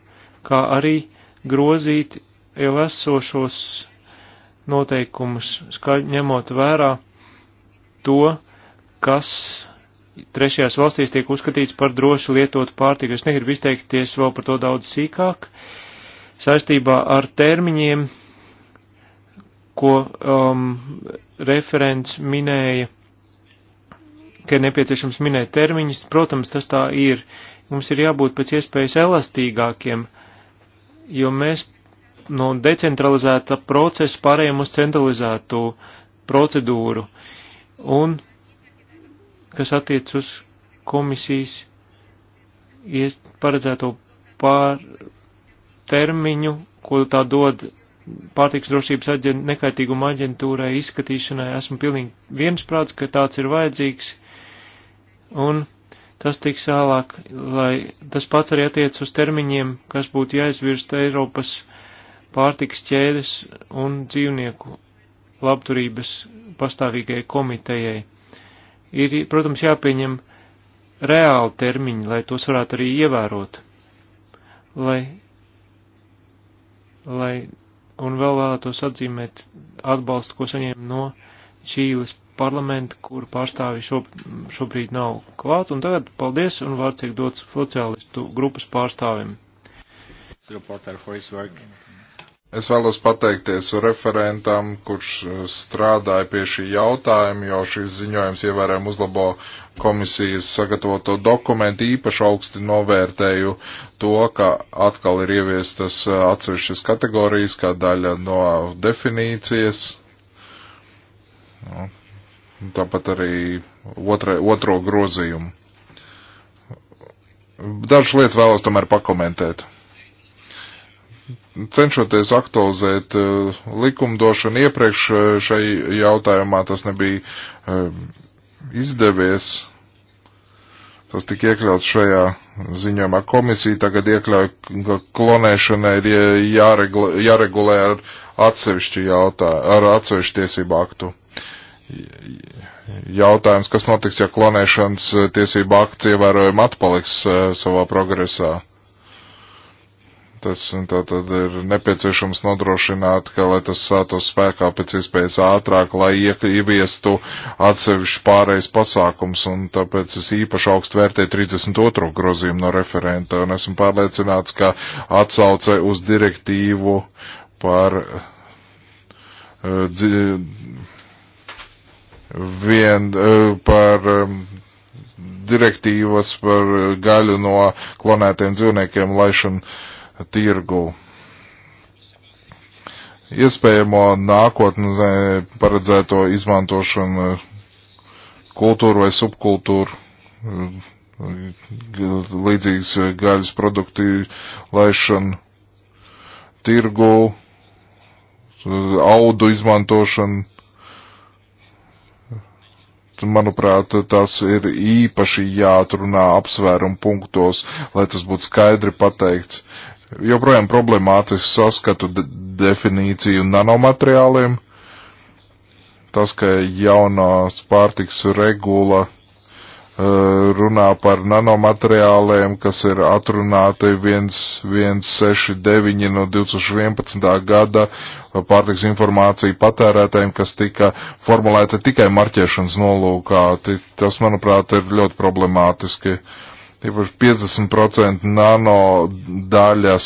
[SPEAKER 1] kā arī grozīt jau esošos noteikumus, ņemot vērā to, kas trešajās valstīs tiek uzskatīts par droši lietotu pārtiku. Es negribu izteikties vēl par to daudz sīkāk. Saistībā ar termiņiem ko um, referents minēja, ka ir nepieciešams minēt termiņus. Protams, tas tā ir. Mums ir jābūt pēc iespējas elastīgākiem, jo mēs no decentralizēta procesa pārējām uz centralizētu procedūru. Un, kas attiec uz komisijas paredzēto pār termiņu, ko tā dod pārtiks drošības aģen, nekaitīguma aģentūrai izskatīšanai esmu pilnīgi viensprāts, ka tāds ir vajadzīgs, un tas tiks ālāk, lai tas pats arī attiec uz termiņiem, kas būtu jāizvirst Eiropas pārtiks ķēdes un dzīvnieku labturības pastāvīgajai komitejai. Ir, protams, jāpieņem reāli termiņi, lai tos varētu arī ievērot, lai, lai un vēl vēlētos atzīmēt atbalstu, ko saņēmu no Čīles parlamenta, kur pārstāvi šo, šobrīd nav klāt, un tagad paldies un vārds tiek dots sociālistu grupas pārstāvim. Reporter for his work.
[SPEAKER 3] Es vēlos pateikties referentam, kurš uh, strādāja pie šī jautājuma, jo šis ziņojums ievērēm uzlabo komisijas sagatavoto dokumentu. Īpaši augsti novērtēju to, ka atkal ir ieviestas uh, atsevišķas kategorijas, kā daļa no definīcijas. Nu, tāpat arī otra, otro grozījumu. Dažas lietas vēlos tomēr pakomentēt cenšoties aktualizēt eh, likumdošanu iepriekš eh, šai jautājumā, tas nebija eh, izdevies. Tas tika iekļauts šajā ziņojumā. Komisija tagad iekļauj, ka klonēšana ir jāregla, jāregulē ar atsevišķu jautājumu, ar atsevišķu tiesību aktu. Jautājums, kas notiks, ja klonēšanas tiesība akts ievērojami atpaliks savā progresā Tas tātad ir nepieciešams nodrošināt, ka, lai tas sātos spēkā pēc iespējas ātrāk, lai ieviestu atsevišķu pārējais pasākums, un tāpēc es īpaši augstu vērtēju 32. grozījumu no referenta, un esmu pārliecināts, ka atsauce uz direktīvu par uh, dzi, vien uh, par um, direktīvas par gaļu no klonētiem dzīvniekiem laišanu tirgu. Iespējamo nākotnē paredzēto izmantošanu kultūru vai subkultūru, līdzīgas gaļas produktu laišanu tirgu, audu izmantošanu. Manuprāt, tas ir īpaši jāatrunā apsvērumu punktos, lai tas būtu skaidri pateikts, joprojām problemātiski saskatu de definīciju nanomateriāliem. Tas, ka jaunās pārtiks regula e, runā par nanomateriāliem, kas ir atrunāti 1169 no 2011. gada pārtiks informācija patērētājiem, kas tika formulēta tikai marķēšanas nolūkā. Tas, manuprāt, ir ļoti problemātiski. Uh, Tiepaši 50% nano daļas,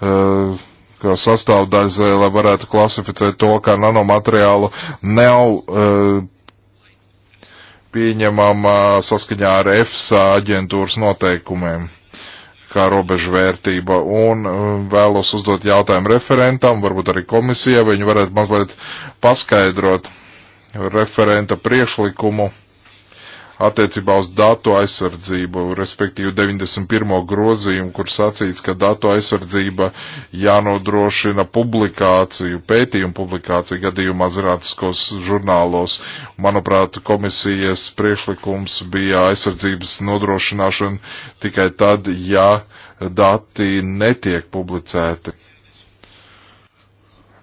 [SPEAKER 3] eh, kā sastāvdaļas, eh, lai varētu klasificēt to kā nanomateriālu, nav eh, pieņemama saskaņā ar EFSA aģentūras noteikumiem kā robežu vērtība. Un vēlos uzdot jautājumu referentam, varbūt arī komisijai, vai viņi varētu mazliet paskaidrot referenta priekšlikumu attiecībā uz datu aizsardzību, respektīvi 91. grozījumu, kur sacīts, ka datu aizsardzība jānodrošina publikāciju, pētījumu publikāciju gadījumā zinātniskos žurnālos. Manuprāt, komisijas priekšlikums bija aizsardzības nodrošināšana tikai tad, ja dati netiek publicēti.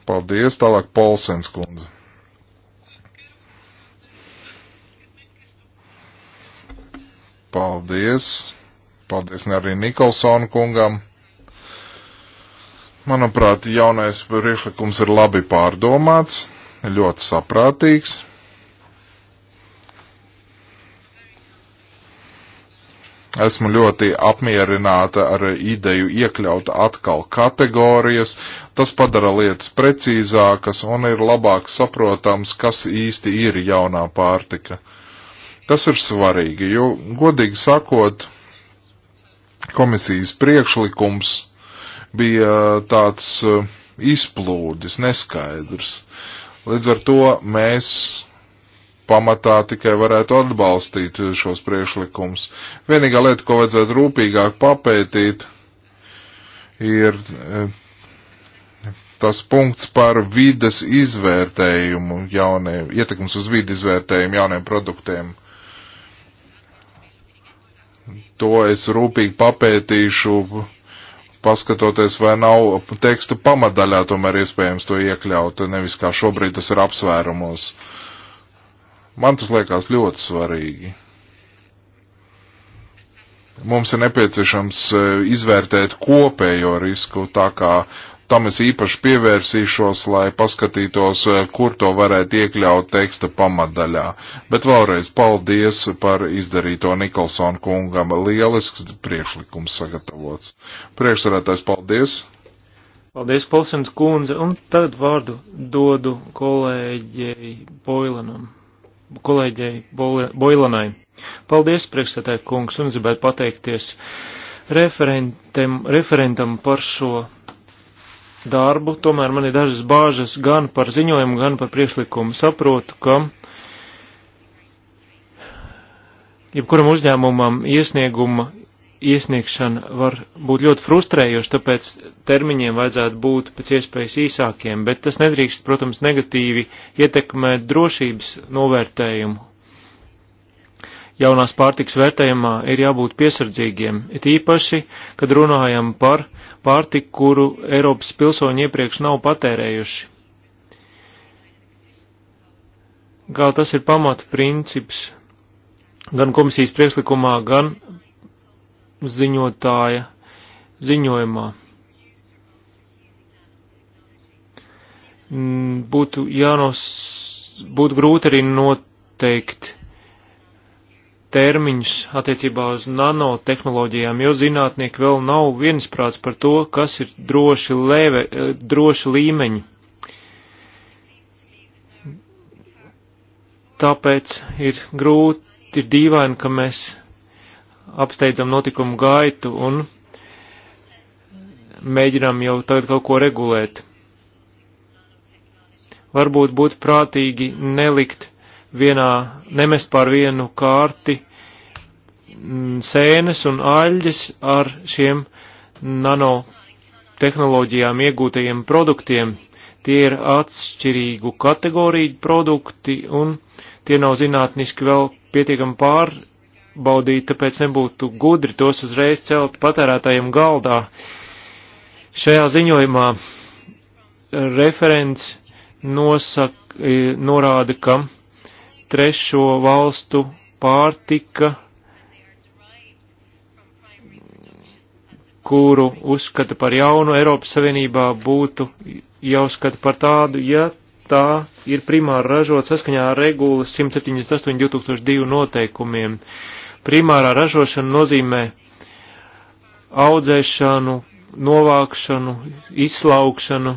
[SPEAKER 3] Paldies, tālāk Polsens kundze. Paldies! Paldies arī Nikolsonu kungam! Manuprāt, jaunais priekšlikums ir labi pārdomāts, ļoti saprātīgs. Esmu ļoti apmierināta ar ideju iekļaut atkal kategorijas. Tas padara lietas precīzākas un ir labāk saprotams, kas īsti ir jaunā pārtika. Tas ir svarīgi, jo, godīgi sakot, komisijas priekšlikums bija tāds eh, izplūdis, neskaidrs. Līdz ar to mēs pamatā tikai varētu atbalstīt šos priekšlikumus. Vienīgā lieta, ko vajadzētu rūpīgāk papētīt, ir eh, tas punkts par vides izvērtējumu jauniem, ietekmes uz vidi izvērtējumu jauniem produktiem. To es rūpīgi papētīšu, paskatoties, vai nav tekstu pamadaļā tomēr iespējams to iekļaut, nevis kā šobrīd tas ir apsvērumos. Man tas liekas ļoti svarīgi. Mums ir nepieciešams eh, izvērtēt kopējo risku, tā kā Tam es īpaši pievērsīšos, lai paskatītos, eh, kur to varētu iekļaut teksta pamatdaļā. Bet vēlreiz paldies par izdarīto Nikolsonu kungam. Lielisks priekšlikums sagatavots. Priekšsarētājs paldies!
[SPEAKER 1] Paldies, Polsens kundze, un tagad vārdu dodu kolēģei Boilanam, kolēģei Boilanai. Paldies, priekšstādāja kungs, un gribētu pateikties referentam par šo darbu, tomēr man ir dažas bāžas gan par ziņojumu, gan par priekšlikumu. Saprotu, ka jebkuram uzņēmumam iesnieguma iesniegšana var būt ļoti frustrējoša, tāpēc termiņiem vajadzētu būt pēc iespējas īsākiem, bet tas nedrīkst, protams, negatīvi ietekmēt drošības novērtējumu jaunās pārtiks vērtējumā ir jābūt piesardzīgiem, it īpaši, kad runājam par pārtiku, kuru Eiropas pilsoņi iepriekš nav patērējuši. Kā tas ir pamata princips gan komisijas priekšlikumā, gan ziņotāja ziņojumā. Būtu jānos, būtu grūti arī noteikt termiņus attiecībā uz nanotehnoloģijām, jo zinātnieki vēl nav viensprāts par to, kas ir droši, lēve, eh, droši līmeņi. Tāpēc ir grūti, ir dīvaini, ka mēs apsteidzam notikumu gaitu un mēģinām jau tagad kaut ko regulēt. Varbūt būtu prātīgi nelikt vienā, nemest pār vienu kārti mm, sēnes un aļģes ar šiem nanotehnoloģijām iegūtajiem produktiem. Tie ir atšķirīgu kategoriju produkti un tie nav zinātniski vēl pietiekami pārbaudīti, tāpēc nebūtu gudri tos uzreiz celt patērētājiem galdā. Šajā ziņojumā referents nosaka, eh, norāda, ka trešo valstu pārtika, kuru uzskata par jaunu Eiropas Savienībā, būtu jāuzskata par tādu, ja tā ir primāri ražot saskaņā ar regulas 178.2002 noteikumiem. Primārā ražošana nozīmē audzēšanu, novākšanu, izslaukšanu,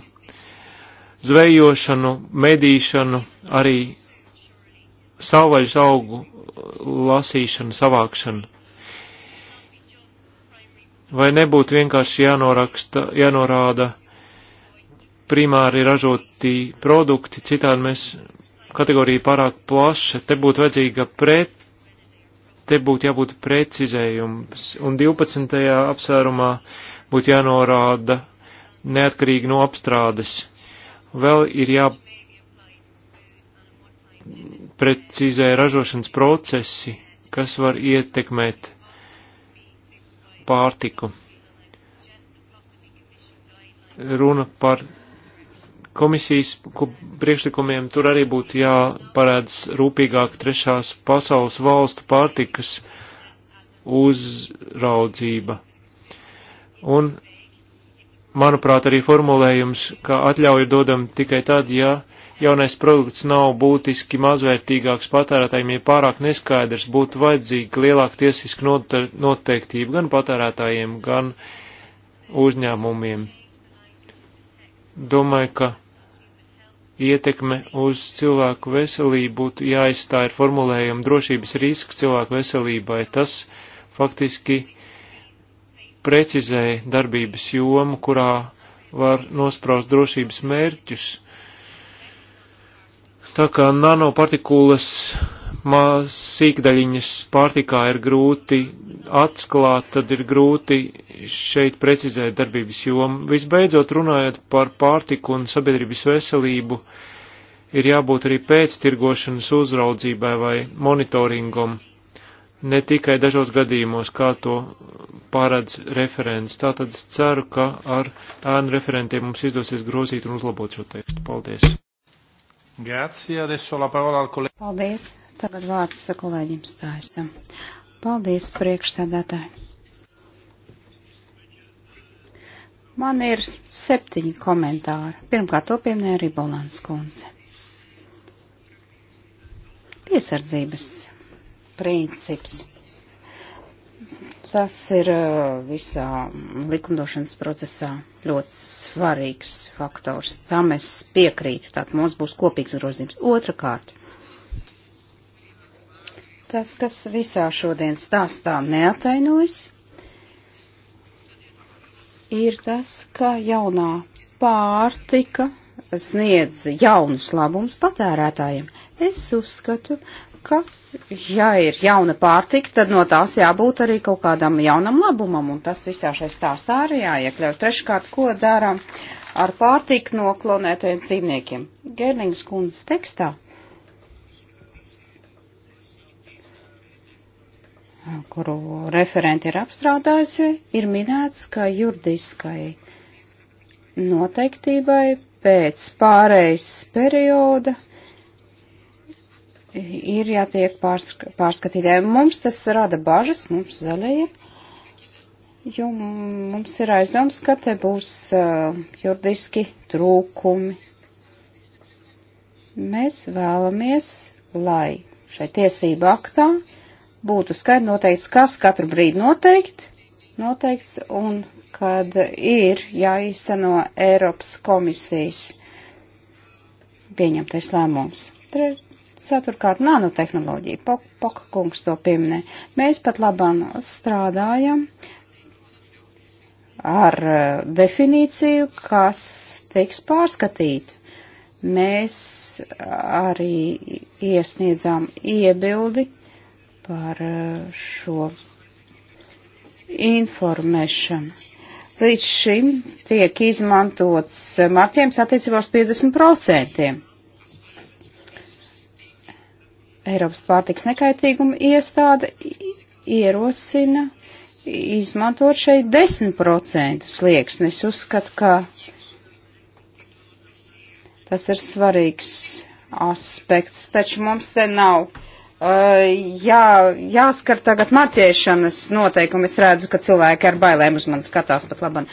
[SPEAKER 1] zvejošanu, medīšanu, arī savvaļas augu uh, lasīšanu, savākšanu. Vai nebūtu vienkārši jānoraksta, jānorāda primāri ražotī produkti, citādi mēs kategorija pārāk plaša, te būtu vajadzīga pret, te būtu jābūt precizējums, un 12. apsvērumā būtu jānorāda neatkarīgi no apstrādes. Vēl ir jābūt jāprecizē ražošanas procesi, kas var ietekmēt pārtiku. Runa par komisijas priekšlikumiem tur arī būtu jāparēdz rūpīgāk trešās pasaules valstu pārtikas uzraudzība. Un, manuprāt, arī formulējums, ka atļauju dodam tikai tad, ja jaunais produkts nav būtiski mazvērtīgāks patērētājiem, ja pārāk neskaidrs, būtu vajadzīga lielāka tiesiska noteiktība gan patērētājiem, gan uzņēmumiem. Domāju, ka ietekme uz cilvēku veselību būtu jāizstāja ar formulējumu drošības risks cilvēku veselībai. Tas faktiski precizē darbības jomu, kurā var nospraust drošības mērķus Tā kā nanopartikulas sīkdaļiņas pārtikā ir grūti atklāt, tad ir grūti šeit precizēt darbības jomu. Visbeidzot, runājot par pārtiku un sabiedrības veselību, ir jābūt arī pēctirgošanas uzraudzībai vai monitoringam, ne tikai dažos gadījumos, kā to paredz referents. Tātad es ceru, ka ar ēnu referentiem mums izdosies grozīt un uzlabot šo tekstu. Paldies! Grazie, adesso la parola al kolēģi.
[SPEAKER 2] Paldies, tagad vārds kolēģim stājasam. Paldies, priekšsēdētāji. Man ir septiņi komentāri. Pirmkārt, to pieminēja arī Bolans kundze. Piesardzības princips. Tas ir uh, visā likumdošanas procesā ļoti svarīgs faktors. Tam es piekrītu, tātad mums būs kopīgs grozījums. Otrakārt, tas, kas visā šodien stāstā neatainojas, ir tas, ka jaunā pārtika sniedz jaunus labumus patērētājiem. Es uzskatu, ka, ja ir jauna pārtika, tad no tās jābūt arī kaut kādam jaunam labumam, un tas visā šai stāstā arī jāiekļauj. Treškārt, ko darām ar pārtiku no klonētajiem dzīvniekiem? Gērlings kundzes tekstā. kuru referenti ir apstrādājusi, ir minēts, ka juridiskai noteiktībai pēc pārejas perioda ir jātiek pārsk pārskatītē. Mums tas rada bažas, mums zaļajiem, jo mums ir aizdoms, ka te būs uh, juridiski trūkumi. Mēs vēlamies, lai šai tiesību aktā būtu skaidri noteikts, kas katru brīdi noteikt, noteikts un kad ir jāīsteno Eiropas komisijas pieņemtais lēmums. Tre, Ceturkārt, nanotehnoloģija. Pok, Poka kungs to pieminē. Mēs pat labam strādājam ar e, definīciju, kas tiks pārskatīta. Mēs arī iesniedzām iebildi par e, šo informēšanu. Līdz šim tiek izmantots marķējums attiecībā uz 50%. Eiropas pārtiks nekaitīguma iestāde ierosina izmantot šeit 10% slieksni. Es uzskatu, ka tas ir svarīgs aspekts, taču mums te nav uh, jā, jāskar tagad martiešanas noteikumi. Es redzu, ka cilvēki ar bailēm uz mani skatās pat labam.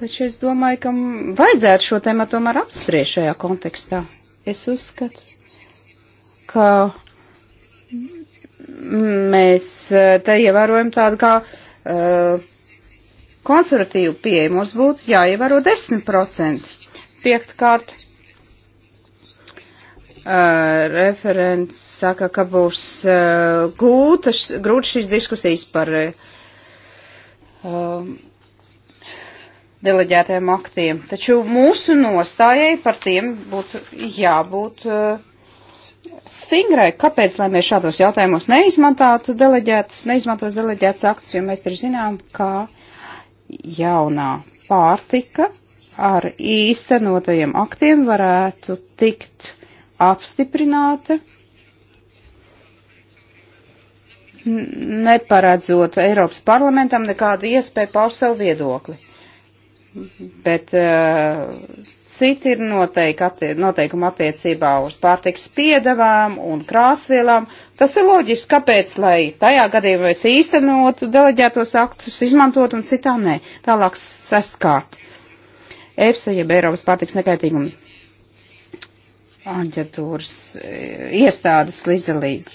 [SPEAKER 2] Taču es domāju, ka vajadzētu šo tēmu tomēr apspriest šajā kontekstā. Es uzskatu ka mēs eh, te ievērojam tādu kā uh, konservatīvu pieeju. Mums būtu jāievēro 10%. Piektkārt, uh, referents saka, ka būs uh, gūtas, grūti šīs diskusijas par deleģētajiem aktiem. Taču mūsu nostājai par tiem būtu jābūt uh, stingrai, kāpēc, lai mēs šādos jautājumos neizmantātu deleģētus, neizmantos deleģētus aktus, jo mēs taču zinām, kā jaunā pārtika ar īstenotajiem aktiem varētu tikt apstiprināta, neparedzot Eiropas parlamentam nekādu iespēju paust savu viedokli bet uh, citi ir noteikti, atti, noteikumi attiecībā uz pārtiks piedevām un krāsvielām. Tas ir loģiski, kāpēc, lai tajā gadījumā es īstenotu deleģētos aktus, izmantot un citā nē. Tālāk sestkārt. EFSA, jeb Eiropas pārtiks nekaitīguma aģentūras eh, iestādes līdzdalība.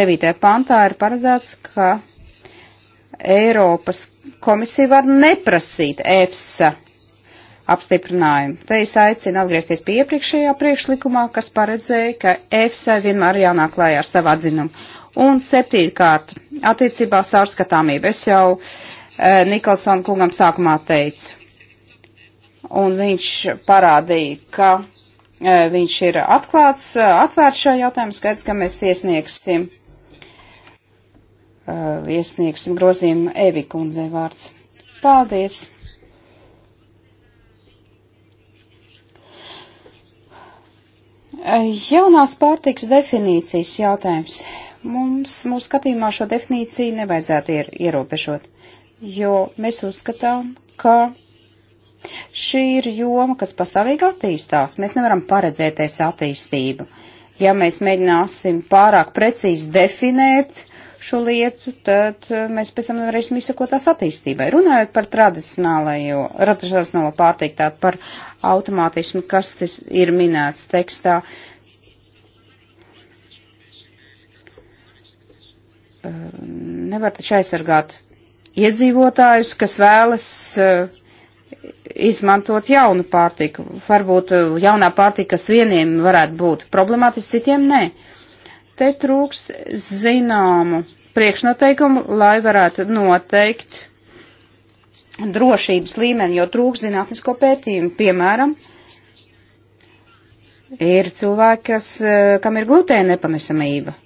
[SPEAKER 2] Devītajā pantā ir paredzēts, ka Eiropas komisija var neprasīt EFSA apstiprinājumu. Te es aicinu atgriezties pie iepriekšējā priekšlikumā, kas paredzēja, ka EFSA vienmēr jānāk klājā ar savu atzinumu. Un septītkārt, attiecībā sārskatāmību. Es jau e, eh, Nikolsona kungam sākumā teicu. Un viņš parādīja, ka e, viņš ir atklāts, eh, atvērts šo jautājumu, skaidrs, ka mēs iesniegsim uh, iesniegsim grozījumu Evi kundzei vārds. Paldies! Uh, jaunās pārtiks definīcijas jautājums. Mums, mūsu skatījumā, šo definīciju nevajadzētu ier, ierobežot, jo mēs uzskatām, ka šī ir joma, kas pastāvīgi attīstās. Mēs nevaram paredzēties attīstību. Ja mēs mēģināsim pārāk precīzi definēt šo lietu, tad uh, mēs pēc tam varēsim izsakot tās attīstībai. Runājot par tradicionālajo, tradicionālo pārtīk tā par automātismu, kas tas ir minēts tekstā. Um, nevar taču aizsargāt iedzīvotājus, kas vēlas uh, izmantot jaunu pārtiku. Varbūt uh, jaunā pārtika, kas vieniem varētu būt problemātiski, citiem nē. Ne Te trūks zināmu priekšnoteikumu, lai varētu noteikt drošības līmeni, jo trūks zinātnisko pētījumu. Piemēram, ir cilvēki, kas, eh, kam ir glutēna nepanesamība.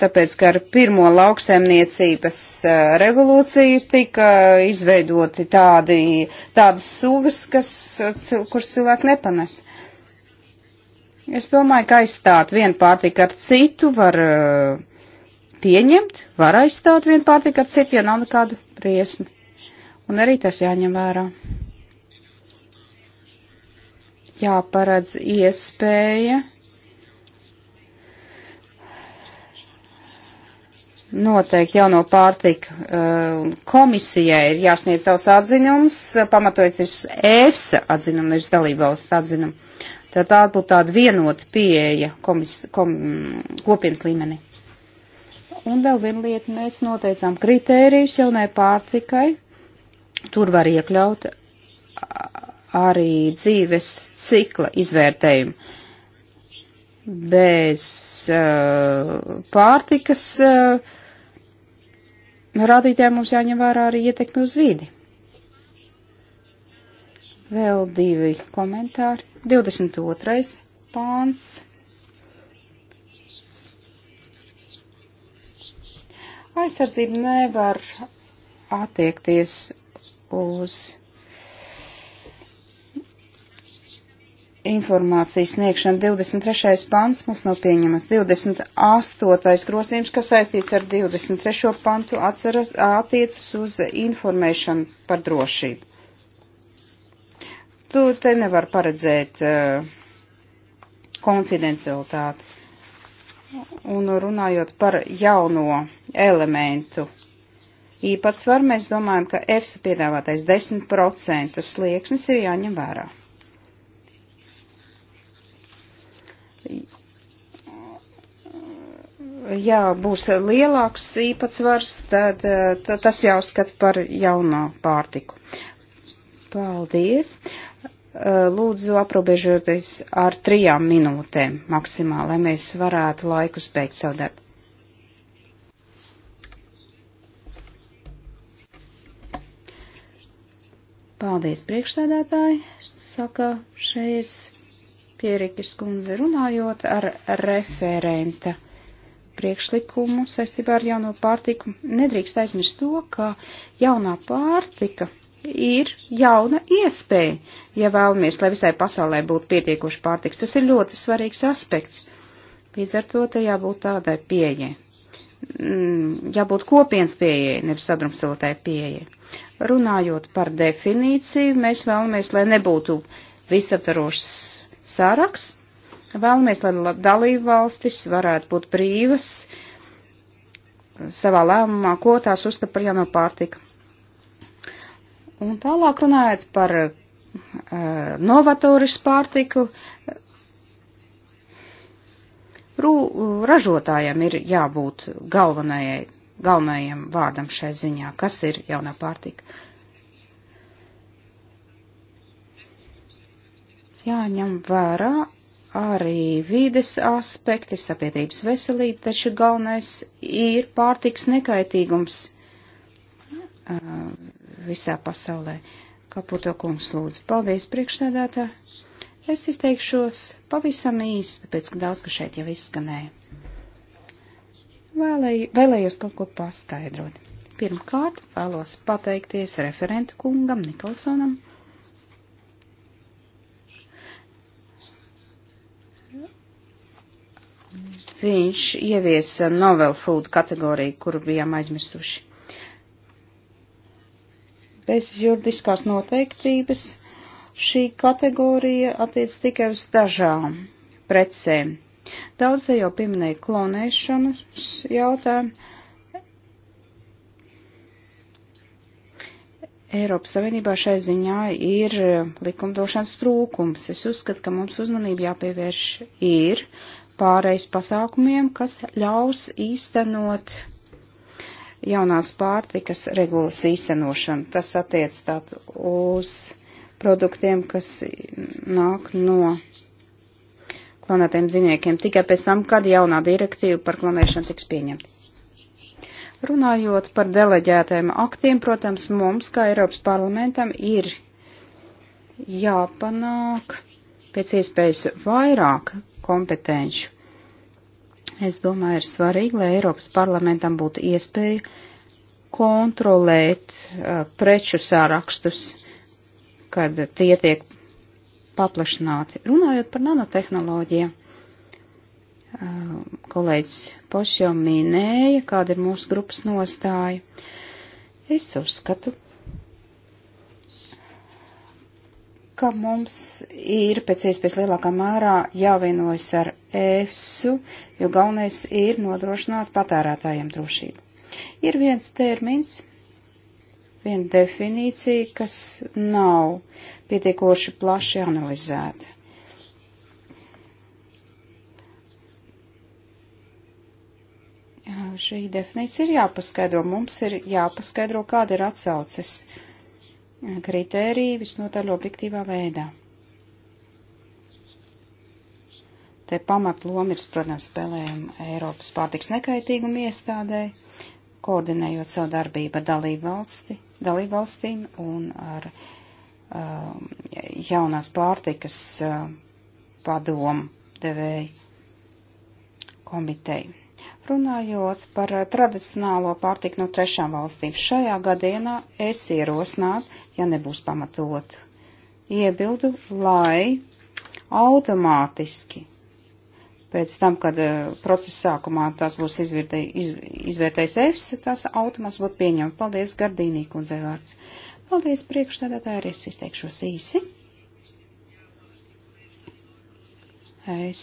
[SPEAKER 2] tāpēc, ka ar pirmo lauksaimniecības revolūciju tika izveidoti tādi, tādas sugas, kas, kuras cilvēki nepanes. Es domāju, ka aizstāt vienu pārtiku ar citu var pieņemt, var aizstāt vienu pārtiku ar citu, ja nav nekādu briesmi. Un arī tas jāņem vērā. Jāparedz iespēja Noteikti jauno pārtika uh, komisijai ir jāsniedz savs atzinums, pamatojas ir EFSA atzinuma, ir dalībvalsts atzinuma. Tā tā būtu tāda vienota pieeja komis, kom, kopienas līmenī. Un vēl viena lieta, mēs noteicām kritērijus jaunai pārtikai. Tur var iekļaut arī dzīves cikla izvērtējumu bez uh, pārtikas uh, rādītājiem mums jāņem vērā arī ietekmi uz vidi. Vēl divi komentāri. 22. pāns. Aizsardzība nevar attiekties uz informācijas sniegšana 23. pants mums nav pieņemams. 28. grozījums, kas saistīts ar 23. pantu, atceras, attiecas uz informēšanu par drošību. Tu te nevar paredzēt uh, konfidencialitāti. Un runājot par jauno elementu īpatsvaru, mēs domājam, ka EFSA piedāvātais 10% slieksnis ir jāņem vērā. jā, būs lielāks īpatsvars, tad, eh, tad tas jāuzskata par jaunā pārtiku. Paldies! Eh, lūdzu, aprobežoties ar trijām minūtēm maksimāli, lai mēs varētu laiku spēt savu darbu. Paldies, priekšstādātāji, saka šeit Pierikas kundze runājot ar referenta priekšlikumu saistībā ar jauno pārtiku, nedrīkst aizmirst to, ka jaunā pārtika ir jauna iespēja, ja vēlamies, lai visai pasaulē būtu pietiekoši pārtiks. Tas ir ļoti svarīgs aspekts. Līdz ar to te jābūt tādai pieejai. Mm, jābūt kopienas pieejai, nevis sadrumstotai pieejai. Runājot par definīciju, mēs vēlamies, lai nebūtu visaptarošas sāraks. Vēlamies, lai dalību valstis varētu būt brīvas savā lēmumā, ko tās uzskata par jauno pārtiku. Un tālāk runājot par uh, novatorisku pārtiku, rū, ražotājiem ir jābūt galvenajai, galvenajam vārdam šai ziņā, kas ir jaunā pārtika. Uh, jāņem vērā arī vides aspekti, sabiedrības veselība, taču galvenais ir pārtiks nekaitīgums visā pasaulē. Kaputo kungs lūdzu. Paldies, priekšstādātā. Es izteikšos pavisam īsti, tāpēc, ka daudz, ka šeit jau izskanēja. Vēlēju, vēlējos kaut ko paskaidrot. Pirmkārt, vēlos pateikties referentu kungam Nikolsonam viņš ieviesa novel food kategoriju, kuru bijām aizmirsuši. Bez juridiskās noteiktības šī kategorija attiec tikai uz dažām precēm. Daudz te jau pieminēja klonēšanas jautājumu. Eiropas Savienībā šai ziņā ir likumdošanas trūkums. Es uzskatu, ka mums uzmanība jāpievērš ir pārejas pasākumiem, kas ļaus īstenot jaunās pārtikas regulas īstenošanu. Tas attiec tātad uz produktiem, kas nāk no klonētiem ziniekiem, tikai pēc tam, kad jaunā direktīva par klonēšanu tiks pieņemta. Runājot par deleģētajiem aktiem, protams, mums, kā Eiropas parlamentam, ir jāpanāk pēc iespējas vairāk kompetenču. Es domāju, ir svarīgi, lai Eiropas parlamentam būtu iespēja kontrolēt uh, preču sārakstus, kad tie tiek paplašināti. Runājot par nanotehnoloģiju, uh, kolēģis Pošs jau minēja, kāda ir mūsu grupas nostāja. Es uzskatu, ka mums ir pēc iespējas lielākā mērā jāvienojas ar EFSU, jo galvenais ir nodrošināt patērētājiem drošību. Ir viens termins, viena definīcija, kas nav pietiekoši plaši analizēta. Šī definīcija ir jāpaskaidro. Mums ir jāpaskaidro, kāda ir atsauces. Uh, kritēriju visnotaļ objektīvā veidā. Te pamat loma ir, protams, spēlējama Eiropas pārtiks nekaitīguma iestādē, koordinējot savu darbību dalību, valsti, dalību valstīm un ar uh, jaunās pārtikas uh, padomu devēju komiteju. Runājot par eh, tradicionālo pārtiku no trešām valstīm, šajā gadienā es ierosinātu, ja nebūs pamatotu iebildu, lai automātiski pēc tam, kad uh, procesa sākumā tās būs izvirtē, iz, izvērtējis EFSA, tās automāts būtu pieņemta. Paldies, Gardīnī kundzei vārds. Paldies, priekšstādātāji, arī es izteikšos īsi. Es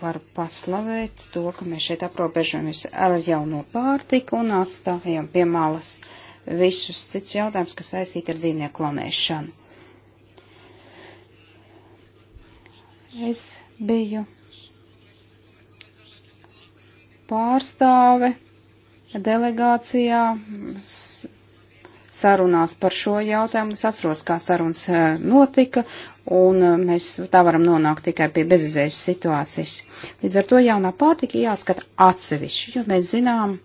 [SPEAKER 2] varu paslavēt to, ka mēs šeit aprobežojamies ar jauno pārtiku un atstājam pie malas visus cits jautājums, kas saistīti ar dzīvnieku klonēšanu. Es biju pārstāve delegācijā sarunās par šo jautājumu. Es atceros, kā sarunas eh, notika, un eh, mēs tā varam nonākt tikai pie bezizējas situācijas. Līdz ar to jaunā pārtika jāskata atsevišķi, jo mēs zinām, eh,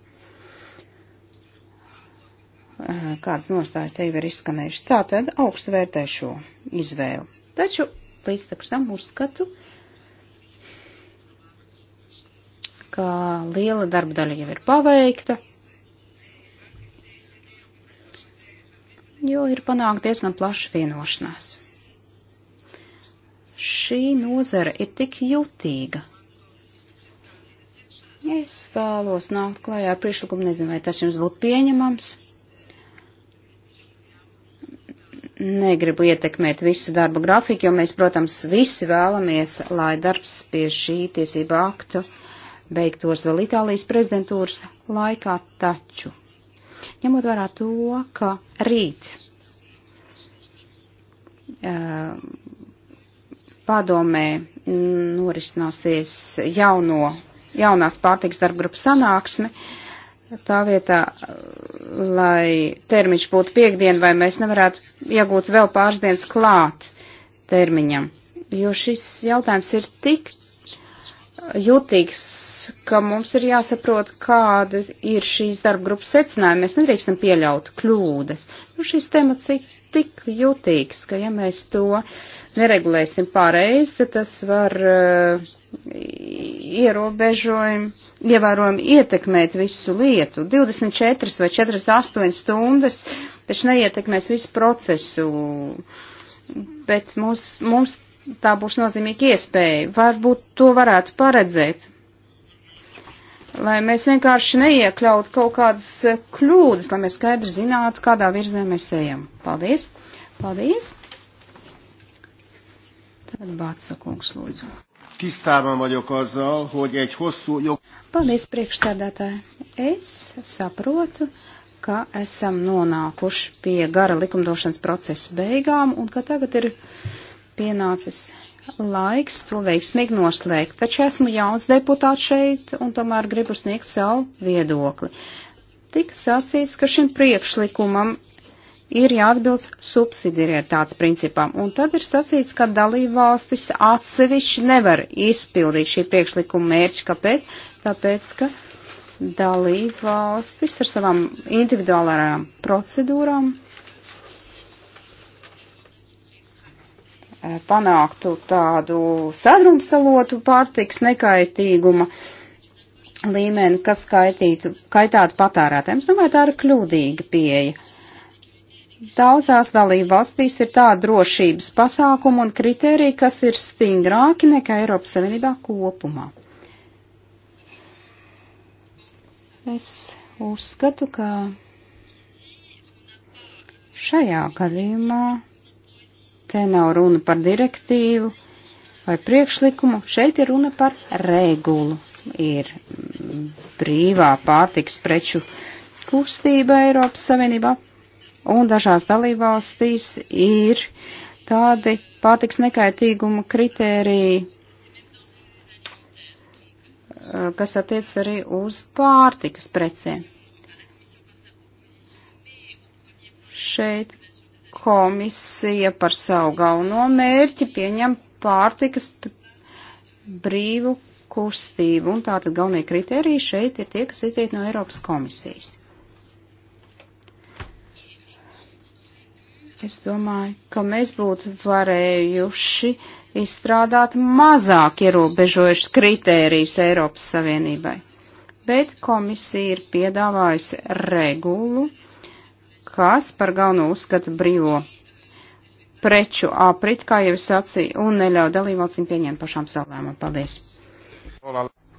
[SPEAKER 2] kādas nostājas te jau ir izskanējušas. Tā tad augstu vērtē šo izvēlu. Taču līdz tam uzskatu, ka liela darba daļa jau ir paveikta, jo ir panākt diezgan plaša vienošanās. Šī nozara ir tik jutīga. Es vēlos nākt klājā ar priekšlikumu, nezinu, vai tas jums būtu pieņemams. Negribu ietekmēt visu darba grafiku, jo mēs, protams, visi vēlamies, lai darbs pie šī tiesība aktu beigtos vēl Itālijas prezidentūras laikā taču Ņemot vērā to, ka rīt uh, padomē norisināsies jauno, jaunās pārtiks darba grupas sanāksme, tā vietā, lai termiņš būtu piekdien, vai mēs nevarētu iegūt vēl pāris dienas klāt termiņam jo šis jautājums ir tik jutīgs, ka mums ir jāsaprot, kāda ir šīs darba grupas secinājumi. Mēs nedrīkstam pieļaut kļūdas. Nu, šis temats ir tik jutīgs, ka ja mēs to neregulēsim pareizi, tad tas var uh, ierobežojumi, ievērojami ietekmēt visu lietu. 24 vai 48 stundas taču neietekmēs visu procesu, bet mums, mums tā būs nozīmīga iespēja. Varbūt to varētu paredzēt. Lai mēs vienkārši neiekļautu kaut kādas eh, kļūdas, lai mēs skaidri zinātu, kādā virzienā mēs ejam. Paldies! Paldies! Tad Bāca kungs
[SPEAKER 1] lūdzu. Tisztában vagyok azzal, hogy egy hosszú jog...
[SPEAKER 2] Paldies, priekšsēdētāji. Es saprotu, ka esam nonākuši pie gara likumdošanas procesa beigām un ka tagad ir pienācis laiks to veiksmīgi noslēgt, taču esmu jauns deputāts šeit un tomēr gribu sniegt savu viedokli. Tika sacīts, ka šim priekšlikumam ir jāatbilst subsidiarietāts principam, un tad ir sacīts, ka dalībvalstis atsevišķi nevar izpildīt šī priekšlikuma mērķi. Kāpēc? Tāpēc, ka dalībvalstis ar savām individuālām procedūrām Eh, panāktu tādu sadrumstalotu pārtiks nekaitīguma līmeni, kas skaitītu, kaitātu patērētājiem. Es domāju, tā ir kļūdīga pieeja. Daudzās dalību valstīs ir tāda drošības pasākuma un kriterija, kas ir stingrāki nekā Eiropas Savienībā kopumā. Es uzskatu, ka šajā gadījumā Te nav runa par direktīvu vai priekšlikumu, šeit ir runa par regulu. Ir brīvā pārtiks preču kustība Eiropas Savienībā, un dažās dalībvalstīs ir tādi pārtiks nekaitīguma kritēriji, eh, kas attiec arī uz pārtikas precēm. Šeit komisija par savu galveno mērķi pieņem pārtikas brīvu kustību, un tātad galvenie kriteriji šeit ir tie, kas izriet no Eiropas komisijas. Es domāju, ka mēs būtu varējuši izstrādāt mazāk ierobežojušas kritērijas Eiropas Savienībai. Bet komisija ir piedāvājusi regulu, kas par galveno uzskata brīvo preču aprit, kā jau es sacīju, un neļauj dalībvalstīm pieņemt pašām savām. Paldies!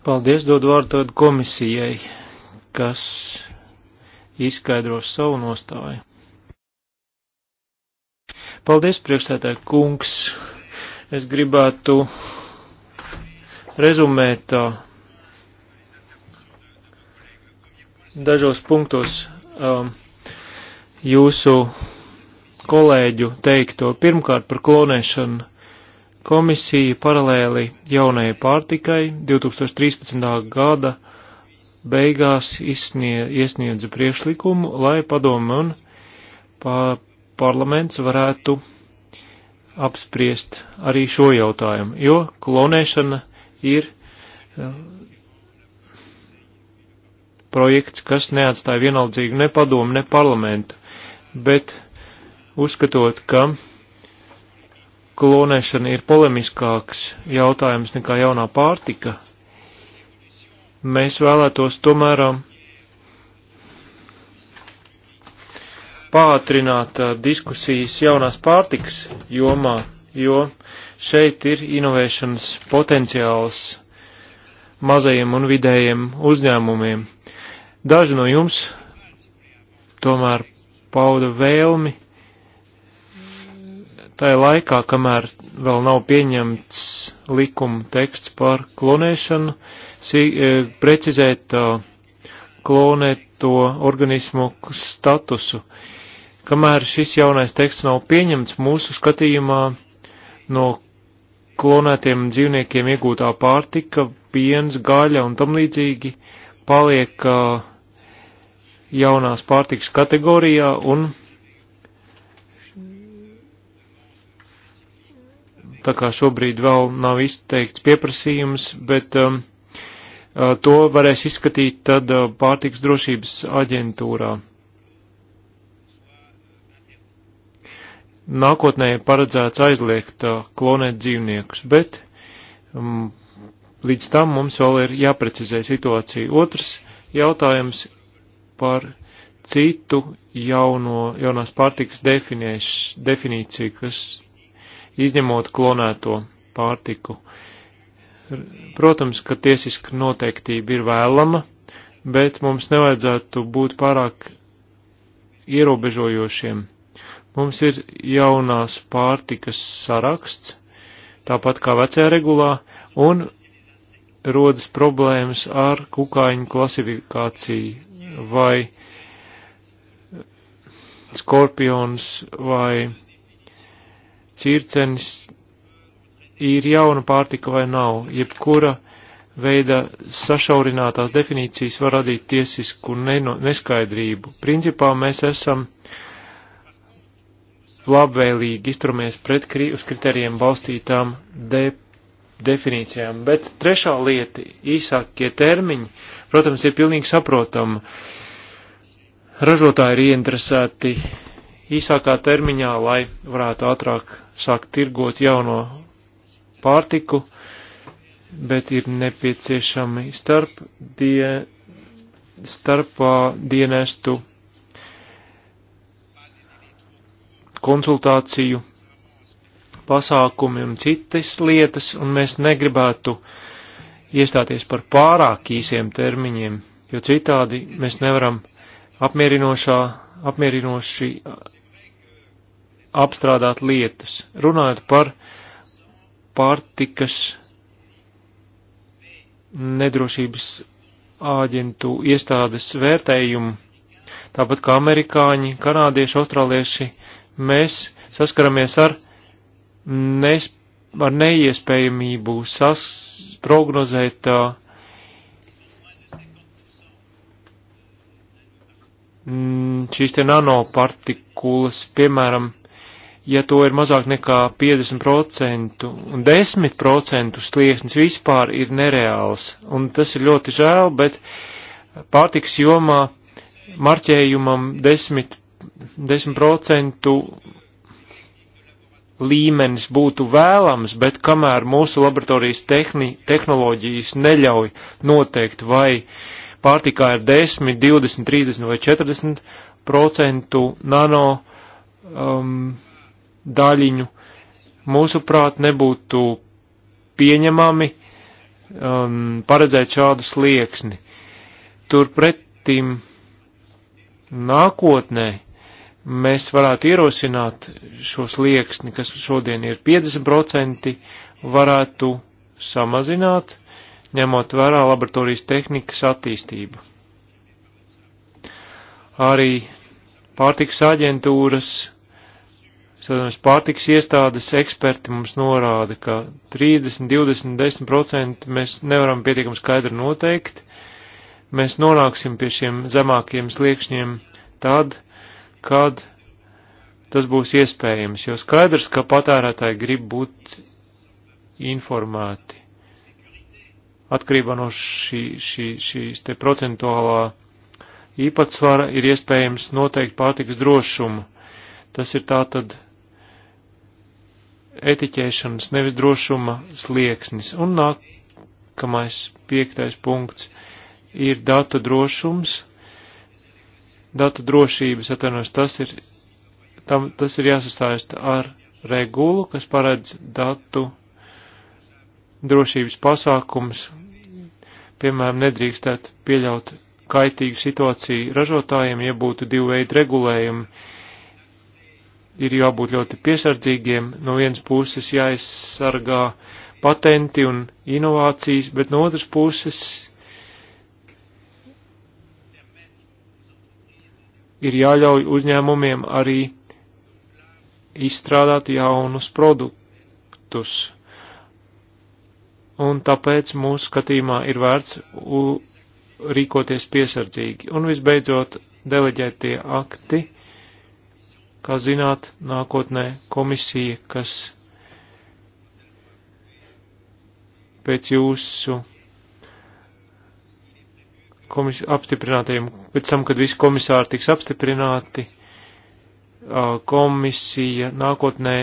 [SPEAKER 1] Paldies, dod vārdu komisijai, kas izskaidros savu nostāju. Paldies, priekšsētāji kungs! Es gribētu rezumēt uh, dažos punktos. Um, jūsu kolēģu teikto pirmkārt par klonēšanu. Komisija paralēli jaunajai pārtikai 2013. gada beigās izsnie, iesniedza priekšlikumu, lai padomu un pār, parlaments varētu apspriest arī šo jautājumu, jo klonēšana ir eh, projekts, kas neatstāja vienaldzīgu ne padomu, ne parlamentu bet uzskatot, ka klonēšana ir polemiskāks jautājums nekā jaunā pārtika, mēs vēlētos tomēr um, pātrināt uh, diskusijas jaunās pārtikas jomā, jo šeit ir inovēšanas potenciāls mazajiem un vidējiem uzņēmumiem. Daži no jums tomēr pauda vēlmi tajā laikā, kamēr vēl nav pieņemts likuma teksts par klonēšanu, si, e, precizēt e, klonēto organismu statusu. Kamēr šis jaunais teksts nav pieņemts, mūsu skatījumā no klonētiem dzīvniekiem iegūtā pārtika, piens, gaļa un tam līdzīgi paliek uh, jaunās pārtikas kategorijā un tā kā šobrīd vēl nav izteikts pieprasījums, bet um, uh, to varēs izskatīt tad uh, pārtiks drošības aģentūrā. Nākotnē ir paredzēts aizliegt uh, klonēt dzīvniekus, bet um, līdz tam mums vēl ir jāprecizē situācija. Otrs jautājums par citu jauno, jaunās pārtikas definieš, definīciju, kas izņemot klonēto pārtiku. Protams, ka tiesiska noteiktība ir vēlama, bet mums nevajadzētu būt pārāk ierobežojošiem. Mums ir jaunās pārtikas saraksts, tāpat kā vecajā regulā, un rodas problēmas ar kukaiņu klasifikāciju vai skorpions vai cīrcenis ir jauna pārtika vai nav. Jebkura veida sašaurinātās definīcijas var radīt tiesisku neskaidrību. Principā mēs esam labvēlīgi izturamies pret krī, uz kriterijiem balstītām de, definīcijām. Bet trešā lieta - īsākie termiņi protams, ir pilnīgi saprotama. Ražotāji ir ieinteresēti īsākā termiņā, lai varētu ātrāk sākt tirgot jauno pārtiku, bet ir nepieciešami starp, die, starp dienestu konsultāciju pasākumi un citas lietas, un mēs negribētu uh, iestāties par pārāk īsiem termiņiem, jo citādi mēs nevaram apmierinošā, apmierinoši apstrādāt lietas. Runājot par pārtikas nedrošības āģentu iestādes vērtējumu, tāpat kā amerikāņi, kanādieši, austrālieši, mēs saskaramies ar nespēju ar neiespējamību sas, prognozēt uh, šīs te nanopartikulas, piemēram, ja to ir mazāk nekā 50% un 10% slieksnis vispār ir nereāls, un tas ir ļoti žēl, bet pārtiks jomā marķējumam 10, 10% līmenis būtu vēlams, bet kamēr mūsu laboratorijas tehni, tehnoloģijas neļauj noteikt, vai pārtikā ir 10, 20, 30 vai 40 procentu nano um, daļiņu, mūsuprāt, nebūtu pieņemami um, paredzēt šādu slieksni. Turpretim nākotnē mēs varētu ierosināt šo slieksni, kas šodien ir 50%, varētu samazināt, ņemot vērā laboratorijas tehnikas attīstību. Arī pārtiks aģentūras, sadarbības pārtiks iestādes eksperti mums norāda, ka 30, 20, 10% mēs nevaram pietiekami skaidri noteikt. Mēs nonāksim pie šiem zemākiem sliekšņiem tad, kad kad tas būs iespējams, jo skaidrs, ka patērētāji grib būt informēti. Atkarībā no šī, šī, šīs te procentuālā īpatsvara ir iespējams noteikt pārtiks drošumu. Tas ir tātad etiķēšanas, nevis drošuma slieksnis. Un nākamais piektais punkts ir datu drošums datu drošības, atvainojos, tas ir, tam, tas ir jāsasaista ar regulu, kas paredz datu drošības pasākums, piemēram, nedrīkstētu pieļaut kaitīgu situāciju ražotājiem, ja būtu divu veidu regulējumi. Ir jābūt ļoti piesardzīgiem, no vienas puses jāaizsargā patenti un inovācijas, bet no otras puses ir jāļauj uzņēmumiem arī izstrādāt jaunus produktus. Un tāpēc mūsu skatījumā ir vērts rīkoties piesardzīgi. Un visbeidzot, deleģētie akti, kā zināt, nākotnē komisija, kas pēc jūsu komis, apstiprinātajiem, pēc tam, kad visi komisāri tiks apstiprināti, komisija nākotnē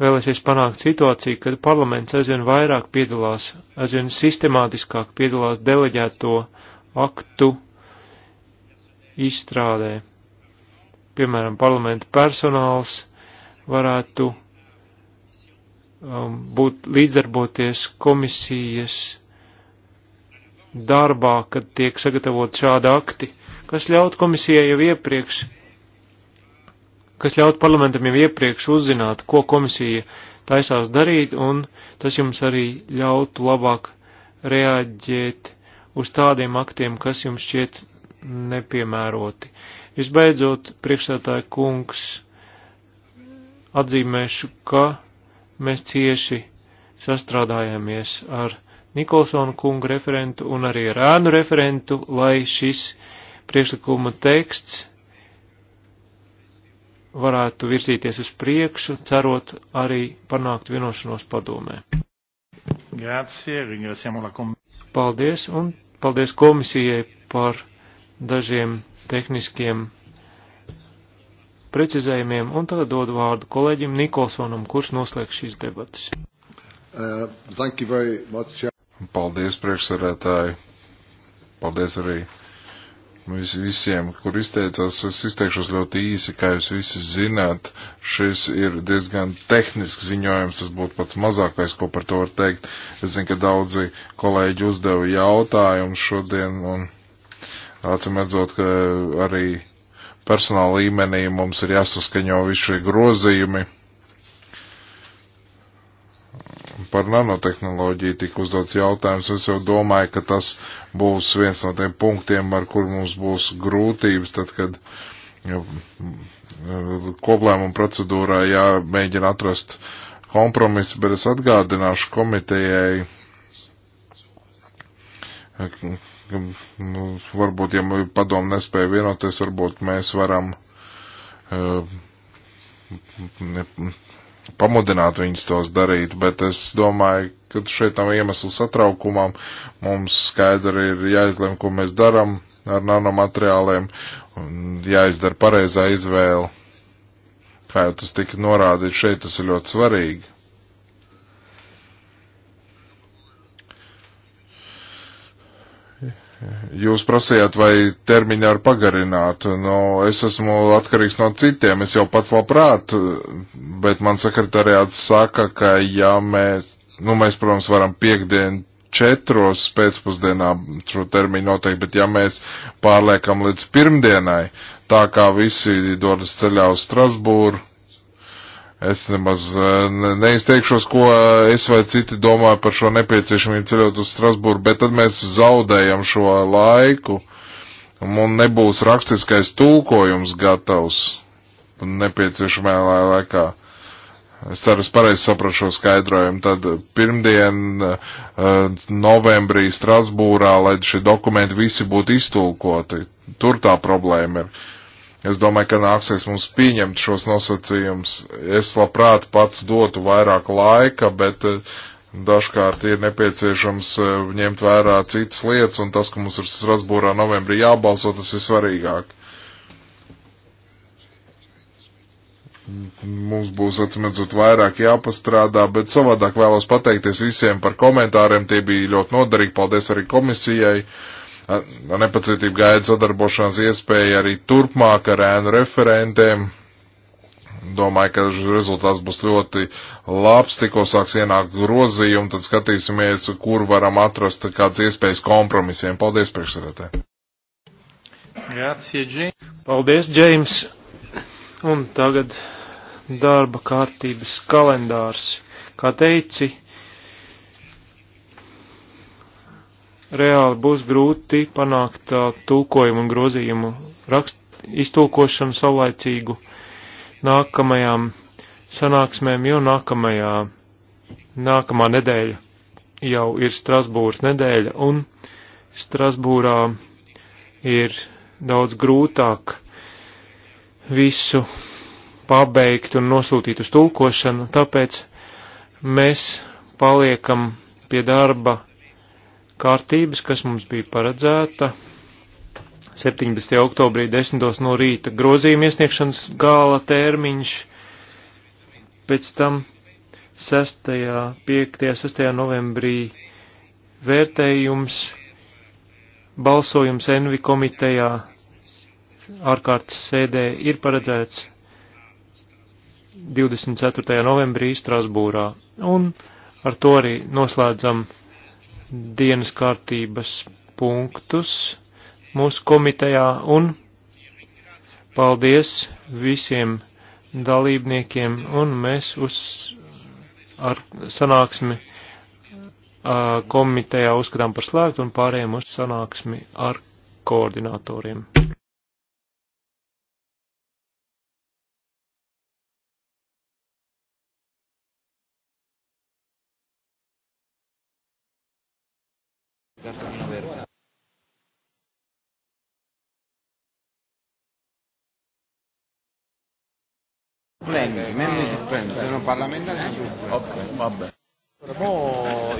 [SPEAKER 1] vēlēsies panākt situāciju, kad parlaments aizvien vairāk piedalās, aizvien sistemātiskāk piedalās deleģēto aktu izstrādē. Piemēram, parlamenta personāls varētu um, būt līdzdarboties komisijas darbā, kad tiek sagatavot šādi akti, kas ļaut komisijai jau iepriekš, kas ļaut parlamentam jau iepriekš uzzināt, ko komisija taisās darīt, un tas jums arī ļautu labāk reaģēt uz tādiem aktiem, kas jums šķiet nepiemēroti. Visbeidzot, priekšstādāja kungs, atzīmēšu, ka mēs cieši sastrādājāmies ar Nikolsonu kungu referentu un arī ar ēnu referentu, lai šis priekšlikuma teksts varētu virzīties uz priekšu, cerot arī panākt vienošanos padomē. Grazie, paldies un paldies komisijai par dažiem tehniskiem precizējumiem un tagad dodu vārdu kolēģim Nikolsonam, kurš noslēgs šīs debatas.
[SPEAKER 3] Uh, much, Paldies, priekšsarētāji. Paldies arī vis, visiem, kur izteicās. Es izteikšos ļoti īsi, kā jūs visi zināt. Šis ir diezgan tehnisks ziņojums, tas būtu pats mazākais, ko par to var teikt. Es zinu, ka daudzi kolēģi uzdeva jautājumus šodien, un acīm redzot, ka arī personāla līmenī mums ir jāsaskaņo visi šie grozījumi par nanotehnoloģiju tika uzdots jautājums. Es jau domāju, ka tas būs viens no tiem punktiem, ar kur mums būs grūtības, tad, kad ja, koplēmuma procedūrā jāmēģina atrast kompromisu, bet es atgādināšu komitejai, varbūt, ja padomu nespēja vienoties, varbūt mēs varam uh, pamudināt viņus tos darīt, bet es domāju, ka šeit nav iemeslu satraukumam. Mums skaidri ir jāizlem, ko mēs darām ar nanomateriāliem un jāizdara pareizā izvēle. Kā jau tas tika norādīts, šeit tas ir ļoti svarīgi. Jūs prasījāt, vai termiņu var pagarināt. Nu, es esmu atkarīgs no citiem, es jau pats labprāt, bet man sekretariāts saka, ka ja mēs, nu, mēs, protams, varam piekdien četros pēcpusdienā šo termiņu noteikt, bet ja mēs pārliekam līdz pirmdienai, tā kā visi dodas ceļā uz Strasbūru, Es nemaz eh, neizteikšos, ko eh, es vai citi domāju par šo nepieciešamību ceļot uz Strasburu, bet tad mēs zaudējam šo laiku un nebūs rakstiskais tulkojums gatavs nepieciešamajā laikā. Es ceru, es pareizi sapratu šo skaidrojumu. Tad pirmdien, eh, novembrī Strasbūrā, lai šie dokumenti visi būtu iztulkoti. Tur tā problēma ir. Es domāju, ka nāksies mums pieņemt šos nosacījumus. Es labprāt pats dotu vairāk laika, bet eh, dažkārt ir nepieciešams eh, ņemt vērā citas lietas, un tas, ka mums ir Strasbūrā novembrī jābalso, tas ir svarīgāk. Mums būs, atcīmredzot, vairāk jāpastrādā, bet savādāk vēlos pateikties visiem par komentāriem. Tie bija ļoti noderīgi. Paldies arī komisijai. Uh, Ar nepacietību gaida sadarbošanās iespēja arī turpmāk ar ēnu referentiem. Domāju, ka rezultāts būs ļoti labs, tikko sāks ienākt grozījumi, tad skatīsimies, kur varam atrast kādas iespējas kompromisiem. Paldies,
[SPEAKER 1] priekšsēdētāji! Grazie, Džeims! Paldies, Džeims! Un tagad darba kārtības kalendārs. Kā teici, reāli būs grūti panākt uh, tulkojumu un grozījumu rakst, iztulkošanu saulaicīgu nākamajām sanāksmēm, jo nākamajā, nākamā nedēļa jau ir Strasbūras nedēļa, un Strasbūrā ir daudz grūtāk visu pabeigt un nosūtīt uz tulkošanu, tāpēc mēs paliekam pie darba kārtības, kas mums bija paredzēta. 17. oktobrī 10. no rīta grozījuma iesniegšanas gala termiņš, pēc tam 6. 5. 6. novembrī vērtējums, balsojums Envi komitejā ārkārtas sēdē ir paredzēts 24. novembrī Strasbūrā. Un ar to arī noslēdzam dienas kārtības punktus mūsu komitejā un paldies visiem dalībniekiem un mēs uz ar sanāksmi komitejā uzskatām par slēgtu un pārējiem uz sanāksmi ar koordinatoriem. Prendi, non mi sorprende, sono parlamentari. Ok, vabbè.